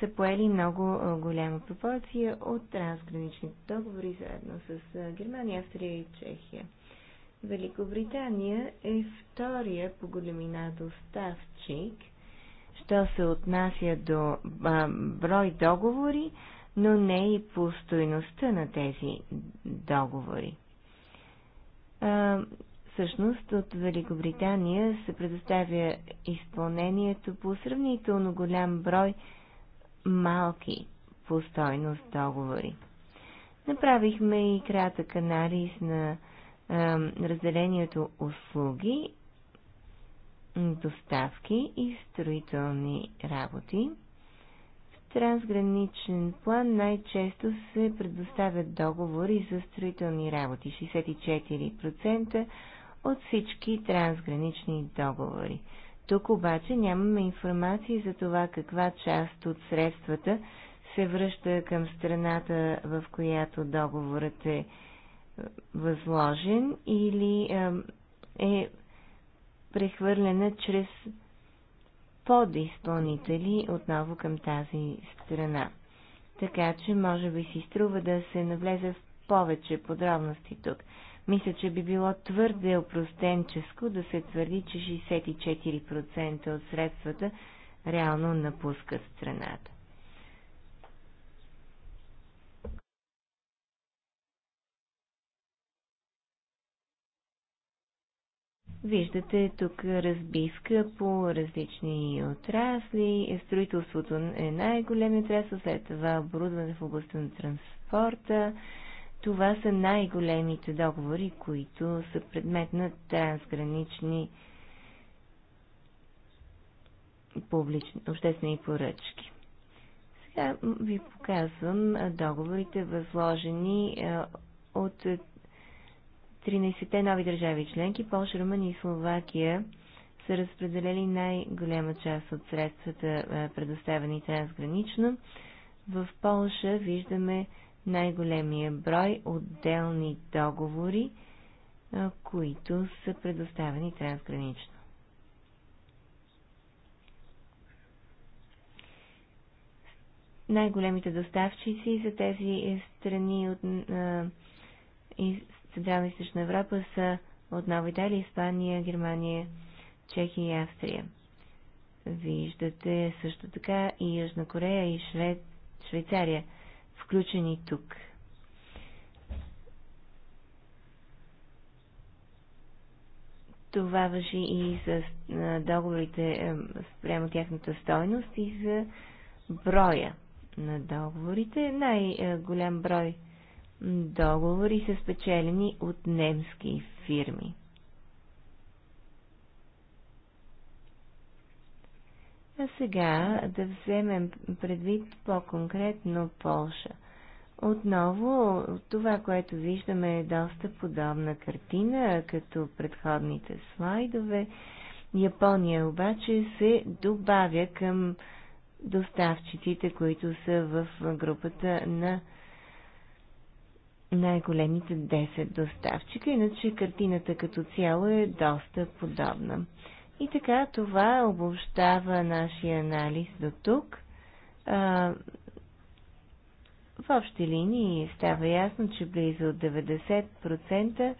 са поели много голяма пропорция от трансграничните договори заедно с Германия, Австрия и Чехия. Великобритания е втория по големина доставчик, що се отнася до а, брой договори, но не и по стойността на тези договори. А, всъщност от Великобритания се предоставя изпълнението по сравнително голям брой малки по стойност договори. Направихме и кратък анализ на а, разделението услуги, доставки и строителни работи. В трансграничен план най-често се предоставят договори за строителни работи 64% от всички трансгранични договори. Тук обаче нямаме информации за това каква част от средствата се връща към страната, в която договорът е, е възложен или е, е прехвърлена чрез подизпълнители отново към тази страна. Така че може би си струва да се навлезе в повече подробности тук. Мисля, че би било твърде опростенческо да се твърди, че 64% от средствата реално напускат страната. Виждате тук разбивка по различни отрасли. Строителството е най-големият отрасъл, след това оборудване в областта на транспорта, това са най-големите договори, които са предмет на трансгранични публични, обществени поръчки. Сега ви показвам договорите, възложени от 13-те нови държави членки. Польша, Румъния и Словакия са разпределили най-голяма част от средствата, предоставени трансгранично. В Полша виждаме най-големия брой отделни договори, които са предоставени трансгранично. Най-големите доставчици за тези страни от Централна и Източна Европа са отново Италия, Испания, Германия, Чехия и Австрия. Виждате също така и Южна Корея и Швед... Швейцария – включени тук. Това въжи и за договорите спрямо тяхната стойност и за броя на договорите. Най-голям брой договори са спечелени от немски фирми. А сега да вземем предвид по-конкретно Полша. Отново, това, което виждаме е доста подобна картина, като предходните слайдове. Япония обаче се добавя към доставчиците, които са в групата на най-големите 10 доставчика, иначе картината като цяло е доста подобна. И така, това обобщава нашия анализ до тук. А, в общи линии става ясно, че близо 90%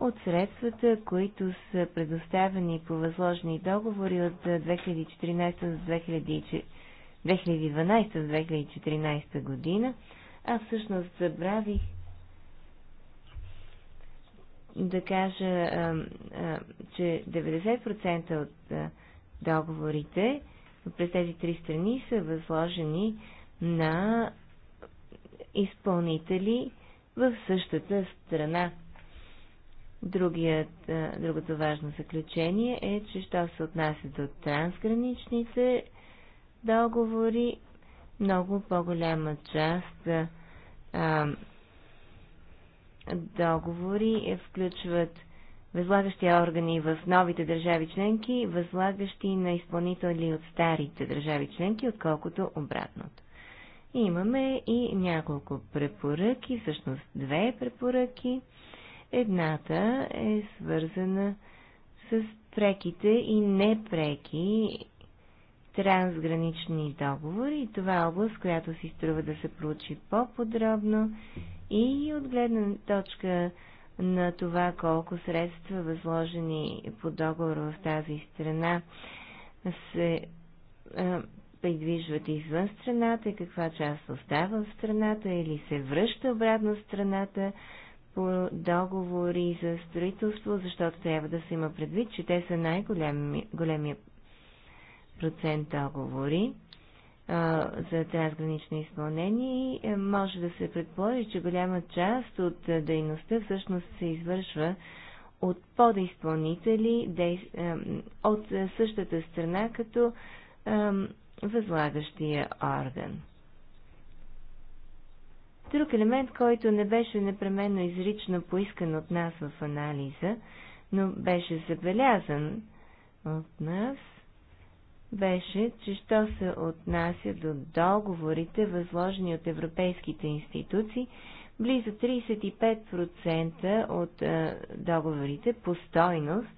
от средствата, които са предоставени по възложени договори от 2014 до 2012 2014 година, а всъщност забравих да кажа, че 90% от договорите през тези три страни са възложени на изпълнители в същата страна. Другият, другото важно заключение е, че що се отнася до трансграничните договори, много по-голяма част а, договори е, включват възлагащи органи в новите държави членки, възлагащи на изпълнители от старите държави членки, отколкото обратното. имаме и няколко препоръки, всъщност две препоръки. Едната е свързана с преките и непреки трансгранични договори. Това е област, която си струва да се проучи по-подробно и от гледна точка на това колко средства, възложени по договор в тази страна, се придвижват извън страната и каква част остава в страната или се връща обратно в страната по договори за строителство, защото трябва да се има предвид, че те са най-големия процент договори за трансгранично изпълнение и е, може да се предположи, че голяма част от е, дейността всъщност се извършва от подизпълнители е, от същата страна като възлагащия орган. Друг елемент, който не беше непременно изрично поискан от нас в анализа, но беше забелязан от нас, беше, че що се отнася до договорите, възложени от европейските институции, близо 35% от а, договорите по стойност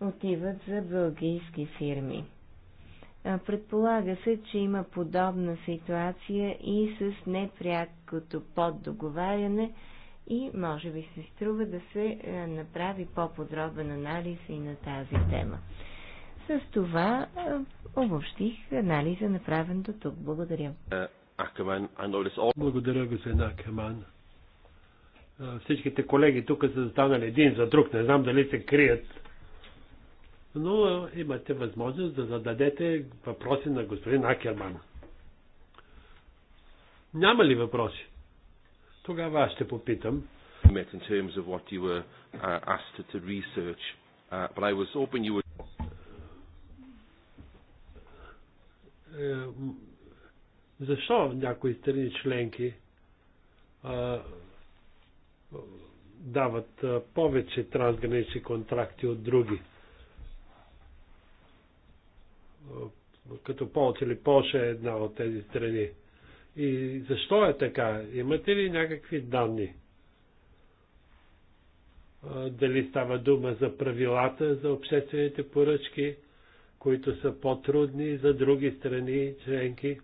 отиват за бългийски фирми. А, предполага се, че има подобна ситуация и с непрякото поддоговаряне и може би се струва да се а, направи по-подробен анализ и на тази тема. С това обобщих анализа направен до тук. Благодаря. Е, Благодаря, господин Акеман. Всичките колеги тук са застанали един за друг. Не знам дали се крият. Но имате възможност да зададете въпроси на господин Акерман. Няма ли въпроси? Тогава аз ще попитам. in terms of what you were uh, asked to research, uh, but I was hoping you would Е, защо някои страни членки а, дават а, повече трансгранични контракти от други. Като Полша или Полша е една от тези страни. И защо е така? Имате ли някакви данни? А, дали става дума за правилата за обществените поръчки? които са по-трудни за други страни членки.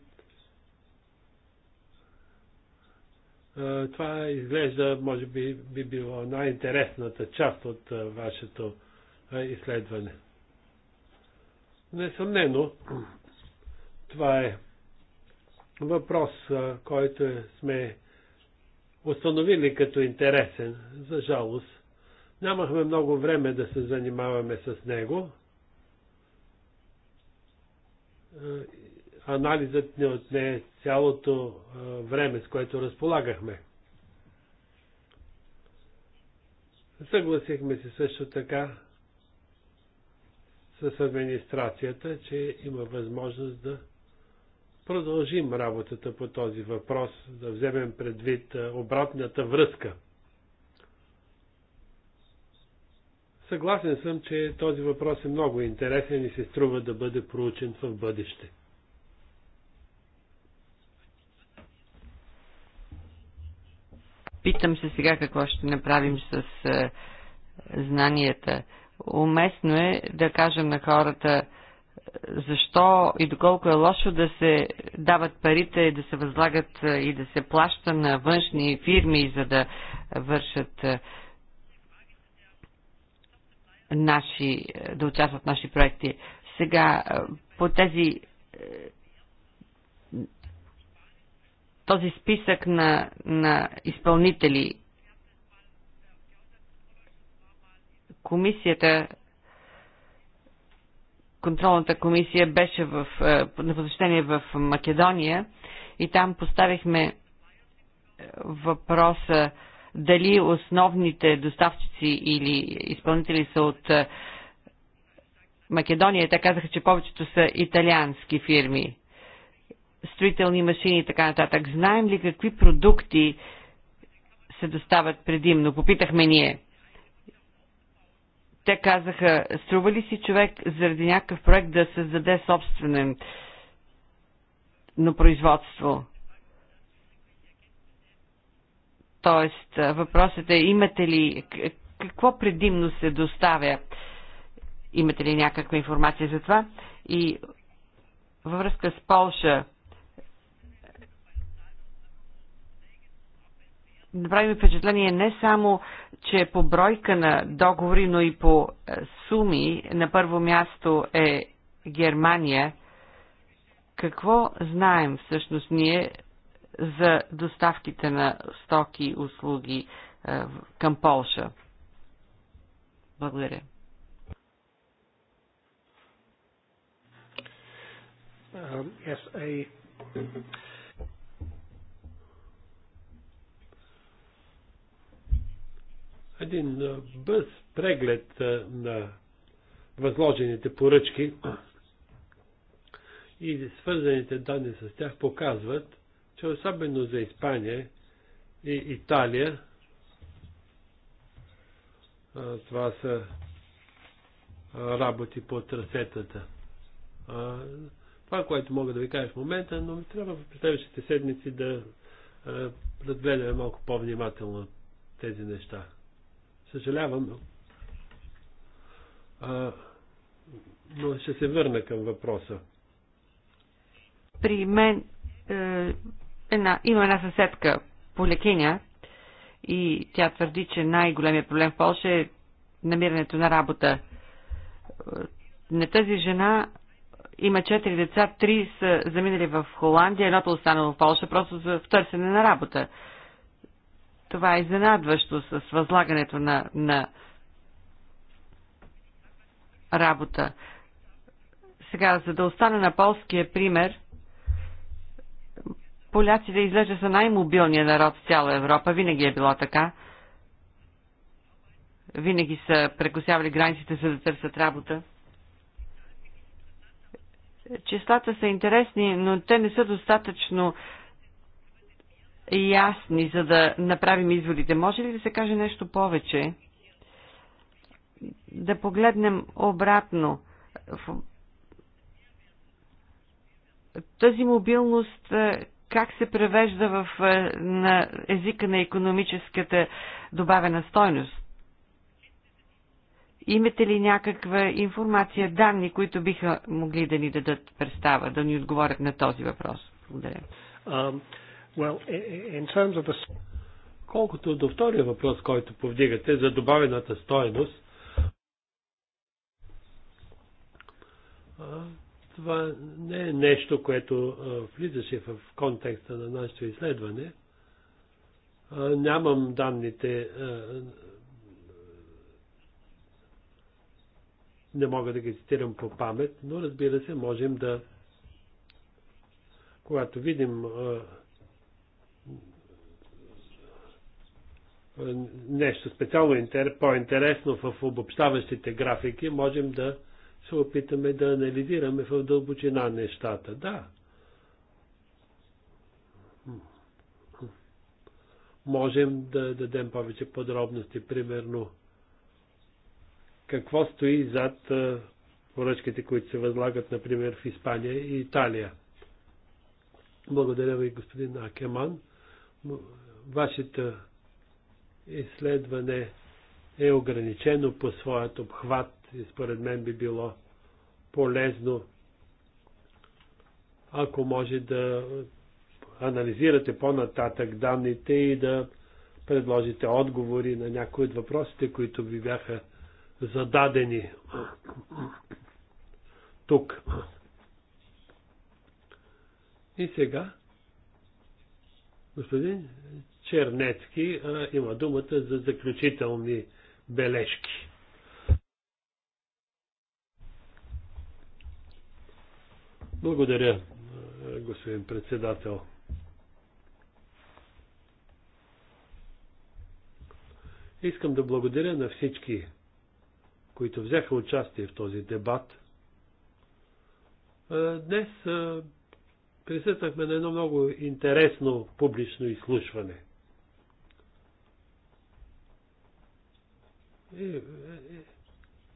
Това изглежда, може би, би било най-интересната част от вашето изследване. Несъмнено, това е въпрос, който сме установили като интересен. За жалост, нямахме много време да се занимаваме с него. Е, анализът не отне цялото е, време, с което разполагахме. Съгласихме се също така с администрацията, че има възможност да продължим работата по този въпрос, да вземем предвид е, обратната връзка Съгласен съм, че този въпрос е много интересен и се струва да бъде проучен в бъдеще. Питам се сега какво ще направим с е, знанията. Уместно е да кажем на хората е, защо и доколко е лошо да се дават парите и да се възлагат е, и да се плаща на външни фирми, за да вършат наши, да участват в наши проекти. Сега, е, по тези е, този списък на, на изпълнители, комисията, контролната комисия беше в, е, на посещение в Македония и там поставихме въпроса дали основните доставчици или изпълнители са от е, Македония. Те казаха, че повечето са италиански фирми, строителни машини и така нататък. Знаем ли какви продукти се доставят предимно? Попитахме ние. Те казаха, струва ли си човек заради някакъв проект да създаде собствено но производство? Тоест, въпросът е имате ли, какво предимно се доставя? Имате ли някаква информация за това? И във връзка с Полша, направи ми впечатление не само, че по бройка на договори, но и по суми на първо място е Германия. Какво знаем всъщност ние за доставките на стоки и услуги е, към Полша. Благодаря. Um, yes, Един е, бърз преглед е, на възложените поръчки и свързаните данни с тях показват, че особено за Испания и Италия това са работи по трасетата. Това, което мога да ви кажа в момента, но трябва в следващите седмици да разгледаме да малко по-внимателно тези неща. Съжалявам, но, а, но ще се върна към въпроса. При мен е, Една, има една съседка, полякиня, и тя твърди, че най-големият проблем в Польша е намирането на работа. На тази жена има четири деца, три са заминали в Холандия, едното останало в Польша, просто за търсене на работа. Това е изненадващо с възлагането на, на работа. Сега, за да остана на полския пример, поляците изглежда са най-мобилният народ в цяла Европа. Винаги е било така. Винаги са прекусявали границите, за да търсят работа. Числата са интересни, но те не са достатъчно ясни, за да направим изводите. Може ли да се каже нещо повече? Да погледнем обратно. Тази мобилност как се превежда в, е, на езика на економическата добавена стойност? Имате ли някаква информация, данни, които биха могли да ни дадат представа, да ни отговорят на този въпрос? Благодаря. Um, Колкото до втория въпрос, който повдигате за добавената стойност, това не е нещо, което влизаше в контекста на нашето изследване. Нямам данните, не мога да ги цитирам по памет, но разбира се, можем да, когато видим нещо специално по-интересно в обобщаващите графики, можем да се опитаме да анализираме в дълбочина нещата. Да. Можем да дадем повече подробности, примерно какво стои зад поръчките, които се възлагат, например, в Испания и Италия. Благодаря ви, господин Акеман. Вашето изследване е ограничено по своят обхват и според мен би било полезно, ако може да анализирате по-нататък данните и да предложите отговори на някои от въпросите, които ви бяха зададени тук. И сега господин Чернецки а, има думата за заключителни бележки. Благодаря, е, господин председател. Искам да благодаря на всички, които взеха участие в този дебат. Е, днес е, присъствахме на едно много интересно публично изслушване.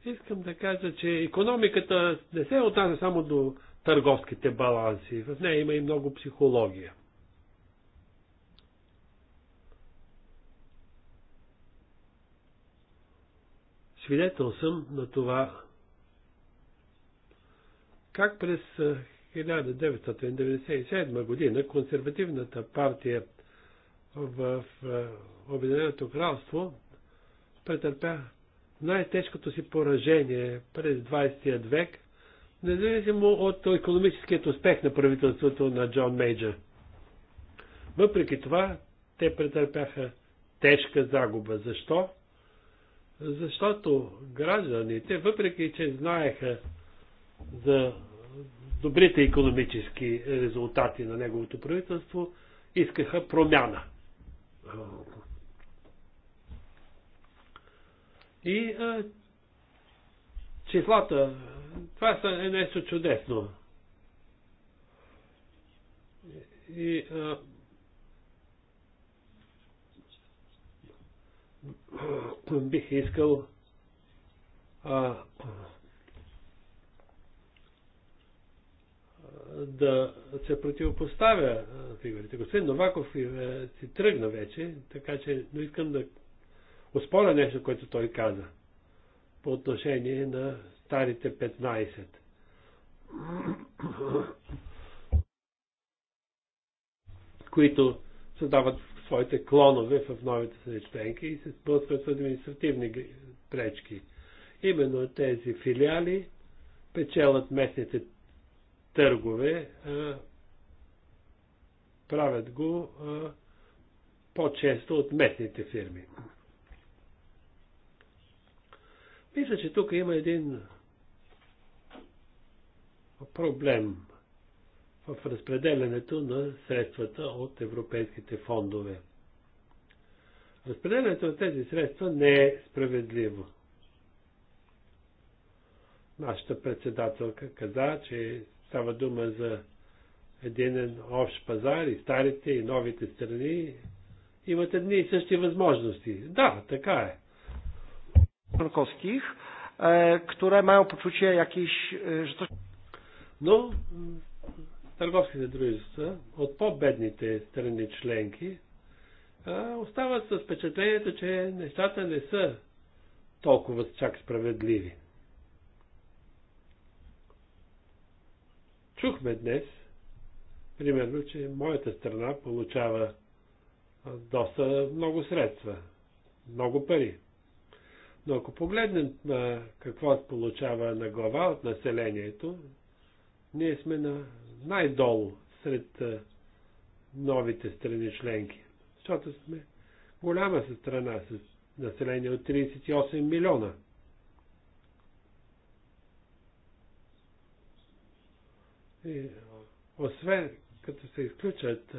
искам да кажа, че економиката не се отнася само до търговските баланси. В нея има и много психология. Свидетел съм на това, как през 1997 година консервативната партия в Обединеното кралство претърпя най-тежкото си поражение през 20 век независимо от економическият успех на правителството на Джон Мейджа. Въпреки това, те претърпяха тежка загуба. Защо? Защото гражданите, въпреки че знаеха за добрите економически резултати на неговото правителство, искаха промяна. И а, числата това е нещо чудесно. И, а, бих искал а, да се противопоставя фигурите. Господин Новаков е, си тръгна вече, така че но искам да оспоря нещо, което той каза по отношение на старите 15. които създават своите клонове в новите страни членки и се сблъскват с административни пречки. Именно тези филиали печелят местните търгове, правят го по-често от местните фирми. Мисля, че тук има един проблем в разпределянето на средствата от европейските фондове. Разпределянето на тези средства не е справедливо. Нашата председателка каза, че става дума за един общ пазар и старите и новите страни имат едни и същи възможности. Да, така е. Członkowskich, które mają poczucie jakiejś, że coś... Но търговските дружества от по-бедните страни членки остават с впечатлението, че нещата не са толкова чак справедливи. Чухме днес, примерно, че моята страна получава доста много средства, много пари. Но ако погледнем на какво получава на глава от населението, ние сме на най-долу сред новите страни членки. Защото сме голяма страна с население от 38 милиона. И, освен като се изключат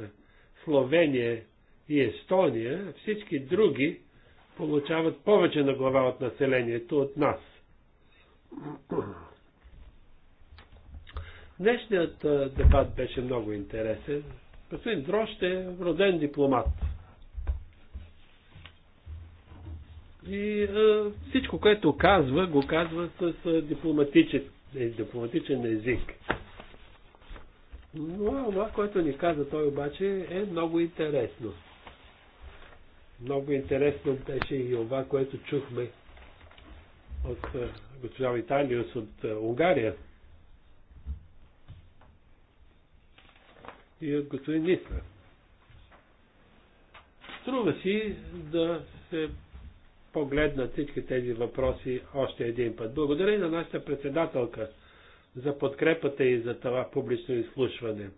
Словения и Естония, всички други получават повече на глава от населението от нас. Днешният дебат беше много интересен. Господин Дрощ е роден дипломат. И е, всичко, което казва, го казва с дипломатичен, е, дипломатичен език. Но това, което ни каза той обаче, е много интересно. Много интересно беше и това, което чухме от госпожа Виталиус от Унгария. и от господин Нистра. Струва си да се погледнат всички тези въпроси още един път. Благодаря и на нашата председателка за подкрепата и за това публично изслушване.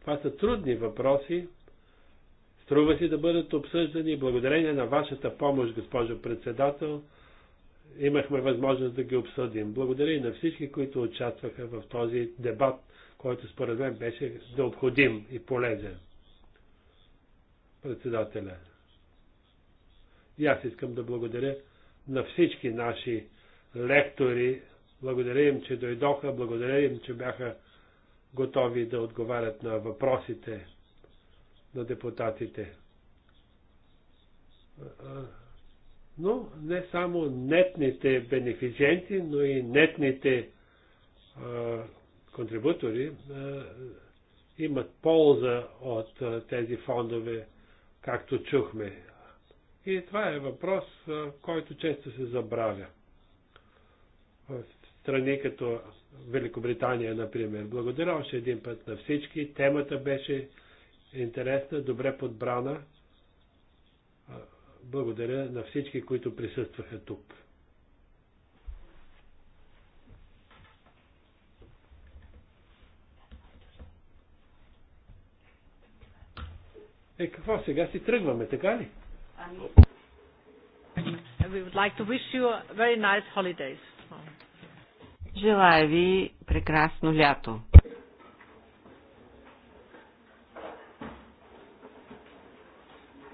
Това са трудни въпроси. Струва си да бъдат обсъждани. Благодарение на вашата помощ, госпожо председател, имахме възможност да ги обсъдим. Благодаря и на всички, които участваха в този дебат който според мен беше необходим и полезен. Председателя. И аз искам да благодаря на всички наши лектори. Благодаря им, че дойдоха, благодаря им, че бяха готови да отговарят на въпросите на депутатите. Но не само нетните бенефициенти, но и нетните контрибутори имат полза от тези фондове, както чухме. И това е въпрос, който често се забравя. В страни като Великобритания, например. Благодаря още един път на всички. Темата беше интересна, добре подбрана. Благодаря на всички, които присъстваха тук. Е, какво сега си тръгваме, така ли? Ами, we would like to wish you very nice holidays. Желая ви прекрасно лято.